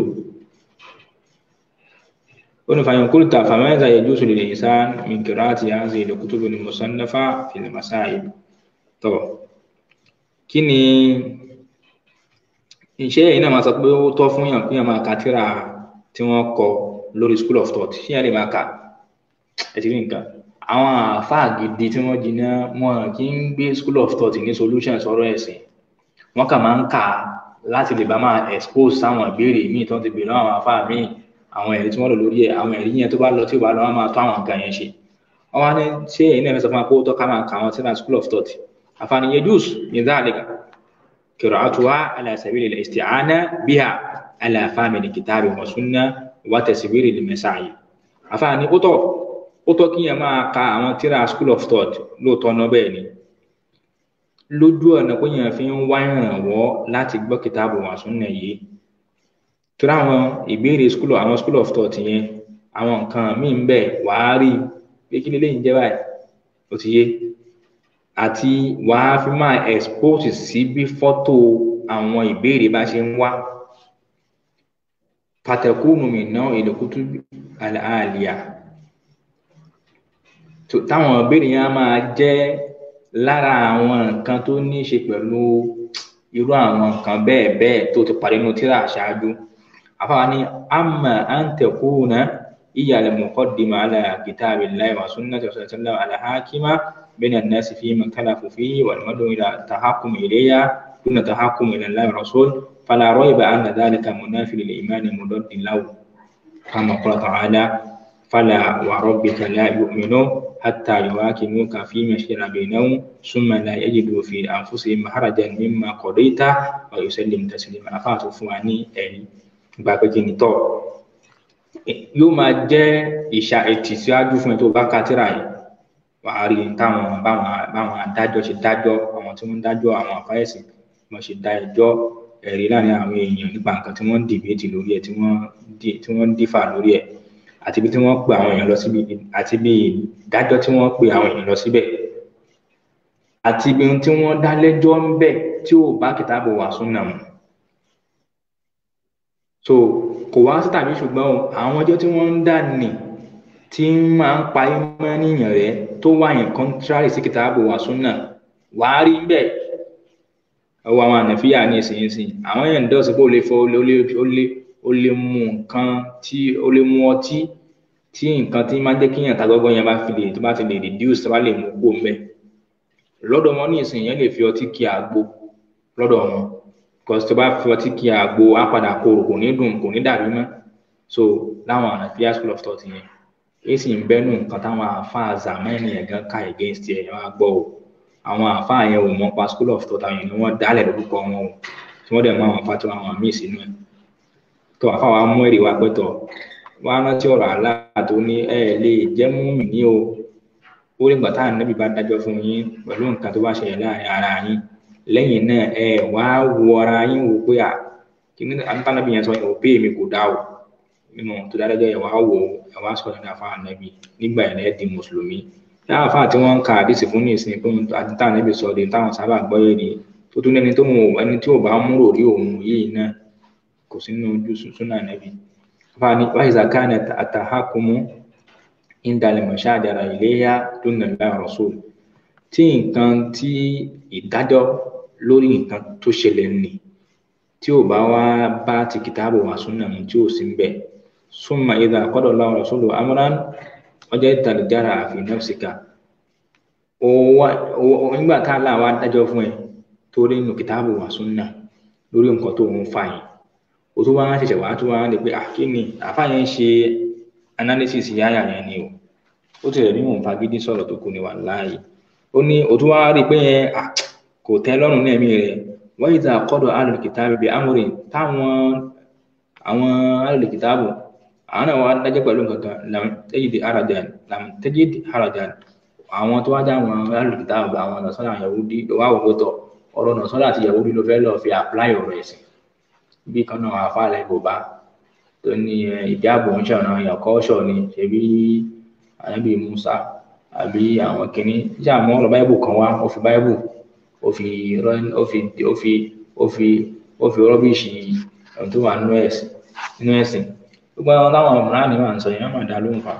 ó ní fa'in kúlùtà fàmẹ́ta yẹ jùsù lè sá min kìrá àti yáǹsì musannafa fil tọ kí ni iṣẹ́ yìí náà máa sọ pé ó tọ́ fún yàn kí yàn máa kàtírà tí wọ́n kọ lórí school of thought ṣé yẹn lè máa kà ẹ ti rí nǹkan àwọn àáfàá gidi tí wọ́n jiná wọn kì í gbé school of thought ní solution sọ̀rọ̀ ẹ̀sìn wọ́n kà máa ń kà láti lè bá máa expose sáwọn ìbéèrè míì tó ti béèrè àwọn àáfàá míì àwọn ẹ̀rí tí wọ́n lò lórí ẹ̀ àwọn ẹ̀rí yẹn tó bá lọ tí ò lọ wọ́n máa tó àwọn nǹkan yẹn ṣe wọ́n wá ní ṣé ẹ̀yin náà fẹ́ sọ fún wa pé tọ́ ká máa kà àwọn tí náà school of thought àfààní yẹn jùs ní dáàlìkà kìrọ̀ àtúwá ala sabili al-isti'ana biha ala fahmi al-kitabi wa sunnah wà tẹsíwìrì ní mẹsàáyì àfààní ó tọ́ ó tọ́ kí yẹn máa ka àwọn tíra school of thought lóòótọ́ náà bẹ́ẹ̀ ni lójú ọ̀nà pé yẹn fi ń wá ìrànwọ́ láti gbọ́ kìtàbù wà súnà yìí torí àwọn ìbéèrè school àwọn school of thought yẹn àwọn nǹkan míì ń bẹ wàá rí pé kí lélẹ́yìn jẹ́ báyìí ó ti yé àti wàá fi máa expose sí bí fọ́tò àwọn ìbéèrè bá ṣe ń wá pàtẹkùmù mi náà ìlòkútù àlàálíà táwọn ìbéèrè yẹn á máa jẹ́ lára àwọn nǹkan tó ní í ṣe pẹ̀lú irú àwọn nǹkan bẹ́ẹ̀ bẹ́ẹ̀ tó ti parí inú tíra ṣáájú afáwa ni àmà à ń tẹ̀kú na ìyá al-muqaddima ala kitabillahi wa sunnati sallallahu alaihi wa sallam al-hakima bayna an-nasi fi man khalafu fihi wal-mad'u ila tahakkumi ilayha دون تحكم إلى الله والرسول فلا ريب أن ذلك منافي للإيمان مضاد له كما قال تعالى فلا وربك لا يؤمنون حتى يواكموك فيما شر بينهم ثم لا يجدوا في أنفسهم حرجا مما قضيت ويسلم تسليما أفاتوا فواني أي بابكيني تو يوم جاء إشاء ìṣà ìtìsíwájú fún ẹ tó bá ka tírà yìí wàá rí دادو وما báwọn adájọ́ ṣe dájọ́ wọn ṣe dá ẹjọ́ ẹ̀rí láàrin àwọn èèyàn nípa nǹkan tí wọ́n ń dìbéètì lórí ẹ̀ tí wọ́n ń dìfà lórí ẹ̀ àti bí tí wọ́n pe àwọn èèyàn lọ síbi àti bí ìdájọ́ tí wọ́n pe àwọn èèyàn lọ síbẹ̀ àti bí ohun tí wọ́n dá lẹ́jọ́ ń bẹ̀ tí ò bá kìtàbù wà súnà mu so kò wá sí tàbí ṣùgbọ́n o àwọn ọjọ́ tí wọ́n ń dá nì tí máa ń pa imọ́ níyàn rẹ tó wà yẹn contrary sí kìtàbù wà súnà wàá rí bẹ́ẹ̀ ọwọ́ àwọn ànàfíà ní ìsinyìísìn àwọn èèyàn dọ̀sí pé ó lè fọ ó lè mú nǹkan tí ó lè mú ọtí tí nǹkan tí máa ń jẹ́ kí èèyàn ta gbọ́gbọ́n yẹn bá fi lè tó bá ti lè reduce tó bá lè mú kó mẹ́ lọ́dọ̀ wọn ní ìsìn yẹn lè fi ọtí kí àgbo lọ́dọ̀ wọn because tó bá fi ọtí kí àgbo á padà korò kò ní dùn kò ní dàbí mọ́ so láwọn ànàfíà school of thought yẹn èsì ń bẹ́nu nǹkan táwọn àáfàá zamani yẹn gan ká against ẹ̀ ẹ̀ máa gbọ́ o àwọn àáfàá yẹn ò mọ pa school of thought àwọn yẹn ni wọ́n lórúkọ wọn o tí wọ́n dẹ̀ mọ àwọn fatwa àwọn míì sínú ẹ̀ tó àáfàá wa mú èrè wa pẹ́tọ̀ wá rántí ọ̀rọ̀ àlá tó ní ẹ lè jẹ́ múmi ní o ó lè gbà tá à ń níbi bá dájọ́ fún yín pẹ̀lú nǹkan tó bá ṣẹlẹ̀ láàrin ara yín lẹ́yìn náà ẹ wá wo ara yín wò pé à kí ní àtànàbí yẹn sọ ẹ ò pé èmi kò dá o nínú tó dájọ́ ẹ wá wò ẹ wá sọ yẹn ẹ di mùsùlùmí láàfà tí wọ́n ń ka àdìsí fún ní ìsìn pé àti táà níbi sọ̀rọ̀ ní táwọn sábà gbọ́yé ni tó tún lẹ́ni tó ẹni tí ò bá mú rò rí òun yìí náà kò sí nínú ojú súnà níbi. àfà ní wáyé zakana àtàhákùmú ìdálẹ́mọ̀ṣá àdàrà ìléyà tó nàlá rọ̀ṣọ́ tí nǹkan tí ìdájọ́ lórí nǹkan tó ṣẹlẹ̀ nì tí ò bá wá bá ti kìtàbù wà súnà tí ò sí ń bẹ̀ súnmọ́ ìdá àkọ́dọ̀ láwọn rọ̀ṣọ́ ọjọ́ ìtàlùjára àfi nọ́ọ̀sìkà nígbà tá a là wá dájọ́ fún ẹ torí nù kìtàbù wà súnà lórí nǹkan tó ń fà yẹn o tún wá ṣẹ̀ṣẹ̀ wá tún wá lè pé àkíní àfààyàn ń ṣe analysis yáyà yẹn ni o ó ti rẹ̀ bí mò ń fagídí sọ̀rọ̀ tó kù ní wàláhì ó ní o tún wá rí i pé yẹn kò tẹ́ lọ́rùn ní ẹ̀mí rẹ̀ wọ́n yìí ta àkọ́dọ̀ alùkìtàbù bí amòrin táwọn àwọn alùkìtàbù àwọn náà wàá dájọ́ pẹ̀lú nǹkan kan lam tajid harajan lam tajid harajan àwọn tó wá dá àwọn alùpùpù àwọn nàṣọ́nà Yahudi ló wá wọ́pọ̀ tọ̀ ọ̀rọ̀ nàṣọ́nà àti Yahudi ló fẹ́ lọ́ọ́ fi apply ọ̀rọ̀ ẹ̀sìn bí kan náà àfàlẹ́ bòbá tó ní ìjáàbò ń ṣọ̀nà ìyàkọ́ ṣọ̀ ni ṣebí ànábì Musa àbí àwọn kìnní ṣé àmọ́ ọ̀rọ̀ báyìbù kan wá ó fi báyìbù ó fi ó fi ó fi ó fi ó fi rọ́bìṣì tó wà nínú ẹ̀sìn gbogbo àwọn táwọn ọmọràn ni wọn sọ yẹn wọn dá lóhùn fa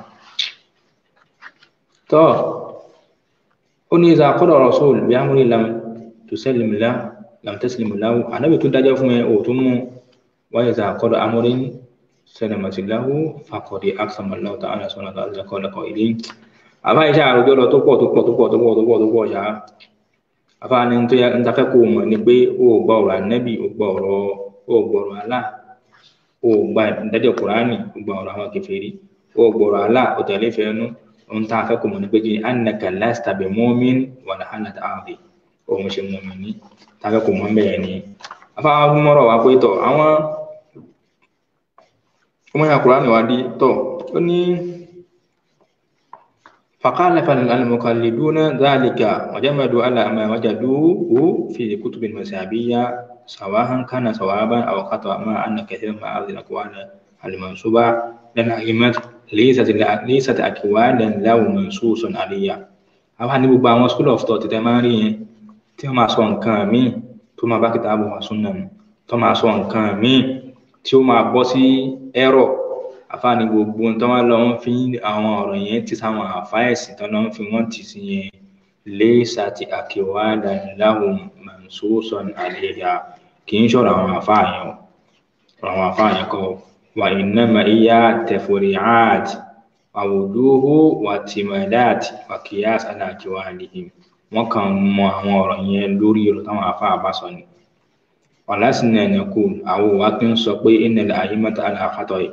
tọ ó ní ìzà kọdọ ọ̀rọ̀ sóòlù bí amúrí lam tó sẹlẹm lá lam tẹsílẹm láwù ànábì tó dájọ́ fún ẹ ò tó mú wáyé ìzà kọdọ amúrí sẹlẹmọtì láwù fàkọdé àkàmọláwù tá àlà sọlá àlà kọlọkọ ilé àbá iṣẹ́ àròjọ lọ tó pọ̀ tó pọ̀ tó pọ̀ tó pọ̀ tó o gba ìdájọ́ kùránì o gba ọ̀rọ̀ àwọn kèfèrí o gbọrọ àlà o tẹ̀lé fẹnu ohun tá a fẹ́ kò mọ̀ ní pé kí ni anaka lasta bi mumin wà ní anata ààbè òun ṣe mọ̀ ní tá a fẹ́ kò mọ̀ bẹ́ẹ̀ ni afáwọn mọ̀rọ̀ wa pé tọ̀ àwọn ọmọ ìyá kùránì wa dí tọ̀ ó ní. فخالف المقلدون ذلك وجمدوا على ما وجدوه في كتب المسابية سواء كان صوابا أو خطأ مع أن كثير من هذه الأقوال المنسوبة للأئمة ليست ليست أقوالا له منصوص عليها àwọn ní gbogbo àwọn school of thought tẹ máa ń rí yẹn tí wọn máa sọ nǹkan míì tó àfáà ní gbogbo ohun tó wá lọ ń fi àwọn ọ̀rọ̀ yẹn ti sáwọn àfáà ẹ̀sìn tó lọ ń fi wọ́n ti sí yẹn léèṣà ti àkèwà dàníláhùn mọ̀nsóòsọ àlèyà kì í ṣọ̀rọ̀ àwọn àfáà yẹn àwọn àfáà yẹn kọ́ wà ìnáma iyá tẹ̀fọ̀rì áàt àwòdúhó wà tìmọ̀dáàt wà kìyàs aláàkíwà àlèyìn wọ́n kàn mọ àwọn ọ̀rọ̀ yẹn lórí ọ̀rọ̀ táwọn àfáà bá sọ ni ọ̀làsìn náà àwọn òwà kí ń sọ pé ìnàlẹ̀ àyímọ́ta aláàkátọ̀ yìí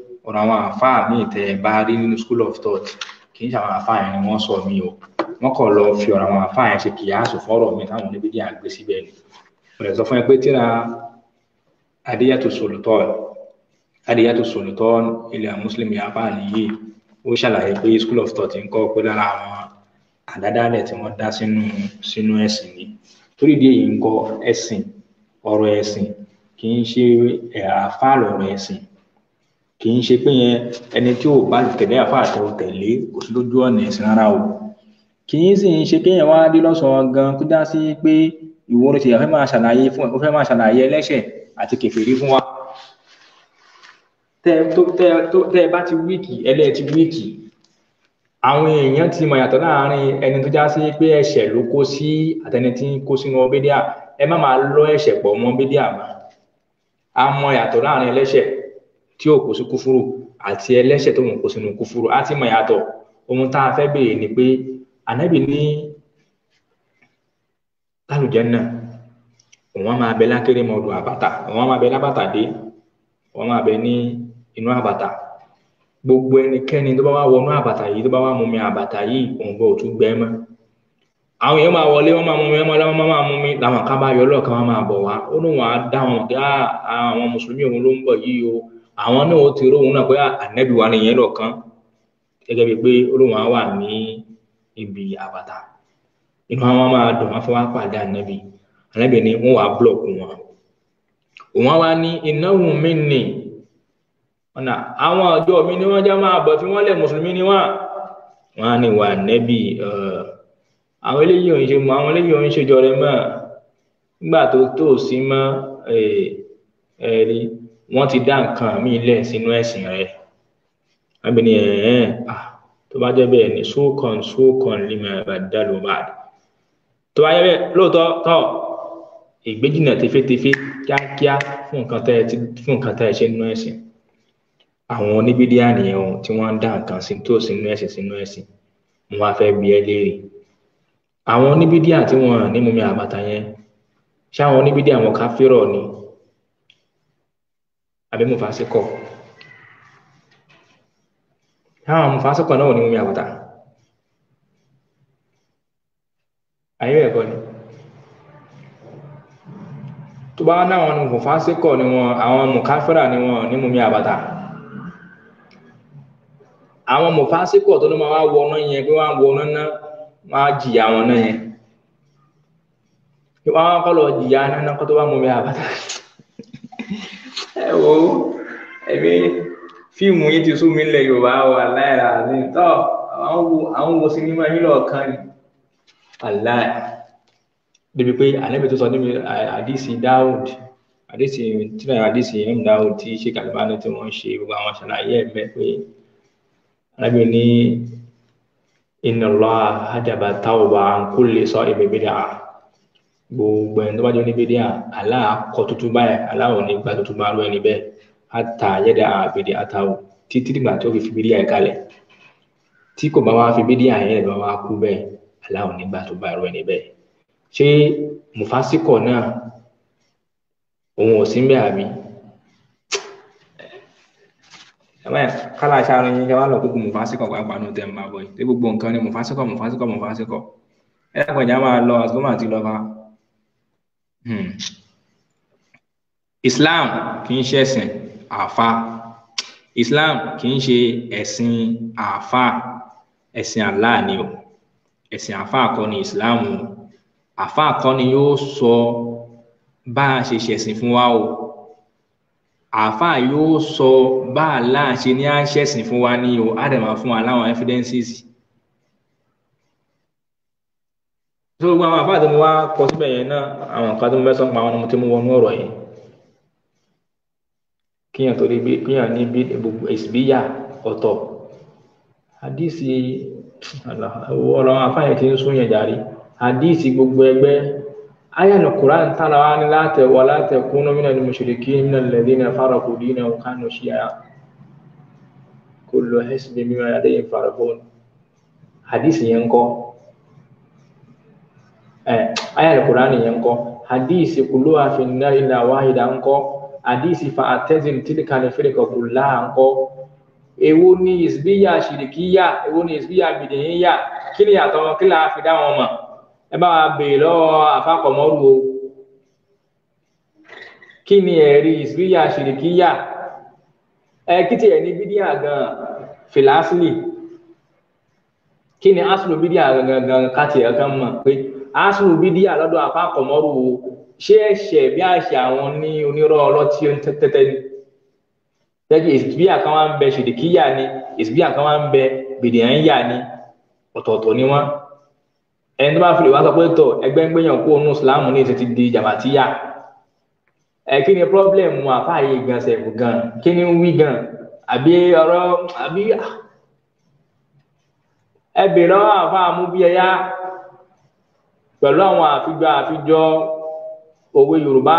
ọ̀rọ̀ àwọn àáfàá ní ìtẹ̀ bá rí nínú school of thought kì í ṣe àwọn àáfàá yẹn ni wọ́n sọ mí o wọ́n kàn lọ fi ọ̀rọ̀ àwọn àáfàá yẹn ṣe kìyàsó fọ́rọ̀ mi táwọn oníbi díẹ̀ àgbẹ̀ síbẹ̀ ni mo lè sọ fún yẹn pé tíra adéyàtò sòlùtọ́ọ̀n adéyàtò sòlùtọ́ọ̀n ilẹ̀ mùsùlùmí àáfàá nìyí ó ṣàlàyé pé school of thought ń kọ́ pé lára àwọn àdádálẹ̀ tí wọ́n dá sínú sínú ẹ̀sìn ni torí ìdí èyí ń kọ ẹ̀sìn ọ̀rọ̀ ẹ̀sìn kì í ṣe àáfàá lọ̀rọ̀ ẹ̀sìn kì í ṣe pé yẹn ẹni tí ò bá tẹ̀lé àfáà tẹ ò tẹ̀lé kò sí lójú ọ̀nà ẹ̀sìn rárá o kì í sì ń ṣe pé yẹn wá dé lọ́sàn-án gan kó dá sí pé ìwọ ló ti yà fẹ́ máa ṣàlàyé fún ẹ ó fẹ́ máa ṣàlàyé ẹlẹ́ṣẹ̀ àti kèfèrí fún wa tẹ ẹ bá ti wíìkì ẹlẹ́ẹ̀ ti wíìkì àwọn èèyàn ti mọ̀ yàtọ̀ láàrin ẹni tó já sí pé ẹ̀ṣẹ̀ ló kó sí àtẹni tí ń kó sínú bídíà ẹ má máa lọ ẹ̀ṣẹ̀ pọ̀ mọ́ bídíà mọ́ a yàtọ̀ láàrin ẹlẹ́ṣẹ̀ tí ó kó sí kúfúrú àti ẹlẹ́ṣẹ̀ tó ń kó sínú kúfúrú á ti mọ̀ yàtọ̀ ohun tá a fẹ́ béèrè ni pé ànábì ní lálùjánnà òun á máa bẹ lákéré mọ ọdún àbàtà òun á máa bẹ lábàtà dé òun á máa bẹ ní inú àbàtà gbogbo ẹnikẹ́ni tó bá wá wọnú àbàtà yìí tó bá wá mumi àbàtà yìí òun gbọ́ òtún gbẹ mọ́ àwọn èèyàn máa wọlé wọn máa mumi wọn máa máa mumi làwọn kan bá yọ lọ́ọ̀kan wọn máa bọ̀ wá ó ní wọn á dá wọn pé ah, àwọn mùsùlùmí òun ló ń bọ̀ yìí o àwọn náà ó ti róhun náà pé ah, ànẹ́bí wa nìyẹn lọ́kàn gẹ́gẹ́ bíi pé olóhùn wa wà ní ibi àbàtà inú àwọn máa dùn wọn fẹ́ wá pàdé ànẹ́bí ànẹ́bí ni wọ́n wàá búlọ̀kù wọn òun wa ní ìnáwó mi nì ọ̀nà àwọn ọjọ́ mi ni wọ́n já máa bọ̀ fi wọ́n lẹ̀ mùsùlùmí ni wọ́n wọn á ní wà ànẹ́bí àwọn eléyìí òun ṣe mọ àwọn eléyìí òun ṣe jọrẹ mọ́ nígbà tó tó sí mọ́ ẹ̀ẹ́dì wọn ti dá nǹkan míì lẹ sínú ẹsìn rẹ abìnrin ẹhẹn ah tó bá jẹ bẹ́ẹ̀ ni sókàn sókàn lima badalu bad tó bá jẹ bẹ́ẹ̀ lóòótọ́ tọ ìgbéjìnà tefetefe kíákíá fún nǹkan tẹ fún nǹkan tẹ ṣe nínú ẹsìn àwọn oníbídíà nìyẹn o tí wọn ń dá nǹkan sí tó sínú ẹsìn sínú ẹsìn wọn á fẹ́ bi ẹ́ léèrè àwọn oníbídíà tí wọn ní mumi àbàtà yẹn ṣáwọn oníbídíà wọn káfírọ ni àbí mufasíkọ̀ àwọn mufasíkọ̀ náà ní omi àbùtà àyè ẹ̀kọ́ ni tó bá náà wọn mufasíkọ̀ ni wọn àwọn mukafira ni wọn ní omi àbàtà àwọn mufasíkọ̀ tó ní máa wọ ọ̀nà yẹn pé wọ́n á wọ ọ̀nà náà wọ́n á jìyà wọn náà yẹn wọ́n á kọ́ lọ jìyà náà kó tó bá mú mi àbàtà. ẹ wò ó ẹbí fíìmù yìí ti sú mi lẹ yorùbá wà láìra àti tọ àwọn wo àwọn wo sinimá yín lọọkan ni aláì débi pé àlẹ́bí tó sọ níbi àdìsí dáhùd àdìsí tíra àdìsí m dáhùd tí ṣe kàlùbánu tí wọ́n ń ṣe gbogbo àwọn ṣàlàyé ẹ̀ mẹ́ pé àlẹ́bí ní inna Allah hajaba tawba an kulli sa'ibi bid'ah gbogbo ẹni tó bá jẹ́ oníbèdè aláàkọ tuntun báyìí aláwọ ní gba tuntun bá rú ẹni bẹ́ẹ̀ ata yẹdẹ àbèdè ata o títí dìgbà tí ó fi fi bídíà yẹn kalẹ̀ tí kò bá wá fi bídíà yẹn bá wá kú bẹ́ẹ̀ aláwọ ní gba tó bá rú ẹni bẹ́ẹ̀ ṣé mufasikọ náà òun ò sí ń bẹ àbí kálá aṣáájú yín kí wọn lọ kúkú mufasikọ pàápàá nù tẹ ń bá bọ yìí tí gbogbo nǹkan ni mufasikọ mufasikọ mufasikọ ẹ lẹ́kọ̀ọ́ ìjà máa lọ àtúgbọ́n àti lọ́ba Hmm. islam kì í ṣe ẹ̀sìn àáfà islam kì í ṣe ẹ̀sìn àáfà ẹ̀sìn allah ni o ẹ̀sìn àáfà kọ́ ni islam o àáfà kọ́ ni yóò sọ bá a ṣe ṣẹ̀sìn fún wa o àáfà yóò sọ bá a láà ṣe ní à ń ṣẹ̀sìn fún wa ní o á dẹ̀ máa fún wa láwọn evidences tó gbogbo àwọn àfáà tí mo wá kọ síbẹ̀ yẹn náà àwọn nǹkan tó mo fẹ́ sọ pa àwọn ọmọ tí mo wọnú ọ̀rọ̀ yẹn kíyàn torí bí kíyàn ní bí gbogbo ìsìbíyà ọ̀tọ̀ àdìsí ọ̀rọ̀ àfáà yẹn ti ń sún yẹn jàre àdìsí gbogbo ẹgbẹ́ aya na Quran tana wani lata wala ta kuno minal mushriki minal ladina faraqu dinahum kanu shi'a kullu hisbin bima ladayhim farahun hadisi yanko eh, aya ya yẹn kọ hadisi kulu afinna ila wahida nkọ hadisi fa atẹzin tilika lẹfẹrẹkọ kula nkọ èwo ni isbiya shirikiya èwo ni isbiya bidiyiya kini yàtọ̀ kila afidá wọn mọ ẹ bá wa bèè lọ́wọ́ afakọmọrù o kini ẹ̀rí isbiya shirikiya ẹ kìtì ẹ ní bídíà gan filasili kini asulu bídíà gangan kàtì ẹ kan mọ pé. asunu bídíà lọ́dọ̀ àfa kọmọrù o ṣé ẹ̀ṣẹ̀ bí àṣẹ àwọn ní onírọ́ ọlọ́tí tẹ́tẹ́ ni tẹbi ìsìbíà kan wá ń bẹ ṣèdèkíyà ni ìsìbíà kan wá ń bẹ gbèdéhànyà ni ọ̀tọ̀ọ̀tọ̀ ni wọ́n ẹni tó bá fi lè wá sọ pé tọ ẹgbẹ́ ń gbẹ̀yàn kó onú sùlámù ní ìsìn ti di jàmàtíyà ẹ kí ni problem àfa yìí gan sẹ̀fù gan kí ni ń Abi gan àbí ọ̀rọ̀ àbí ẹ bèrè lọ́wọ́ àfa pẹ̀lú àwọn àfijọ́ àfijọ́ òwe yorùbá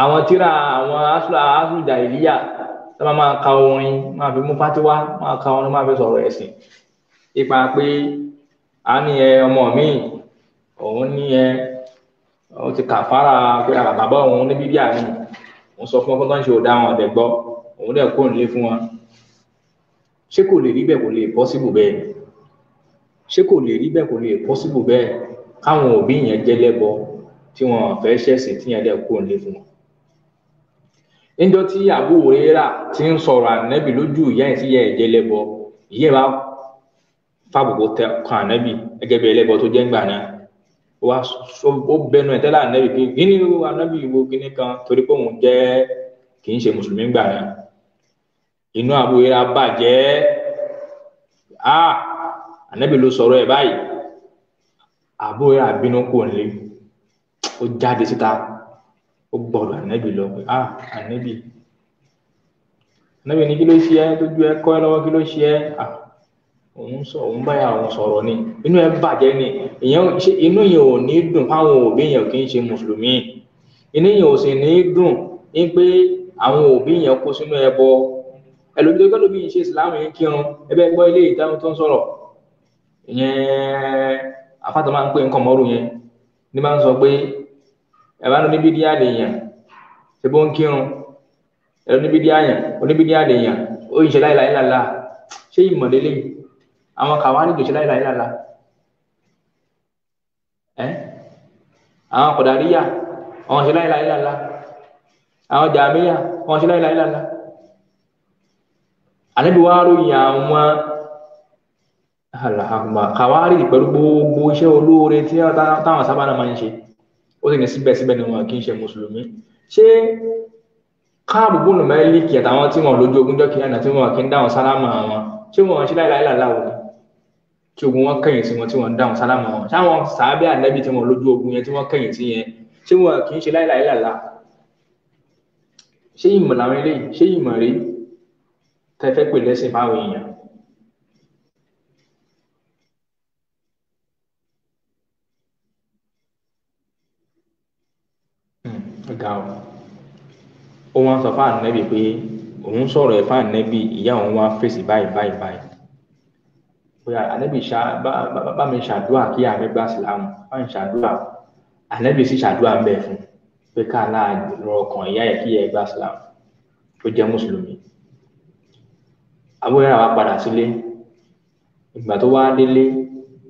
àwọn tíra àwọn asúlà asúlùjà ìlíyà tó máa máa ka orin máa fi mú fátíwá máa ka orin máa fi sọ̀rọ̀ ẹ̀sìn ipa pé a ní ẹ ọmọ mi òun ní ẹ ó ti kàfàrà pé àbàbà òun ní bíbí àmì òun sọ fún ọkọ tó ń ṣe òdà àwọn ọ̀dẹ̀ òun dẹ̀ kó nílé fún wọn ṣé kò lè rí bẹ́ẹ̀ kò lè possible bẹ́ẹ̀ ṣé kò lè rí bẹ́ẹ̀ kò lè possible bẹ́ẹ̀ káwọn òbí yẹn jẹ́ lẹ́bọ tí wọ́n fẹ́ ṣẹ̀sìn tí yẹn dẹ̀ kó ń lé fún wọn. níjọ́ tí Abu Huraira ti ń sọ̀rọ̀ ànábì lójú ìyá ẹ̀ tí yẹ ẹ̀ jẹ́ lẹ́bọ ìyá ẹ̀ bá fàbùkù kan ànábì gẹ́gẹ́ bí ẹlẹ́bọ tó jẹ́ ńgbà náà wa ó bẹnu ẹ̀ tẹ́lẹ̀ ànábì pé gíní ànábì wo gíní kan torí pé òun jẹ́ kì í ṣe mùsùlùmí ńgbà náà inú Abu Huraira bàjẹ́ ah ànábì ló sọ̀rọ̀ ẹ̀ báyìí àbúrò àbínú kò nílé ó jáde síta ó gbọ́dọ̀ ànábì lọ pé ah ànábì ànábì ní kí ló ṣe ẹ́ lójú ẹ kọ́ ẹ lọ́wọ́ kí ló ṣe ẹ́ ah òun sọ òun báyà òun sọ̀rọ̀ ni inú ẹ bàjẹ́ ni ìyẹn ṣe inú yẹn ò ní dùn fáwọn òbí yẹn kì í ṣe mùsùlùmí inú yẹn ò sì ní dùn ní pé àwọn òbí yẹn kó sínú ẹbọ ẹlòmídé gbọ́dọ̀ bí yìí ṣe yẹn kírun ẹbẹ gbọ́ ilé ìdáhùn tó ń sọ̀rọ̀ ìyẹn afáàtọ̀ máa ń pè nǹkan mọ́rù yẹn ní máa ń sọ pé ẹ̀rọ oníbídíà nìyẹn ṣe bó ń kírun ẹ̀rọ oníbídíà yẹn oníbídíà nìyẹn ó ń ṣe láìláì lálá ṣé ìmọ̀lélẹ́ àwọn kàwá ní ìgbésẹ̀ láìláì lálá ẹ àwọn kọ̀dàríyà àwọn ṣe láìláì lálá àwọn jàmíyà àwọn ṣe láìláì lálá àníbi wàá ròyìn àwọn alahakuma kàwárí pẹ̀lú gbogbo iṣẹ́ olóore tí táwọn sábà náà máa ń ṣe ó sì ní síbẹ̀síbẹ̀ ni wọn kì í ṣe mùsùlùmí ṣé káàbù bùnú mẹ́líkì àtàwọn tí wọn lójú ogúnjọ́ kìí àná tí wọn kì í dáhùn sálámà wọn ṣé wọn ṣe láìláì làláwọ tí ogun wọn kẹ̀yìn tí wọn tí wọn dáhùn sálámà wọn ṣáwọn sàábẹ́ ànábì tí wọn lójú ogun yẹn tí wọn kẹ̀yìn tí yẹn ṣé wọn kì í ṣe láìláì làlá ṣé ìmọ̀ làwọn eléyìí ṣé ìmọ̀ rí tẹ́fẹ́ pè lẹ́sìn báwọn èèyàn ga ọ ó wọn sọ fáànù nẹbi pé òun sọ̀rọ̀ ẹ fáànù nẹbi ìyá òun wá fèsì báyìí báyìí báyìí bóyá ànẹbi ṣá bá mi ṣàdúrà kí àmì gbà sílámù bá mi ṣàdúrà ànẹbi sì ṣàdúrà ń bẹ fún pé ká náà rọ ọkàn ìyá ẹ kí ẹ gbà sílámù tó jẹ mùsùlùmí àbúrò yàrá wa padà sílé ìgbà tó wá délé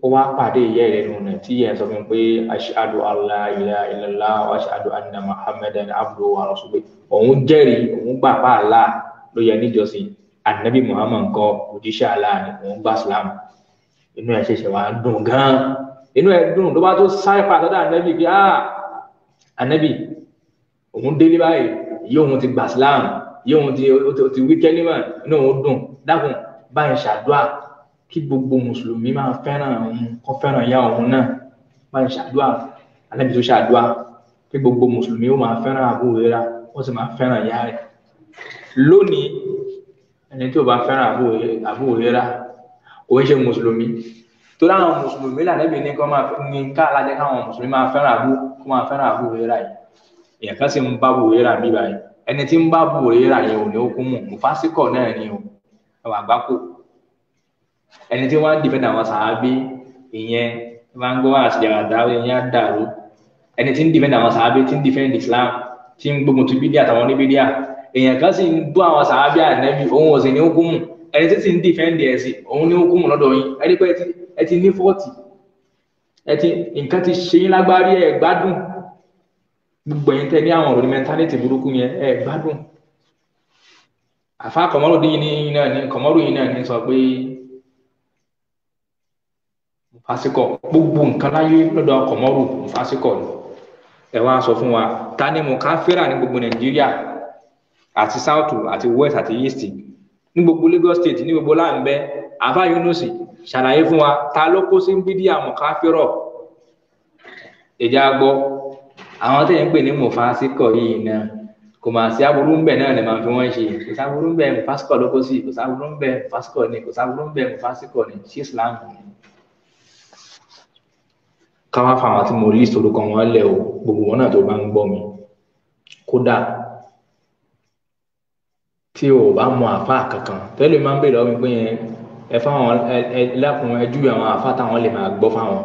ó wá pàdé ìyá rẹ̀ nù nà tí yẹn sọ fún pé aṣáájú allah ilá ilàlá aṣáájú anna muhammadan abdu wa rasulillah òun jẹ́rìí òun gbà pa allah ló yẹ níjọsìn anabi muhammad kọ òjíṣẹ́ allah ni òun gbà islam inú ẹ̀ ṣẹ̀ṣẹ̀ wá dùn gan inú ẹ̀ dùn ló bá tó sáré pa àtọ́dá anabi bí ah anabi òun délé báyìí yóò òun ti gbà islam yóò òun ti wí kẹ́límà inú òun dùn dákun báyìí ṣàdúrà kí gbogbo mùsùlùmí máa fẹ́ràn òun kó fẹ́ràn ìyá òun náà máa ṣàdúrà alẹ́bí tó ṣàdúrà kí gbogbo mùsùlùmí ó máa fẹ́ràn àbúrẹ́ra wọ́n sì máa fẹ́ràn ìyá rẹ̀ lónìí ẹni tí ò bá fẹ́ràn àbúrẹ́ra òun ṣe mùsùlùmí torí àwọn mùsùlùmí lànàbí ní kó máa ní ká alájẹ káwọn mùsùlùmí máa fẹ́ràn àbú kó máa fẹ́ràn àbúrẹ́ra yìí èèyàn kan sì ń bá àbúrẹ́ra mi báyìí ẹni tí ń bá àbúrẹ́ra yẹn ò ní ó kún mọ̀ mùfásíkọ̀ náà ni ò àgbákò ẹni tí wọ́n á dìbẹ́ àwọn sàábí ìyẹn máa ń gbọ́ àṣìjàràdá ìyẹn á dàrú ẹni tí ń dìbẹ́ àwọn sàábí tí ń dìfẹ́ Islam tí ń gbógun ti bídíà àtàwọn oníbídíà èèyàn kan sì ń bú àwọn sàábí ànẹ́bí òun ọ̀sìn ní hukumu ẹni tí sì ń dìfẹ́ǹdì ẹ̀sìn òun ní hukumu lọ́dọ̀ yín ẹni pé ẹ ti ní fọ́ọ̀tì ẹ ti nǹkan ti ṣe yín lágbárí ẹ gbádùn gbogbo ẹ̀yin tẹ́ ní àwọn ọ̀rọ̀ ní burúkú yẹn ẹ gbádùn àfa kọ̀mọ́rò dín yín náà ní kọ̀mọ́rò yín náà ní sọ pé fásikọ̀ gbogbo nǹkan láyé lọ́dọ̀ kọ̀mọ́rù fásikọ̀ ni ẹ wá sọ fún wa ta ni mo káfíra ní gbogbo nàìjíríà àti south àti west àti east ní gbogbo lagos state ní gbogbo láǹbẹ àbá yunus ṣàlàyé fún wa ta ló kó sí bídíà mọ káfírọ ìjà gbọ àwọn tẹ̀yìn pè ní mọ̀fásíkọ̀ yìí náà kò máa sí aburú ń bẹ̀ náà lè máa fi wọ́n ṣe kò sáburú ń bẹ̀ mọ̀fásíkọ̀ ló kó sí kò sáburú ń bẹ̀ mọ̀fásíkọ̀ ni kò sáburú ń bẹ̀ mọ̀fásíkọ̀ ni ṣé islam ni ká má fa tí mo list orúkọ wọn lẹ̀ o gbogbo wọn náà tó bá ń gbọ́ mi kódà tí o bá mọ àáfàá kankan tẹ́lẹ̀ máa ń bèrè ọ́ mi yẹn ẹ fáwọn ẹ lákùn ẹ júwe àwọn àáfàá táwọn lè máa gbọ́ fáwọn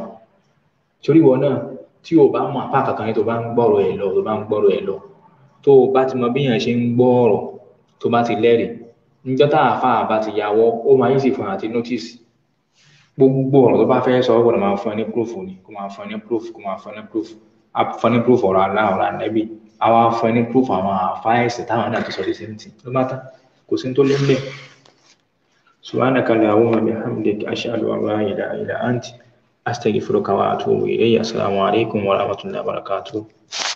torí wọn náà tí o bá mọ àáfàá kankan yẹn tó bá ń gbọ́rọ̀ ẹ̀ lọ tó bá ń gbọ́rọ̀ ẹ̀ lọ tó o bá ti mọ bí yẹn ṣe ń gbọ́rọ̀ tó bá ti lẹ́rìí níjọ́ tá àáfàá bá ti yàwọ́ ó máa yín sì fún àti notice gbogbo ọ̀rọ̀ tó bá fẹ́ sọ gbọ́dọ̀ máa fún ẹ ní proof ni kò máa fún ẹ ní proof kò máa fún ẹ ní proof a fún ẹ ní proof ọ̀rọ̀ alá ọ̀rọ̀ anẹ́bì á wá fún ẹ ní proof àwọn àfáìsì táwọn náà ti sọ ṣiṣẹ́ ní ti ló bá tán kò sí tó lé mbẹ́ wa alaikum wa rahmatullahi wa barakatuh